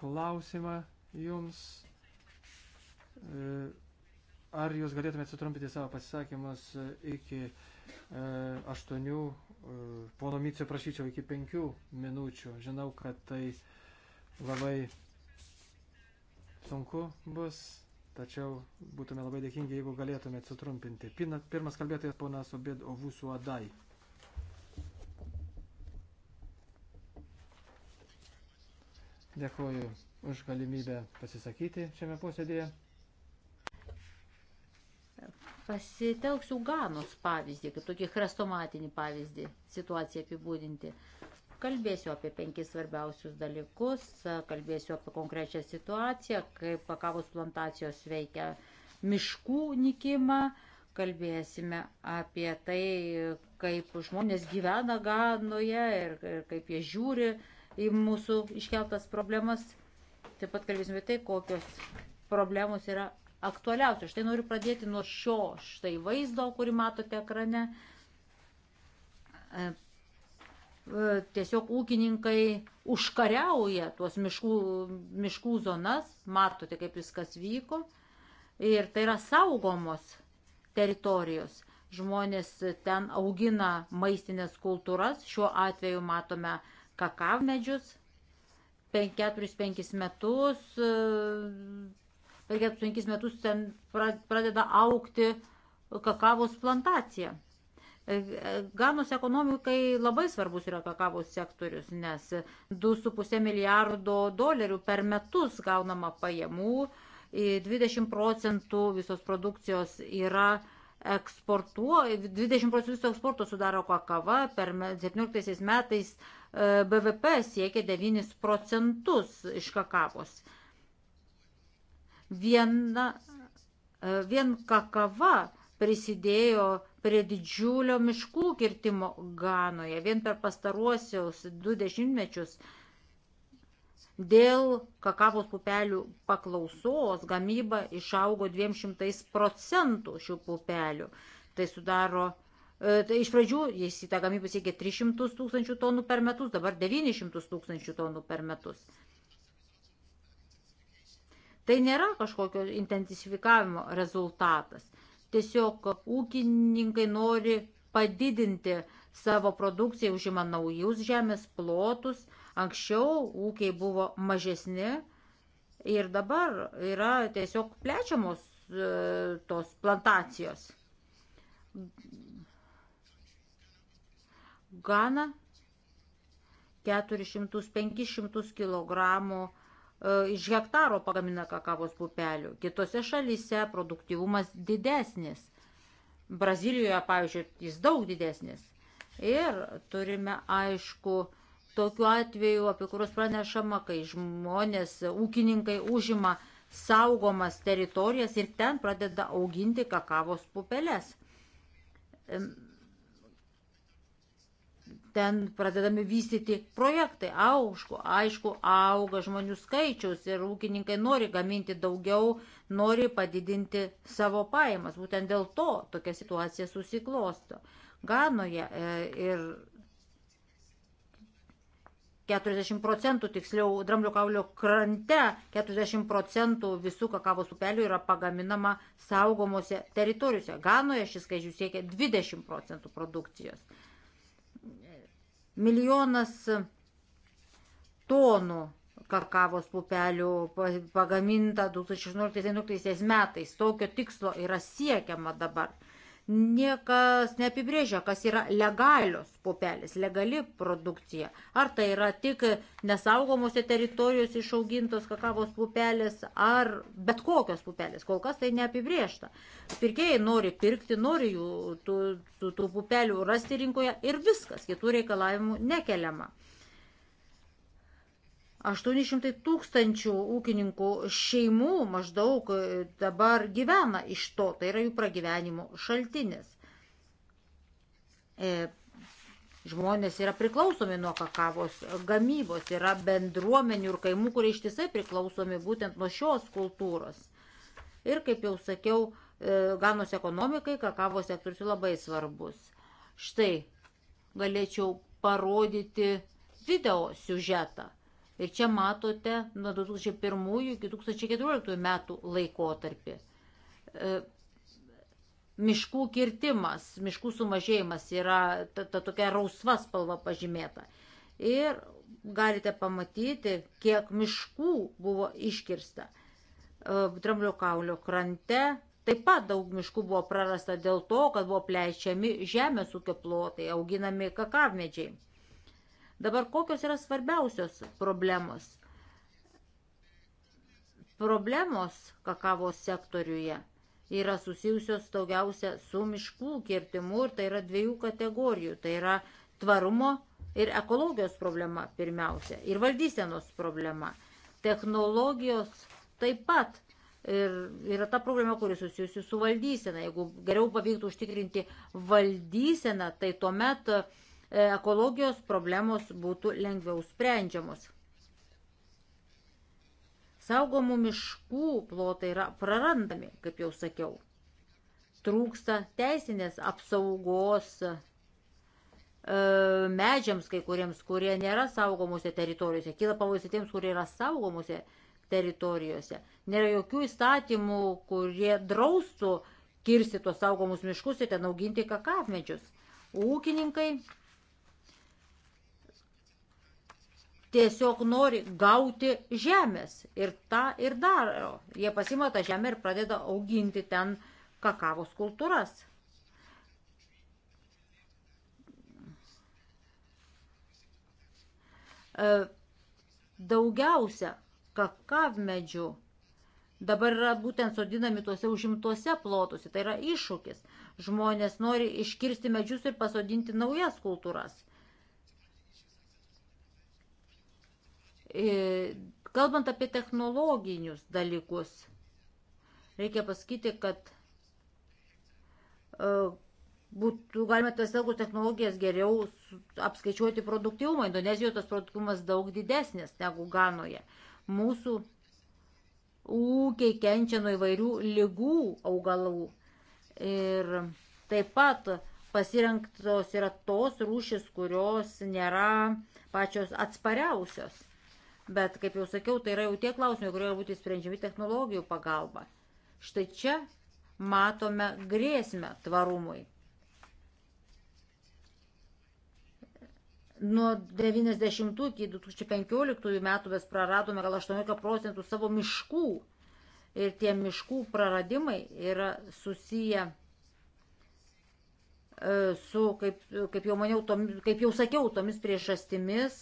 klausimą jums. E, ar jūs galėtumėte sutrumpinti savo pasisakymus e, iki aštuonių, e, pono Micio prašyčiau iki penkių minučių. Žinau, kad tai labai sunku bus, tačiau būtume labai dėkingi, jeigu galėtume sutrumpinti. Pirmas kalbėtojas ponas Obėd Ovusų Adai. Dėkuoju už galimybę pasisakyti šiame posėdėje. Pasitelksiu Ganos pavyzdį, kaip tokį chrestomatinį pavyzdį situaciją apibūdinti. Kalbėsiu apie penkis svarbiausius dalykus, kalbėsiu apie konkrečią situaciją, kaip kakavos plantacijos veikia miškų nikimą, kalbėsime apie tai, kaip žmonės gyvena Ganoje ir, ir kaip jie žiūri į mūsų iškeltas problemas. Taip pat kalbėsime tai, kokios problemos yra aktualiausių. Štai noriu pradėti nuo šio štai vaizdo, kurį matote ekrane. E, e, tiesiog ūkininkai užkariauja tuos miškų, miškų zonas, matote, kaip viskas vyko. Ir tai yra saugomos teritorijos. Žmonės ten augina maistinės kultūras, šiuo atveju matome kakavmedžius, 4-5 metus e, per 4-5 metus ten pradeda aukti kakavos plantacija. E, e, Ganos ekonomikai labai svarbus yra kakavos sektorius, nes 2,5 milijardo dolerių per metus gaunama pajamų, 20 procentų visos produkcijos yra eksportuoja, 20 procentų viso eksporto sudaro kakava, per 17 metais e, BVP siekia 9 procentus iš kakavos. Viena, e, vien kakava prisidėjo prie didžiulio miškų kirtimo Ganoje vien per pastaruosius du dešimtmečius. Dėl kakavos pupelių paklausos gamyba išaugo 200 procentų šių pupelių. Tai sudaro, e, tai iš pradžių jis į tą gamybą siekė 300 tūkstančių tonų per metus, dabar 900 tūkstančių tonų per metus. Tai nėra kažkokio intensifikavimo rezultatas. Tiesiog ūkininkai nori padidinti savo produkciją, užima naujus žemės plotus. Anksčiau ūkiai buvo mažesni ir dabar yra tiesiog plečiamos e, tos plantacijos. Gana 400-500 kg E, iš hektaro pagamina kakavos pupelių. Kitose šalyse produktyvumas didesnis. Brazilijoje, pavyzdžiui, jis daug didesnis. Ir turime, aišku, tokiu atveju, apie kuriuos pranešama, kai žmonės, ūkininkai užima saugomas teritorijas ir ten pradeda auginti kakavos pupelės ten pradedami vystyti projektai. Aišku, aišku, auga žmonių skaičius ir ūkininkai nori gaminti daugiau, nori padidinti savo pajamas. Būtent dėl to tokia situacija susiklosto. Ganoje e, ir 40 procentų, tiksliau, dramblio kaulio krante 40 procentų visų kakavos upelių yra pagaminama saugomose teritorijose. Ganoje šis skaičius siekia 20 procentų produkcijos. Milijonas tonų kakavos pupelių pagaminta 2016-2017 metais. Tokio tikslo yra siekiama dabar niekas neapibrėžia, kas yra legalios pupelės, legali produkcija. Ar tai yra tik nesaugomose teritorijos išaugintos kakavos pupelės, ar bet kokios pupelės. Kol kas tai neapibrėžta. Pirkėjai nori pirkti, nori jų tų, tų, tų pupelių rasti rinkoje ir viskas, kitų reikalavimų nekeliama. 800 tūkstančių ūkininkų šeimų maždaug e, dabar gyvena iš to, tai yra jų pragyvenimo šaltinis. E, žmonės yra priklausomi nuo kakavos gamybos, yra bendruomenių ir kaimų, kurie ištisai priklausomi būtent nuo šios kultūros. Ir kaip jau sakiau, e, ganos ekonomikai kakavos sektorius labai svarbus. Štai galėčiau parodyti video siužetą. Ir čia matote nuo 2001 iki 2014 metų laikotarpį. E, miškų kirtimas, miškų sumažėjimas yra ta, ta tokia rausva spalva pažymėta. Ir galite pamatyti, kiek miškų buvo iškirsta. E, Dramblio kaulio krante Taip pat daug miškų buvo prarasta dėl to, kad buvo pleičiami žemės ūkio plotai, auginami kakavmedžiai. Dabar kokios yra svarbiausios problemos? Problemos kakavos sektoriuje yra susijusios daugiausia su miškų kirtimu ir tai yra dviejų kategorijų. Tai yra tvarumo ir ekologijos problema pirmiausia ir valdysenos problema. Technologijos taip pat ir yra ta problema, kuri susijusi su valdysena. Jeigu geriau pavyktų užtikrinti valdyseną, tai tuomet metu E, ekologijos problemos būtų lengviau sprendžiamos. Saugomų miškų plotai yra prarandami, kaip jau sakiau. Trūksta teisinės apsaugos e, medžiams kai kuriems, kurie nėra saugomose teritorijose. Kyla pavojus tiems, kurie yra saugomose teritorijose. Nėra jokių įstatymų, kurie draustų kirsti tuos saugomus miškus ir ten auginti kakavmečius. Ūkininkai tiesiog nori gauti žemės ir tą ir daro. Jie pasima tą žemę ir pradeda auginti ten kakavos kultūras. E, daugiausia kakavmedžių dabar yra būtent sodinami tuose užimtuose plotuose. Tai yra iššūkis. Žmonės nori iškirsti medžius ir pasodinti naujas kultūras. E, kalbant apie technologinius dalykus, reikia pasakyti, kad e, būtų galima tiesiog technologijas geriau apskaičiuoti produktivumą. Indonezijoje tas produktivumas daug didesnis negu Ganoje. Mūsų ūkiai kenčia nuo įvairių lygų augalų. Ir taip pat pasirinktos yra tos rūšis, kurios nėra pačios atspariausios. Bet, kaip jau sakiau, tai yra jau tie klausimai, kurie būtų sprendžiami technologijų pagalba. Štai čia matome grėsmę tvarumui. Nuo 90 iki 2015 metų mes praradome gal 18 procentų savo miškų. Ir tie miškų praradimai yra susiję e, su, kaip, kaip jau maniau, tom, kaip jau sakiau, tomis priežastimis,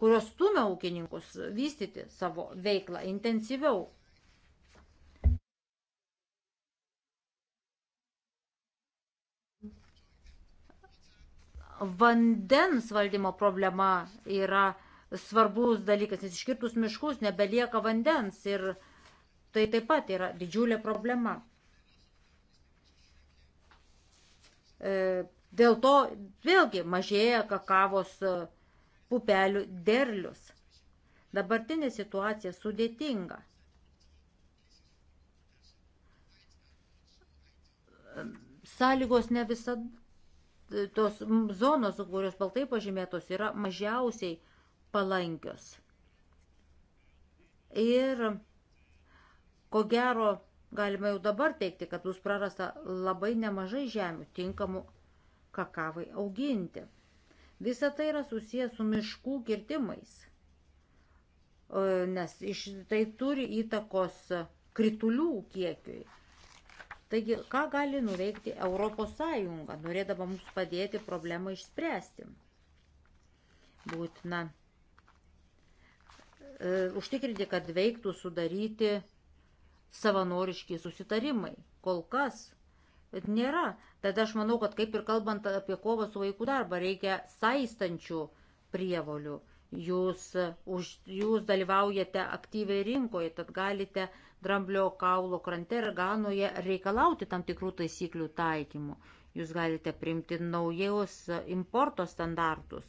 kurios stumia ūkininkus vystyti savo veiklą intensyviau. Vandens valdymo problema yra svarbus dalykas, nes iškirtus miškus nebelieka vandens ir tai taip pat yra didžiulė problema. E, dėl to vėlgi mažėja kakavos pupelių derlius. Dabartinė situacija sudėtinga. Sąlygos ne visada, tos zonos, kurios baltai pažymėtos, yra mažiausiai palankios. Ir ko gero galima jau dabar teikti, kad bus prarasta labai nemažai žemių tinkamų kakavai auginti. Visa tai yra susijęs su miškų kirtimais, e, nes iš tai turi įtakos kritulių kiekiui. Taigi, ką gali nuveikti Europos Sąjunga, norėdama mums padėti problemą išspręsti? Būtina e, užtikrinti, kad veiktų sudaryti savanoriški susitarimai. Kol kas nėra. Tad aš manau, kad kaip ir kalbant apie kovą su vaikų darbą, reikia saistančių prievolių. Jūs, už, jūs dalyvaujate aktyviai rinkoje, tad galite dramblio kaulo krante ir ganoje reikalauti tam tikrų taisyklių taikymų. Jūs galite priimti naujus importo standartus.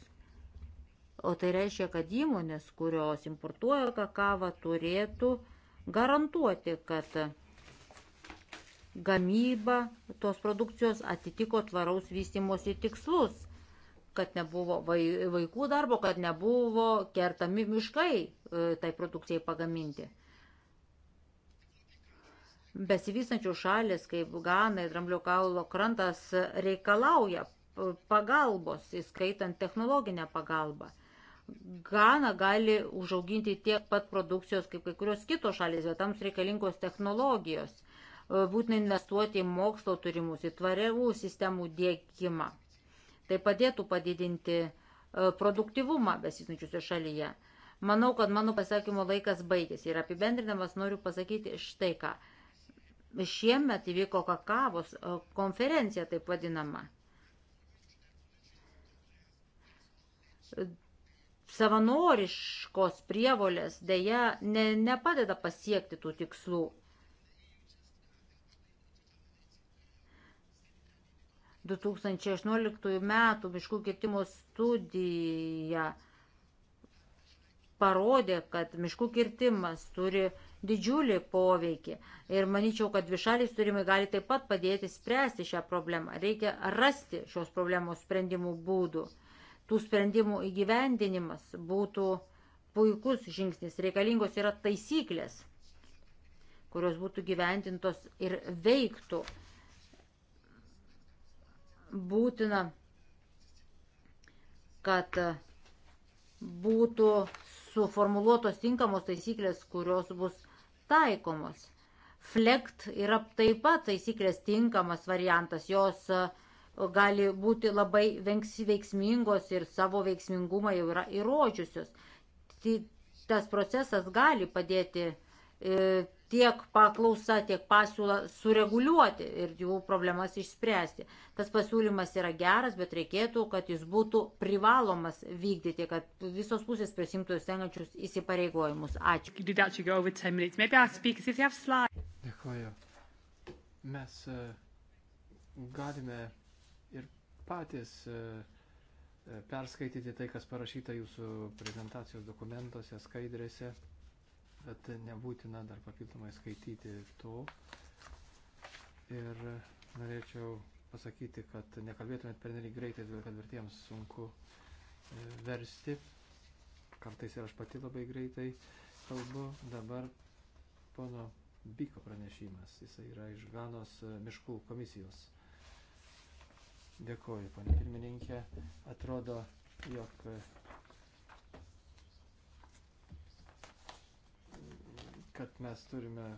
O tai reiškia, kad įmonės, kurios importuoja kakavą, turėtų garantuoti, kad gamyba tos produkcijos atitiko tvaraus vystimosi tikslus, kad nebuvo vaikų darbo, kad nebuvo kertami miškai e, tai produkcijai pagaminti. Besivystančių šalis, kaip Gana ir Dramblio kaulo krantas, reikalauja pagalbos, įskaitant technologinę pagalbą. Gana gali užauginti tiek pat produkcijos kaip kai kurios kitos šalis, bet tams reikalingos technologijos. E, būtina investuoti į mokslo turimus, į tvarių sistemų dėkimą. Tai padėtų padidinti e, produktivumą besitinčiusių šalyje. Manau, kad mano pasakymo laikas baigėsi ir apibendrinamas noriu pasakyti štai ką. Šiemet įvyko kakavos e, konferencija, taip vadinama. savanoriškos prievolės dėja ne, nepadeda pasiekti tų tikslų. 2018 metų miškų kirtimo studija parodė, kad miškų kirtimas turi didžiulį poveikį. Ir manyčiau, kad višaliai turimai gali taip pat padėti spręsti šią problemą. Reikia rasti šios problemos sprendimų būdų. Tų sprendimų įgyvendinimas būtų puikus žingsnis. Reikalingos yra taisyklės, kurios būtų gyventintos ir veiktų būtina, kad būtų suformuluotos tinkamos taisyklės, kurios bus taikomos. Flekt yra taip pat taisyklės tinkamas variantas, jos e, gali būti labai veiksmingos ir savo veiksmingumą jau yra įrodžiusios. Tas procesas gali padėti e, tiek paklausą, tiek pasiūlą sureguliuoti ir jų problemas išspręsti. Tas pasiūlymas yra geras, bet reikėtų, kad jis būtų privalomas vykdyti, kad visos pusės prisimtų stengiančius įsipareigojimus. Ačiū. Dėkuoju. Mes e, galime ir patys e, e, perskaityti tai, kas parašyta jūsų prezentacijos dokumentuose, skaidrėse tad nebūtina dar papildomai skaityti to. Ir norėčiau pasakyti, kad nekalbėtumėt pernelyg greitai, todėl kad vertėjams sunku e, versti. Kartais ir aš pati labai greitai kalbu. Dabar pono Biko pranešimas. Jis yra iš Ganos e, miškų komisijos. Dėkoju, ponė pirmininkė. Atrodo, jog kad mes turime e,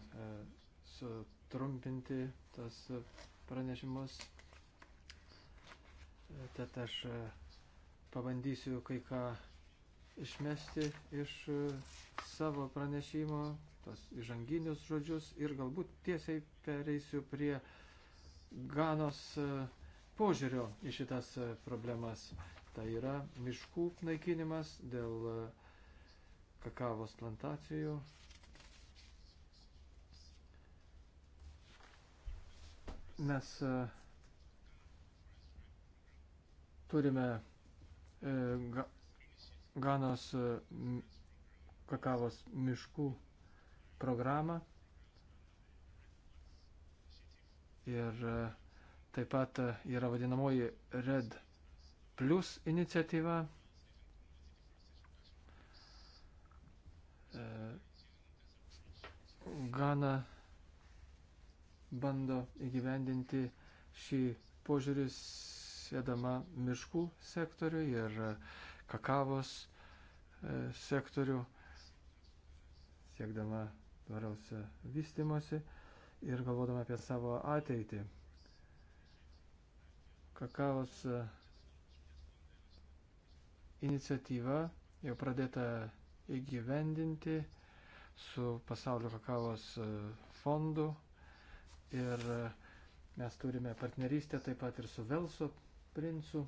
sutrumpinti tas pranešimus. E, tad aš e, pabandysiu kai ką išmesti iš savo pranešimo, tos įžanginius žodžius ir galbūt tiesiai pereisiu prie ganos požiūrio į šitas problemas. Tai yra miškų naikinimas dėl kakavos plantacijų Mes e, turime e, Ganos e, kakavos miškų programą ir taip pat yra vadinamoji Red Plus iniciatyva. Gana bando įgyvendinti šį požiūrį sėdama miškų sektorių ir kakavos e, sektorių, siekdama tvaraus vystimosi ir galvodama apie savo ateitį. Kakavos e, iniciatyva jau pradėta įgyvendinti su pasaulio kakavos e, fondu ir e, mes turime partnerystę taip pat ir su Velso princu.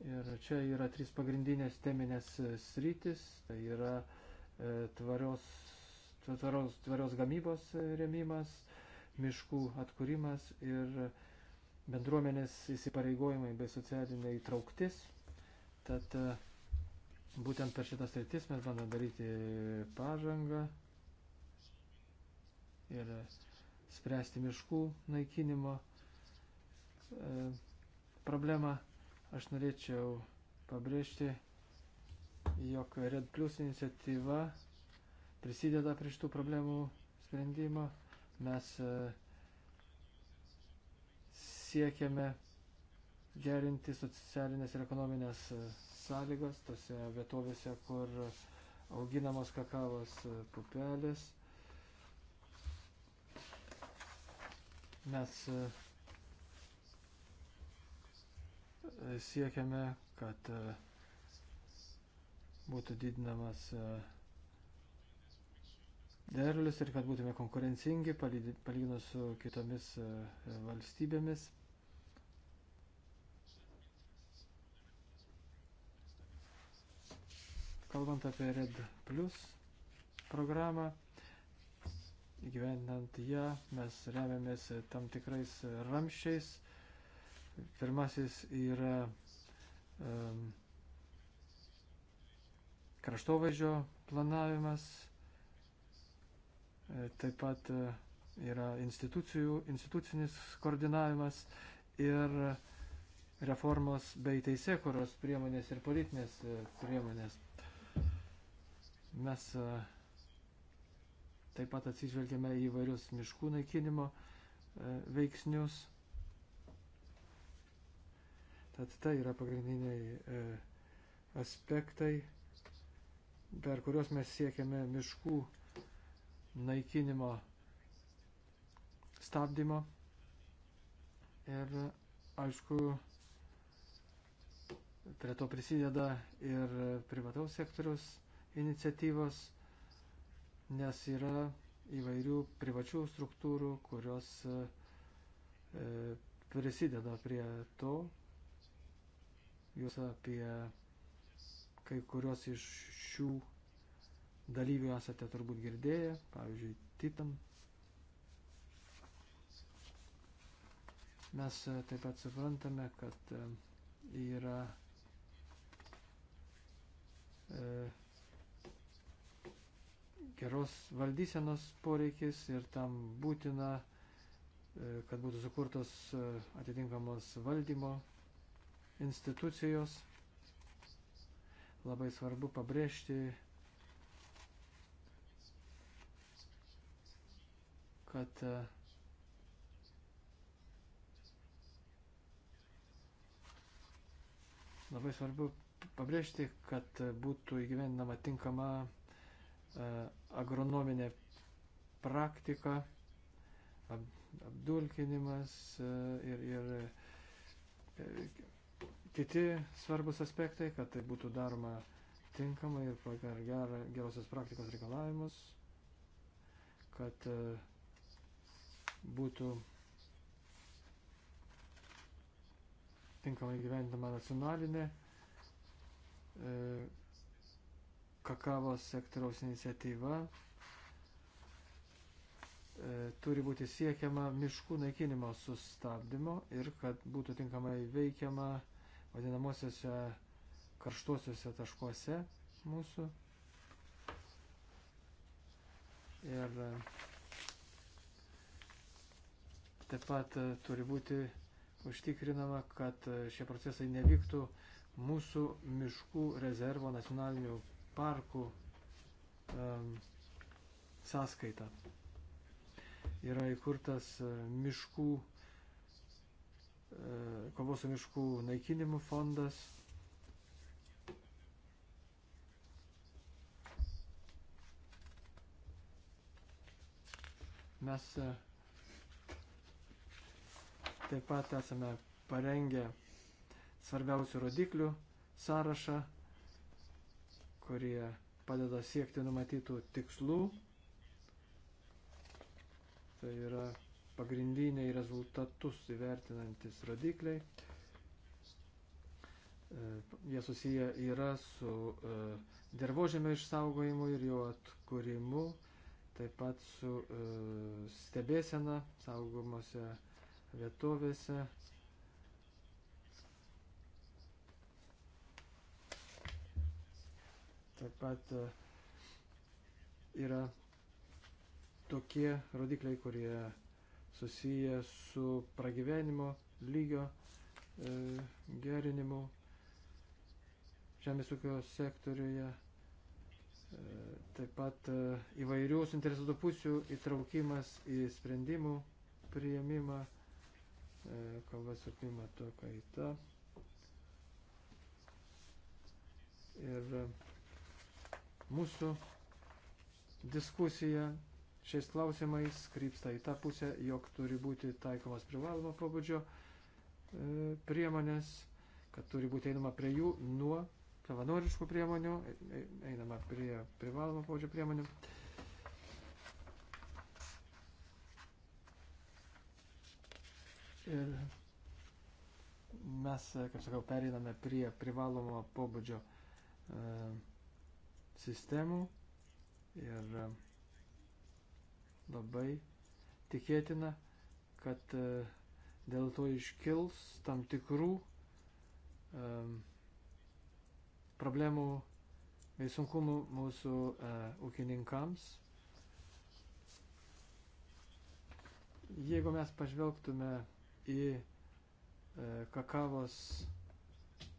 Ir čia yra trys pagrindinės teminės e, sritis, tai yra e, tvarios, tvarios, tvarios gamybos remimas, miškų atkūrimas ir bendruomenės įsipareigojimai bei socialinė įtrauktis. Tad būtent per šitas rytis mes bandome daryti pažangą ir e, spręsti miškų naikinimo e, problemą. Aš norėčiau pabrėžti, jog Red Plus iniciatyva prisideda prie šitų problemų sprendimo. Mes e, siekiame gerinti socialinės ir ekonominės e, sąlygas tose vietovėse, kur auginamos kakavos e, pupelės Mes e, siekiame, kad e, būtų didinamas e, derlius ir kad būtume konkurencingi palyginus su kitomis valstybėmis. Kalbant apie Red Plus programą, Įgyvendant ją mes remiamės tam tikrais ramščiais. Pirmasis yra um, kraštovaizdžio planavimas, e, taip pat e, yra institucijų, institucinis koordinavimas ir reformos bei teisėkuros priemonės ir politinės e, priemonės. Mes uh, Taip pat atsižvelgiame į vairius miškų naikinimo e, veiksnius. Tad tai yra pagrindiniai e, aspektai, per kuriuos mes siekiame miškų naikinimo stabdymo. Ir aišku, prie to prisideda ir privataus sektoriaus iniciatyvos nes yra įvairių privačių struktūrų, kurios e, e, prisideda prie to. Jūs apie kai kurios iš šių dalyvių esate turbūt girdėję, pavyzdžiui, Titan. Mes e, taip pat suprantame, kad yra geros valdysenos poreikis ir tam būtina, e, kad būtų sukurtos e, atitinkamos valdymo institucijos. Labai svarbu pabrėžti, kad e, labai svarbu pabrėžti, kad būtų įgyvendinama tinkama E, agronominė praktika, apdulkinimas e, ir, ir e, kiti svarbus aspektai, kad tai būtų daroma tinkamai ir pagal gerą, gerosios praktikos reikalavimus, kad būtų tinkamai gyvendama nacionalinė kakavos sektoriaus iniciatyva e, turi būti siekiama miškų naikinimo sustabdymo ir kad būtų tinkamai veikiama vadinamosiose karštuosiuose taškuose mūsų. Ir e, taip pat e, turi būti užtikrinama, kad šie procesai nevyktų mūsų miškų rezervo nacionalinių parkų um, sąskaita. Yra įkurtas e, miškų, e, kovos su miškų naikinimu fondas. Mes e, taip pat esame parengę svarbiausių rodiklių sąrašą kurie padeda siekti numatytų tikslų. Tai yra pagrindiniai rezultatus įvertinantis rodikliai. E, jie susiję yra su e, dirbožėmio išsaugojimu ir jo atkūrimu, taip pat su e, stebėsena saugomose vietovėse, Taip pat e, yra tokie rodikliai, kurie susiję su pragyvenimo lygio e, gerinimu žemės ūkio sektoriuje, e, taip pat įvairių suinteresuotų pusių įtraukimas į sprendimų prieimimą, kalba su klimato kaita. Ir Mūsų diskusija šiais klausimais krypsta į tą pusę, jog turi būti taikomas privalomo pobūdžio e, priemonės, kad turi būti einama prie jų nuo savanoriškų priemonių, e, e, einama prie privalomo pobūdžio priemonių. Ir mes, kaip sakau, pereiname prie privalomo pobūdžio priemonių sistemų ir e, labai tikėtina, kad e, dėl to iškils tam tikrų um, problemų bei sunkumų mūsų uh, ūkininkams. Jeigu mes pažvelgtume į uh, kakavos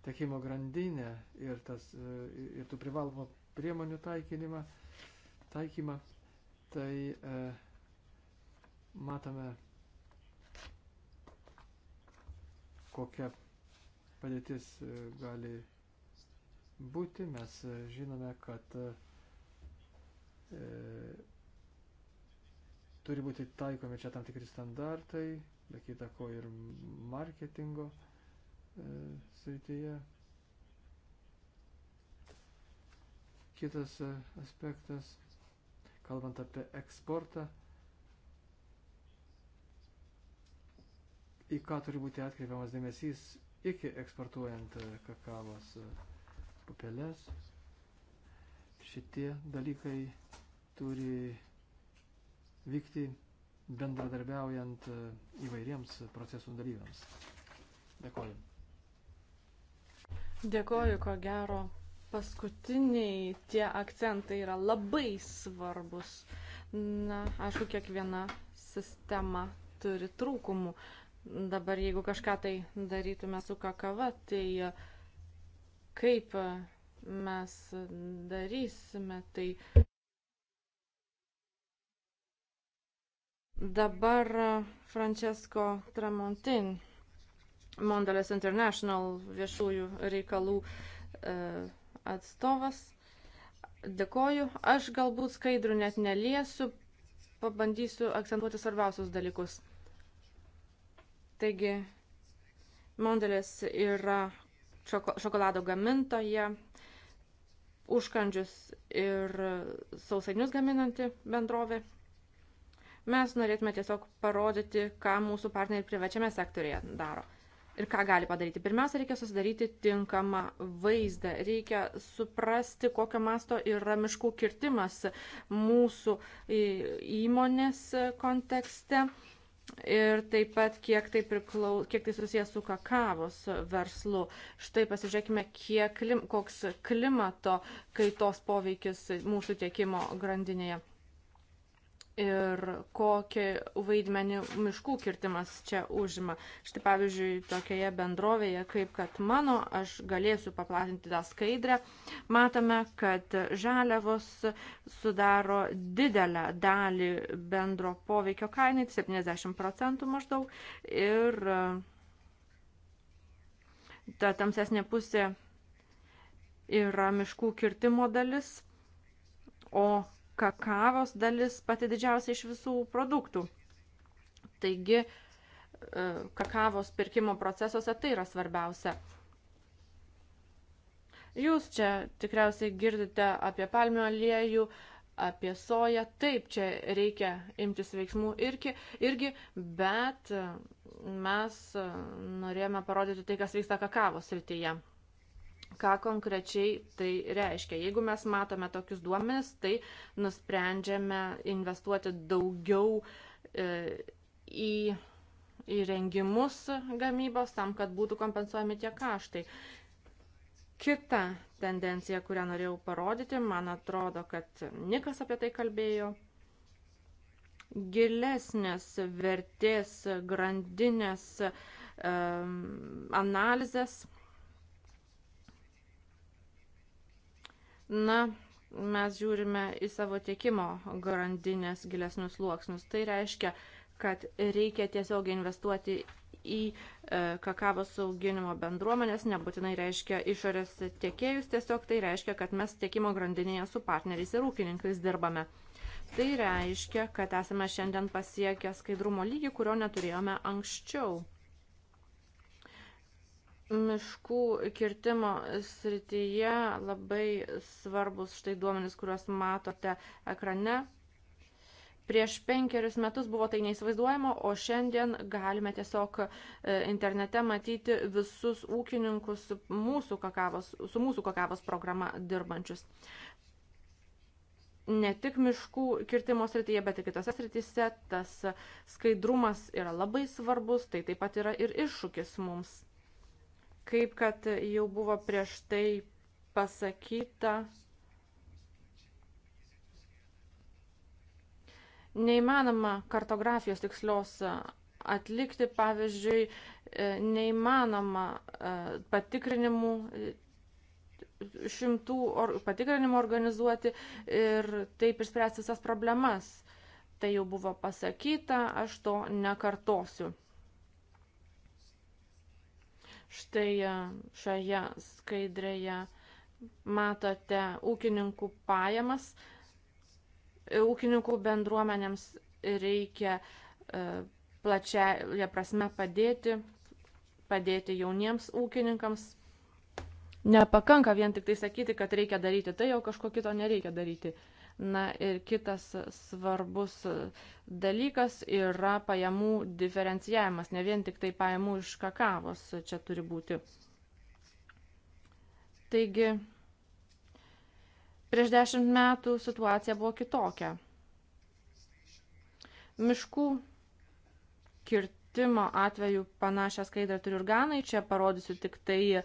tekimo grandinę ir, tas, uh, ir tų privalomų priemonių taikinimą, taikymą, tai e, matome, kokia padėtis e, gali būti. Mes e, žinome, kad e, e, turi būti taikomi čia tam tikri standartai, be kita ko ir marketingo e, srityje. Kitas e, aspektas, kalbant apie eksportą, į ką turi būti atkreipiamas dėmesys iki eksportuojant e, kakavos e, pupelės. Šitie dalykai turi vykti bendradarbiaujant įvairiems procesų dalyviams. Dėkoju. Dėkoju, ko gero paskutiniai tie akcentai yra labai svarbus. Na, aišku, kiekviena sistema turi trūkumų. Dabar jeigu kažką tai darytume su kakava, tai kaip mes darysime, tai dabar Francesco Tramontin, Mondelės International viešųjų reikalų uh, atstovas. Dėkoju. Aš galbūt skaidrų net neliesiu, pabandysiu akcentuoti svarbiausius dalykus. Taigi, Mondelis yra šokolado gamintoje, užkandžius ir sausainius gaminanti bendrovė. Mes norėtume tiesiog parodyti, ką mūsų partneriai privačiame sektorėje daro ir ką gali padaryti. Pirmiausia, reikia susidaryti tinkamą vaizdą, reikia suprasti, kokio masto yra miškų kirtimas mūsų įmonės kontekste ir taip pat kiek tai, priklau, kiek tai susijęs su kakavos verslu. Štai pasižiūrėkime, kiek, koks klimato kaitos poveikis mūsų tiekimo grandinėje ir kokį vaidmenį miškų kirtimas čia užima. Štai pavyzdžiui, tokioje bendrovėje, kaip kad mano, aš galėsiu paplatinti tą skaidrę, matome, kad žaliavos sudaro didelę dalį bendro poveikio kainai, 70 procentų maždaug, ir e, ta tamsesnė pusė yra miškų kirtimo dalis, o kakavos dalis pati didžiausia iš visų produktų. Taigi, e, kakavos pirkimo procesuose tai yra svarbiausia. Jūs čia tikriausiai girdite apie palmių aliejų, apie soją. Taip, čia reikia imtis veiksmų irgi, irgi bet mes norėjome parodyti tai, kas vyksta kakavos srityje ką konkrečiai tai reiškia. Jeigu mes matome tokius duomenis, tai nusprendžiame investuoti daugiau e, į įrengimus gamybos tam, kad būtų kompensuojami tie kaštai. Kita tendencija, kurią norėjau parodyti, man atrodo, kad Nikas apie tai kalbėjo. Gilesnės vertės grandinės um, analizės Na, mes žiūrime į savo tiekimo grandinės gilesnius sluoksnius. Tai reiškia, kad reikia tiesiog investuoti į e, kakavos auginimo bendruomenės, nebūtinai reiškia išorės tiekėjus, tiesiog tai reiškia, kad mes tiekimo grandinėje su partneriais ir ūkininkais dirbame. Tai reiškia, kad esame šiandien pasiekę skaidrumo lygį, kurio neturėjome anksčiau miškų kirtimo srityje labai svarbus štai duomenys, kuriuos matote ekrane. Prieš penkerius metus buvo tai neįsivaizduojama, o šiandien galime tiesiog e, internete matyti visus ūkininkus mūsų kakavos, su mūsų kakavos programa dirbančius. Ne tik miškų kirtimo srityje, bet ir kitose srityse tas skaidrumas yra labai svarbus, tai taip pat yra ir iššūkis mums Kaip kad jau buvo prieš tai pasakyta, neįmanoma kartografijos tikslios atlikti, pavyzdžiui, neįmanoma e, patikrinimų e, šimtų or, patikrinimų organizuoti ir taip išspręsti visas problemas. Tai jau buvo pasakyta, aš to nekartosiu. Štai e, šioje skaidrėje matote ūkininkų pajamas. E, ūkininkų bendruomenėms reikia e, plačiaja prasme padėti, padėti jauniems ūkininkams. Nepakanka vien tik tai sakyti, kad reikia daryti tai, o kažko kito nereikia daryti. Na ir kitas svarbus dalykas yra pajamų diferencijavimas, ne vien tik tai pajamų iš kakavos čia turi būti. Taigi, prieš dešimt metų situacija buvo kitokia. Miškų kirtimo atveju panašią skaidrą turiu ir ganai, čia parodysiu tik tai e,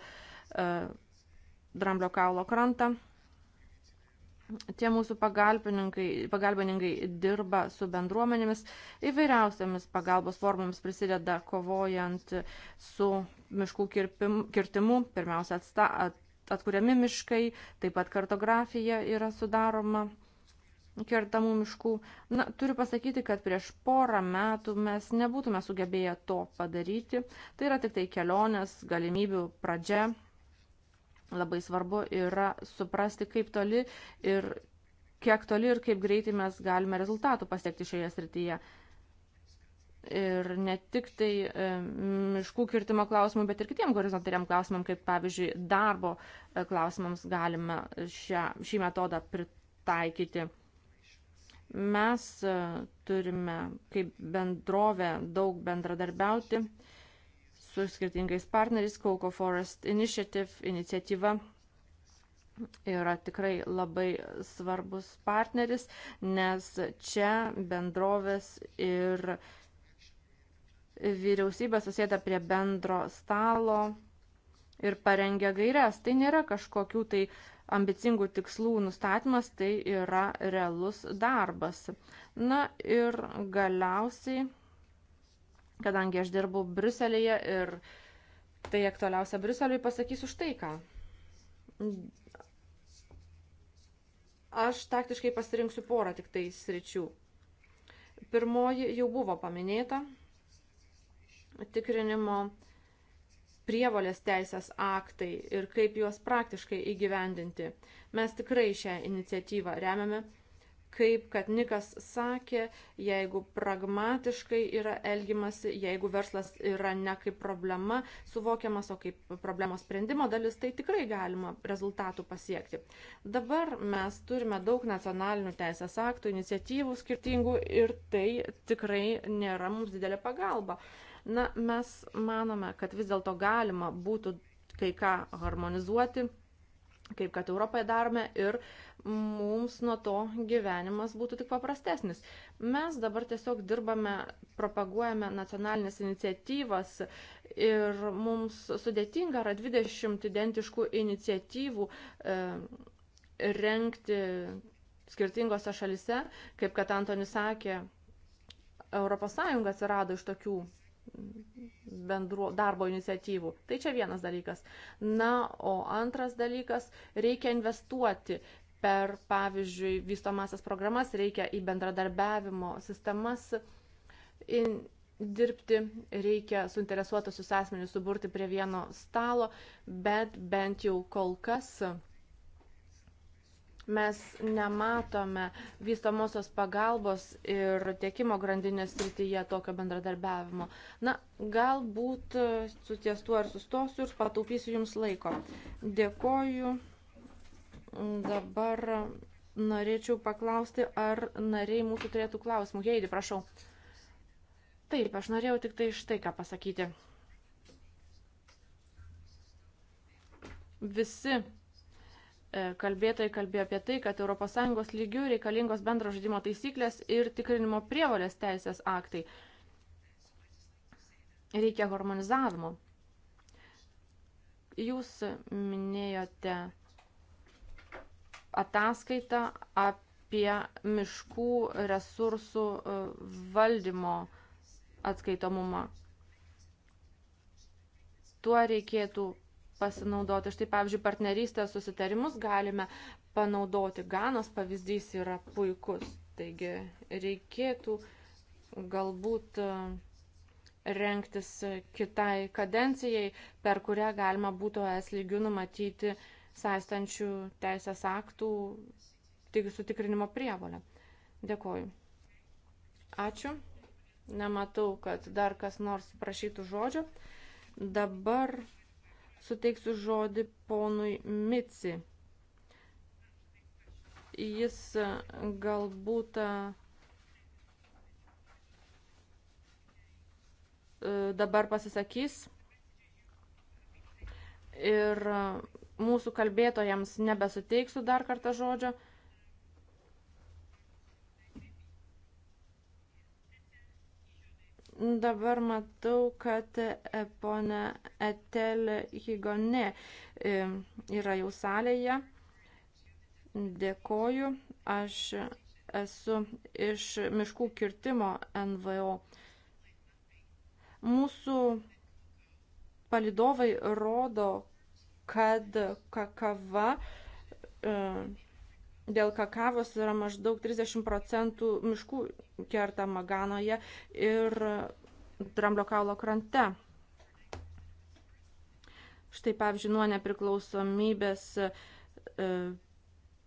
dramblio kaulo krantą. Tie mūsų pagalbininkai dirba su bendruomenėmis, įvairiausiamis pagalbos formomis prisideda kovojant su miškų kirpim, kirtimu, pirmiausia atsta, at, atkuriami miškai, taip pat kartografija yra sudaroma kertamų miškų. Na, turiu pasakyti, kad prieš porą metų mes nebūtume sugebėję to padaryti. Tai yra tik tai kelionės galimybių pradžia. Labai svarbu yra suprasti, kaip toli ir kiek toli ir kaip greitai mes galime rezultatų pasiekti šioje srityje. Ir ne tik tai e, miškų kirtimo klausimų, bet ir kitiem horizontaliam klausimam, kaip pavyzdžiui darbo e, klausimams galime šią, šį metodą pritaikyti. Mes e, turime kaip bendrovė daug bendradarbiauti su skirtingais partneriais, Coco Forest Initiative iniciatyva yra tikrai labai svarbus partneris, nes čia bendrovės ir vyriausybė susėda prie bendro stalo ir parengia gairias. Tai nėra kažkokių tai ambicingų tikslų nustatymas, tai yra realus darbas. Na ir galiausiai kadangi aš dirbau Briuselėje ir tai aktualiausia Briuseliui pasakysiu štai ką. Aš taktiškai pasirinksiu porą tik tai sričių. Pirmoji jau buvo paminėta tikrinimo prievolės teisės aktai ir kaip juos praktiškai įgyvendinti. Mes tikrai šią iniciatyvą remiame kaip kad Nikas sakė, jeigu pragmatiškai yra elgimasi, jeigu verslas yra ne kaip problema suvokiamas, o kaip problemos sprendimo dalis, tai tikrai galima rezultatų pasiekti. Dabar mes turime daug nacionalinių teisės aktų, iniciatyvų skirtingų ir tai tikrai nėra mums didelė pagalba. Na, mes manome, kad vis dėlto galima būtų kai ką harmonizuoti, kaip kad Europoje darome ir mums nuo to gyvenimas būtų tik paprastesnis. Mes dabar tiesiog dirbame, propaguojame nacionalinės iniciatyvas ir mums sudėtinga yra 20 identiškų iniciatyvų e, renkti skirtingose šalise, kaip kad Antonis sakė, ES atsirado iš tokių bendru darbo iniciatyvų. Tai čia vienas dalykas. Na, o antras dalykas - reikia investuoti per, pavyzdžiui, vystomasias programas, reikia į bendradarbiavimo sistemas in, dirbti, reikia suinteresuotusius asmenys suburti prie vieno stalo, bet bent jau kol kas Mes nematome vystamosios pagalbos ir tiekimo grandinės srityje tokio bendradarbiavimo. Na, galbūt su ties tuo ir sustosiu ir pataupysiu Jums laiko. Dėkoju. Dabar norėčiau paklausti, ar nariai mūsų turėtų klausimų. Heidi, prašau. Taip, aš norėjau tik tai štai ką pasakyti. Visi E, kalbėtojai kalbėjo apie tai, kad ES lygių reikalingos bendro žaidimo taisyklės ir tikrinimo prievalės teisės aktai. Reikia harmonizavimo. Jūs minėjote ataskaitą apie miškų resursų e, valdymo atskaitomumą. Tuo reikėtų pasinaudoti. Štai, pavyzdžiui, partnerystės susitarimus galime panaudoti. Ganos pavyzdys yra puikus. Taigi reikėtų galbūt e, renktis kitai kadencijai, per kurią galima būtų es lygių numatyti saistančių teisės aktų tik sutikrinimo prievalę. Dėkoju. Ačiū. Nematau, kad dar kas nors prašytų žodžio. Dabar suteiksiu žodį ponui Mici. Jis e, galbūt e, e, dabar pasisakys ir mūsų kalbėtojams nebesuteiksiu dar kartą žodžio, Dabar matau, kad e, ponia Etel Higone e, yra jau salėje. Dėkoju. Aš esu iš miškų kirtimo NVO. Mūsų palidovai rodo, kad kakava e, dėl kakavos yra maždaug 30 procentų miškų kertama Ganoje ir Dramblio kaulo krante. Štai pavyzdžiui, nuo nepriklausomybės e,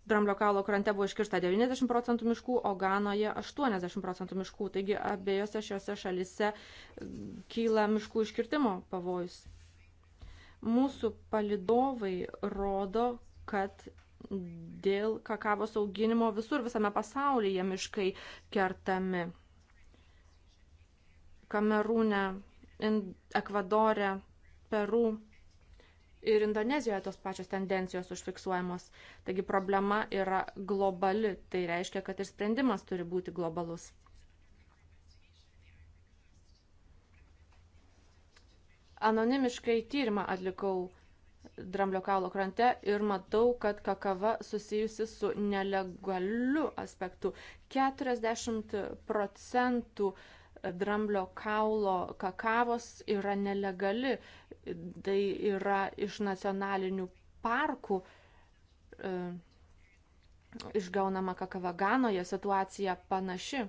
Dramblio kaulo krante buvo iškirsta 90 procentų miškų, o Ganoje 80 procentų miškų. Taigi abiejose šiuose šalise kyla miškų iškirtimo pavojus. Mūsų palidovai rodo, kad dėl kakavos auginimo visur visame pasaulyje miškai kertami. Kamerūne, Ekvadore, Peru ir Indonezijoje tos pačios tendencijos užfiksuojamos. Taigi problema yra globali, tai reiškia, kad ir sprendimas turi būti globalus. Anonimiškai tyrimą atlikau Dramblio kaulo krante ir matau, kad kakava susijusi su nelegaliu aspektu. 40 procentų dramblio kaulo kakavos yra nelegali. Tai yra iš nacionalinių parkų e, išgaunama kakava Ganoje, situacija panaši.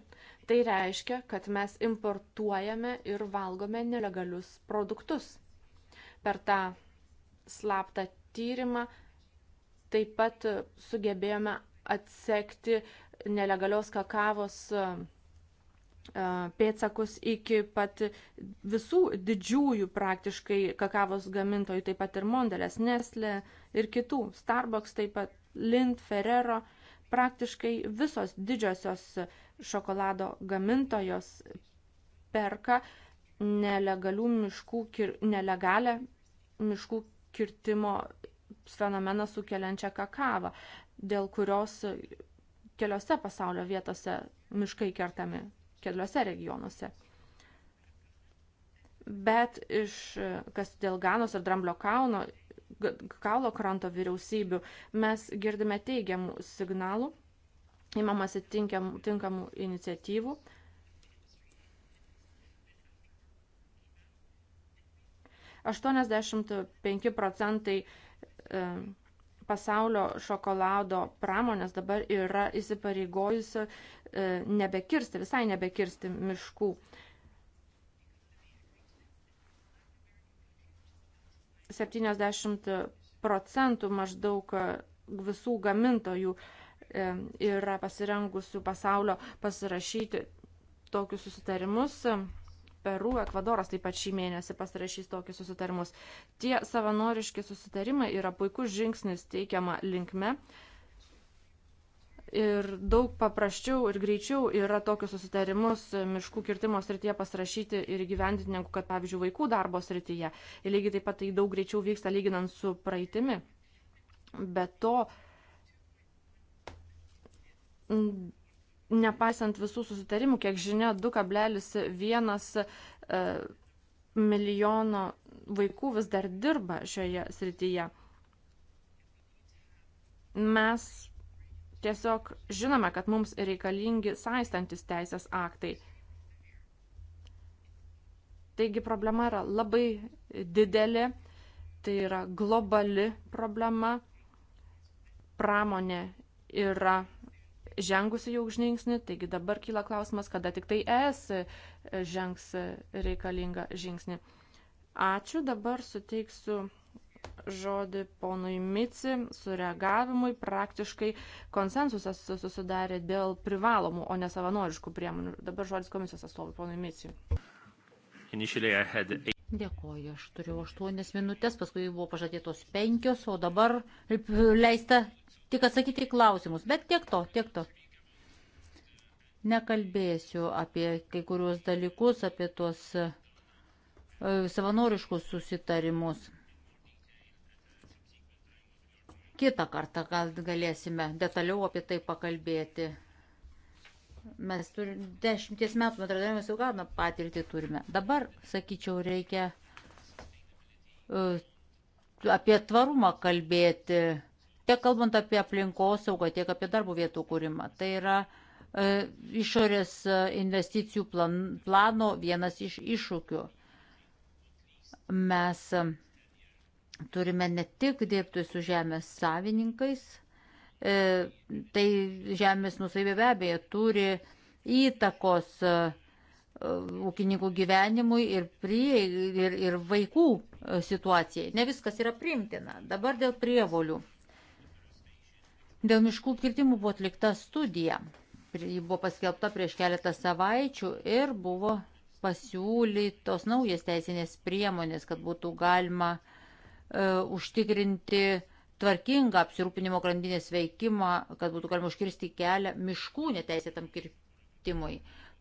Tai reiškia, kad mes importuojame ir valgome nelegalius produktus. Per tą slaptą tyrimą. Taip pat sugebėjome atsekti nelegalios kakavos e, e, pėtsakus iki pat visų didžiųjų praktiškai kakavos gamintojų, taip pat ir Mondelės, Nestle ir kitų, Starbucks taip pat, Lind, Ferrero, praktiškai visos didžiosios šokolado gamintojos perka nelegalių miškų, nelegalią miškų kirtimo fenomeną sukeliančią kakavą, dėl kurios keliose pasaulio vietose miškai kertami, keliose regionuose. Bet iš, kas dėl Ganos ir Dramblio kauno, kaulo kranto vyriausybių, mes girdime teigiamų signalų, įmamasi tinkamų, tinkamų iniciatyvų, 85 procentai e, pasaulio šokolado pramonės dabar yra įsipareigojusi e, nebekirsti, visai nebekirsti miškų. Septyniasdešimt procentų maždaug visų gamintojų e, yra pasirengusių pasaulio pasirašyti tokius susitarimus Peru, Ekvadoras taip pat šį mėnesį pasirašys tokius susitarimus. Tie savanoriški susitarimai yra puikus žingsnis teikiama linkme. Ir daug paprasčiau ir greičiau yra tokius susitarimus miškų kirtimo srityje pasirašyti ir gyvendinti, negu kad, pavyzdžiui, vaikų darbo srityje. Ir lygiai taip pat tai daug greičiau vyksta lyginant su praeitimi. Be to, nepaisant visų susitarimų, kiek žinia, 2,1 e, milijono vaikų vis dar dirba šioje srityje. Mes tiesiog žinome, kad mums reikalingi saistantis teisės aktai. Taigi problema yra labai didelė, tai yra globali problema, pramonė yra žengusi jau žingsnį, taigi dabar kyla klausimas, kada tik tai ES žengs reikalingą žingsnį. Ačiū, dabar suteiksiu žodį ponui Mici sureagavimui. Praktiškai konsensusas susidarė dėl privalomų, o ne savanoriškų priemonių. Dabar žodis komisijos atstovui ponui Mici. Dėkoju, aš turėjau aštuonias minutės, paskui buvo pažadėtos penkios, o dabar leista tik atsakyti klausimus, bet tiek to, tiek to. Nekalbėsiu apie kai kuriuos dalykus, apie tuos e, savanoriškus susitarimus. Kita kartą gal galėsime detaliau apie tai pakalbėti. Mes turime dešimties metų bendradarbiavimo su Uganda patirtį turime. Dabar, sakyčiau, reikia uh, apie tvarumą kalbėti tiek kalbant apie aplinkosaugą, tiek apie darbo vietų kūrimą. Tai yra e, išorės e, investicijų plan, plano vienas iš iššūkių. Mes e, turime ne tik dirbti su žemės savininkais, e, tai žemės nusavybė be abejo turi įtakos e, ūkininkų gyvenimui ir, prie, ir, ir vaikų e, situacijai. Ne viskas yra primtina. Dabar dėl prievolių Dėl miškų kirtimų buvo atlikta studija. Ji buvo paskelbta prieš keletą savaičių ir buvo pasiūlytos naujas teisinės priemonės, kad būtų galima e, užtikrinti tvarkingą apsirūpinimo grandinės veikimą, kad būtų galima užkirsti kelią miškų neteisėtam kirtimui.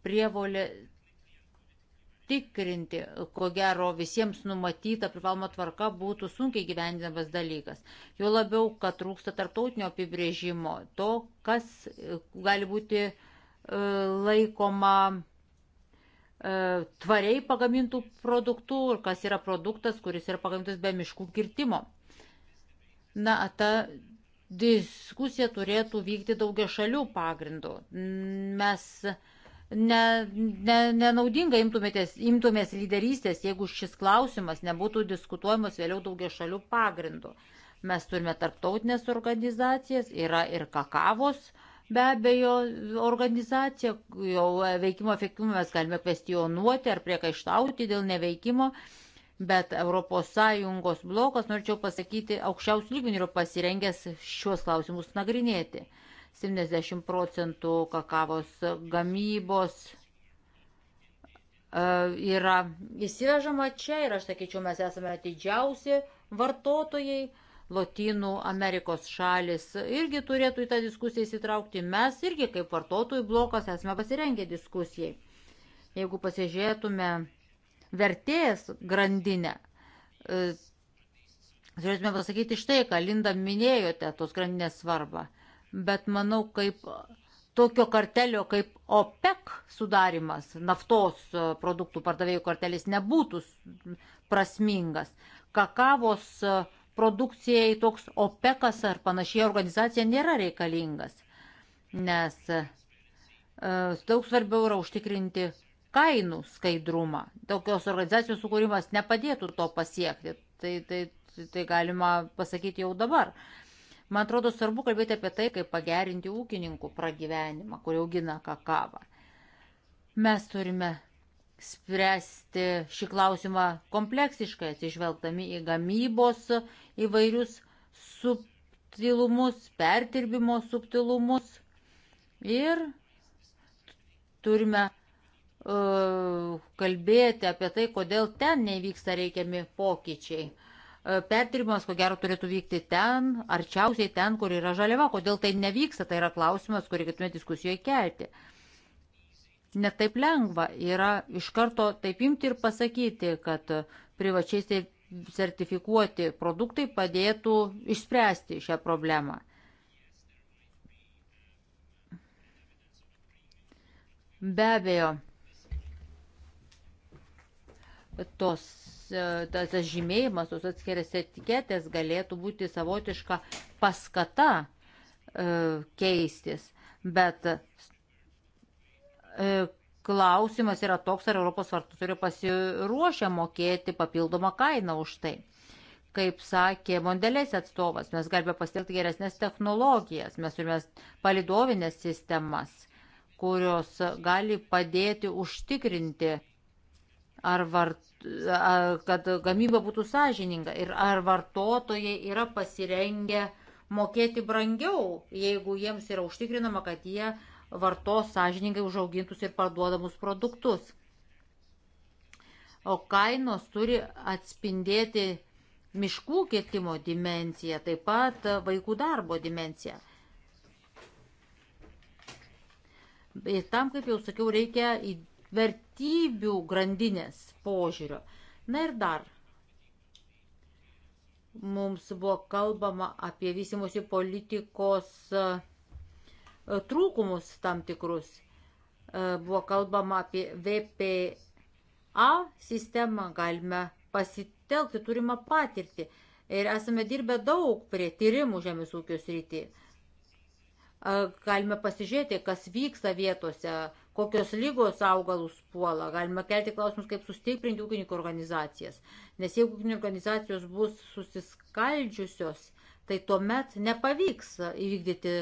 Prievolė užtikrinti, ko gero visiems numatyta privaloma tvarka būtų sunkiai gyvendinamas dalykas. Jo labiau, kad trūksta tartautinio apibrėžimo to, kas e, gali būti e, laikoma e, tvariai pagamintų produktų ir kas yra produktas, kuris yra pagamintas be miškų kirtimo. Na, ta diskusija turėtų vykti daugia šalių pagrindų. Mes uh, ne, ne, nenaudinga imtumėtės, imtumės lyderystės, jeigu šis klausimas nebūtų diskutuojamas vėliau daugia šalių pagrindų. Mes turime tarptautinės organizacijas, yra ir kakavos be abejo organizacija, jo veikimo efektyvumą mes galime kvestionuoti ar priekaištauti dėl neveikimo. Bet ES blokas, norėčiau pasakyti, aukščiausių lygmenių yra pasirengęs šiuos klausimus nagrinėti. Uh, 70 procentų kakavos gamybos e, yra įsivežama čia ir aš sakyčiau, mes esame didžiausi vartotojai. Lotynų Amerikos šalis irgi turėtų į tą diskusiją įsitraukti. Mes irgi kaip vartotojų blokas esame pasirengę diskusijai. Jeigu pasižiūrėtume vertės grandinę, e, turėtume pasakyti štai, ką Linda minėjote, tos grandinės svarbą bet manau, kaip tokio kartelio kaip OPEC sudarimas, naftos e, produktų pardavėjų kartelis nebūtų prasmingas. Kakavos e, produkcijai toks OPECas ar panašiai organizacija nėra reikalingas, nes e, daug svarbiau yra užtikrinti kainų skaidrumą. Tokios organizacijos sukūrimas nepadėtų to pasiekti. Tai, tai, tai galima pasakyti jau dabar. Uh, Man atrodo, svarbu kalbėti apie tai, kaip pagerinti ūkininkų pragyvenimą, kurie augina kakavą. Mes turime spręsti šį klausimą kompleksiškai, atsižvelgdami į gamybos įvairius subtilumus, pertirbimo subtilumus ir turime uh, kalbėti apie tai, kodėl ten nevyksta reikiami pokyčiai. Uh, E, perdirbimas, ko gero, turėtų vykti ten, arčiausiai ten, kur yra žaliava. Kodėl tai nevyksta, tai yra klausimas, kurį reikėtume diskusijoje kelti. Netaip lengva yra iš karto taip imti ir pasakyti, kad privačiai sertifikuoti produktai padėtų išspręsti šią problemą. Be abejo, tos E, tas, tas žymėjimas, tos atskiras etiketės galėtų būti savotiška paskata e, keistis. Bet e, klausimas yra toks, ar Europos vartotojai pasiruošę mokėti papildomą kainą už tai. Kaip sakė Mondelės atstovas, mes galime pasitelkti geresnės technologijas, mes turime palidovinės sistemas, kurios gali padėti užtikrinti, ar vart, kad gamyba būtų sąžininga ir ar vartotojai yra pasirengę mokėti brangiau, jeigu jiems yra užtikrinama, kad jie vartos sąžiningai užaugintus ir parduodamus produktus. O kainos turi atspindėti miškų kirtimo dimenciją, taip pat vaikų darbo dimenciją. Ir tam, kaip jau sakiau, reikia vertybių grandinės požiūrio. Na ir dar. Mums buvo kalbama apie vystimosi politikos e, trūkumus tam tikrus. E, buvo kalbama apie VPA sistemą, galime pasitelkti turimą patirtį. Ir esame dirbę daug prie tyrimų žemės ūkio srityje galime pasižiūrėti, kas vyksta vietose, kokios lygos augalus puola. Galima kelti klausimus, kaip sustiprinti ūkininkų organizacijas. Nes jeigu ūkininkų organizacijos bus susiskaldžiusios, tai tuomet nepavyks įvykdyti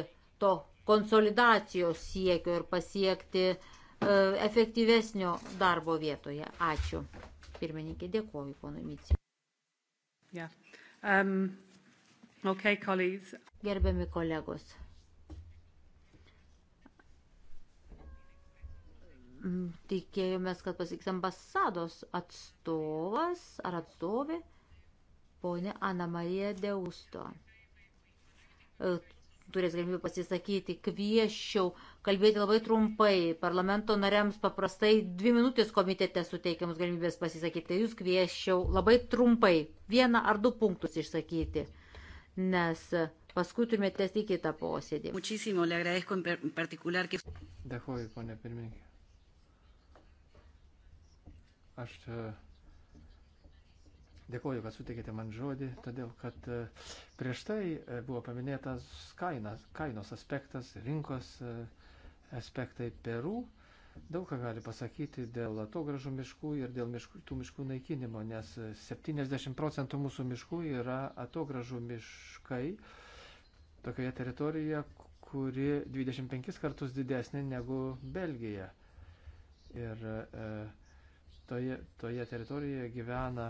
to konsolidacijos siekio ir pasiekti e, efektyvesnio darbo vietoje. Ačiū. Pirmininkė, dėkoju, ponui Micijai. Yeah. Um, okay, colleagues. Gerbiami kolegos. Mm, tikėjomės, kad pasiks ambasados atstovas ar atstovė ponė Ana Marija Deusto. E, turės galimybę pasisakyti, kvieščiau kalbėti labai trumpai. Parlamento nariams paprastai dvi minutės komitete suteikiamus galimybės pasisakyti. Tai jūs kvieščiau labai trumpai vieną ar du punktus išsakyti, nes paskui turime tęsti kitą posėdį. Dėkuoju, ponė pirmininkė. Aš e, dėkoju, kad suteikėte man žodį, todėl kad e, prieš tai e, buvo paminėtas kainas, kainos aspektas, rinkos aspektai Peru. Daug ką gali pasakyti dėl atogražų miškų ir dėl miškų, tų miškų naikinimo, nes 70 procentų mūsų miškų yra atogražų miškai tokioje teritorijoje, kuri 25 kartus didesnė negu Belgija. Ir e, toje, toje teritorijoje gyvena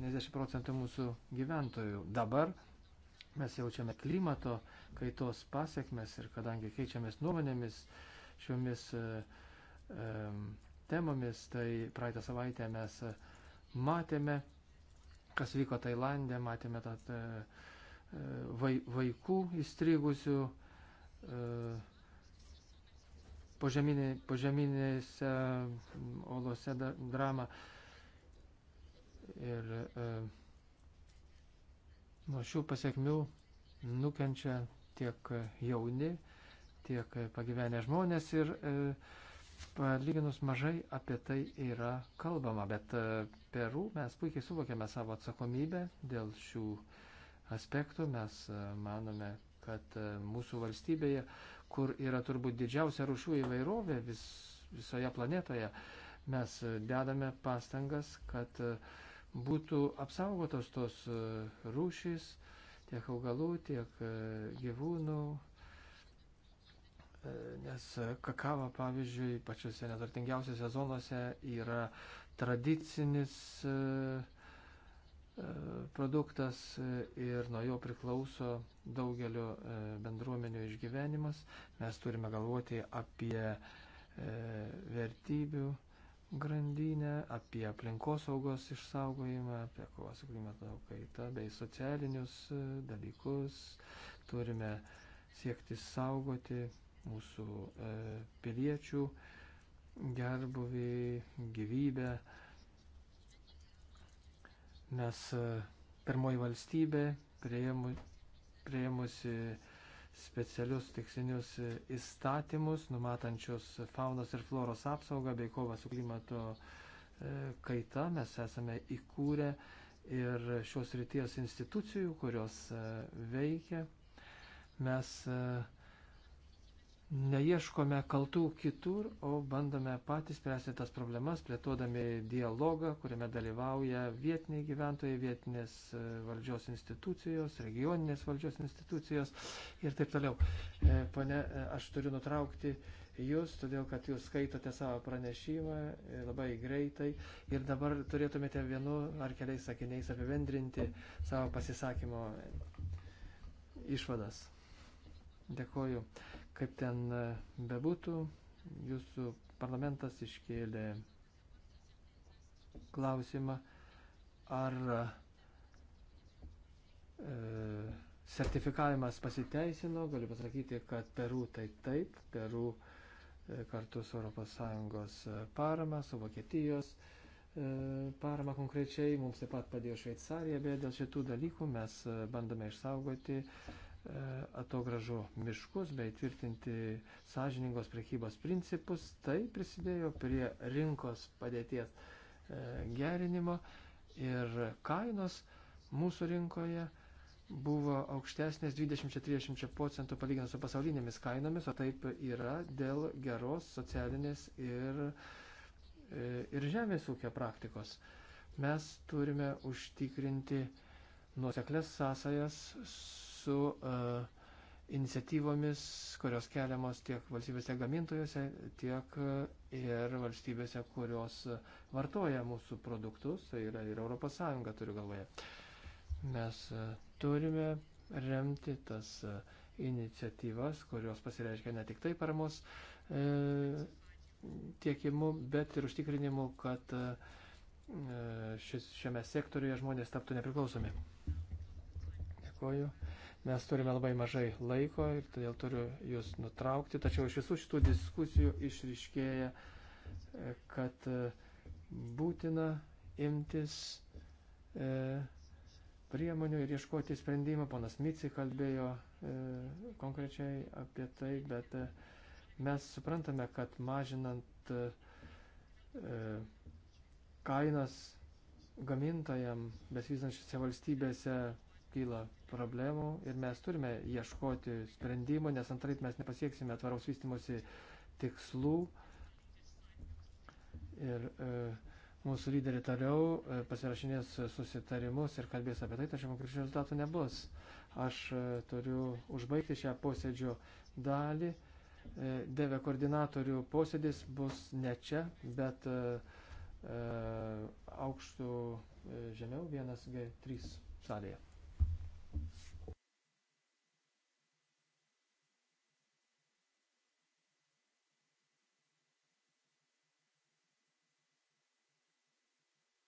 90 procentų mūsų gyventojų. Dabar mes jaučiame klimato kaitos pasiekmes ir kadangi keičiamės nuomonėmis šiomis e, e, temomis, tai praeitą savaitę mes matėme, kas vyko Tailandė, matėme tą e, vaikų įstrigusių e, požeminė, požeminėse mm, olose dramą. Ir e, nuo šių pasiekmių nukenčia tiek jauni, tiek pagyvenę žmonės ir e, palyginus mažai apie tai yra kalbama, bet e, Peru mes puikiai suvokiame savo atsakomybę dėl šių aspektų, mes e, manome, kad e, mūsų valstybėje kur yra turbūt didžiausia rušių įvairovė vis, visoje planetoje, mes dedame pastangas, kad e, būtų apsaugotos tos e, rūšys, tiek augalų, tiek e, gyvūnų, nes kakava, pavyzdžiui, pačiose neturtingiausiose zonose yra tradicinis uh, E, produktas e, ir nuo jo priklauso daugelio e, bendruomenių išgyvenimas. Mes turime galvoti apie vertybių grandinę, apie aplinkosaugos išsaugojimą, apie kovą su klimato kaita bei socialinius dalykus. Turime siekti saugoti mūsų piliečių gerbuvį, gyvybę nes e, pirmoji valstybė prieimu, prieimusi specialius tikslinius e, įstatymus, numatančius faunos ir floros apsaugą bei kovą su klimato e, kaita. Mes esame įkūrę ir šios ryties institucijų, kurios veikia. Mes uh, neieškome kaltų kitur, o bandome patys spręsti tas problemas, plėtodami dialogą, kuriame dalyvauja vietiniai gyventojai, vietinės e, valdžios institucijos, regioninės valdžios institucijos ir taip toliau. E, Pane, e, aš turiu nutraukti jūs, todėl kad jūs skaitote savo pranešimą labai greitai ir dabar turėtumėte vienu ar keliais sakiniais apibendrinti savo pasisakymo išvadas. Dėkuoju. Kaip ten bebūtų, jūsų parlamentas iškėlė klausimą, ar e, sertifikavimas pasiteisino. Galiu pasakyti, kad Peru tai taip, Peru e, kartu su ES e, parama, su Vokietijos e, parama konkrečiai, mums taip pat padėjo Šveicarija, bet dėl šitų dalykų mes e, bandome išsaugoti E, atogražų miškus bei tvirtinti sąžiningos prekybos principus, tai prisidėjo prie rinkos padėties e, gerinimo ir kainos mūsų rinkoje buvo aukštesnės 20-30 procentų palyginus su pasaulinėmis kainomis, o taip yra dėl geros socialinės ir, e, ir žemės ūkio praktikos. Mes turime užtikrinti nuoseklės sąsajas su uh, iniciatyvomis, kurios keliamos tiek valstybėse gamintojose, tiek e, ir valstybėse, kurios vartoja mūsų produktus, tai yra ir ES turiu galvoje. Mes e, turime remti tas iniciatyvas, kurios pasireiškia ne tik tai paramos e, tiekimu, bet ir užtikrinimu, kad e, šis, šiame sektoriuje žmonės taptų nepriklausomi. Dėkuoju. Mes turime labai mažai laiko ir todėl turiu jūs nutraukti. Tačiau iš visų šitų diskusijų išriškėja, e, kad e, būtina imtis e, priemonių ir ieškoti sprendimą. Ponas Mici kalbėjo e, konkrečiai apie tai, bet e, mes suprantame, kad mažinant e, e kainas gamintojam besivystančiose valstybėse kyla problemų ir mes turime ieškoti sprendimų, nes antraip mes nepasieksime tvaraus vystimosi tikslų. Ir e, mūsų lyderiai toliau e, pasirašinės susitarimus ir kalbės apie tai, tačiau konkrečių rezultatų nebus. Aš e, turiu užbaigti šią posėdžio dalį. E, Deve koordinatorių posėdis bus ne čia, bet e, e aukštų e, žemiau 1G3 salėje.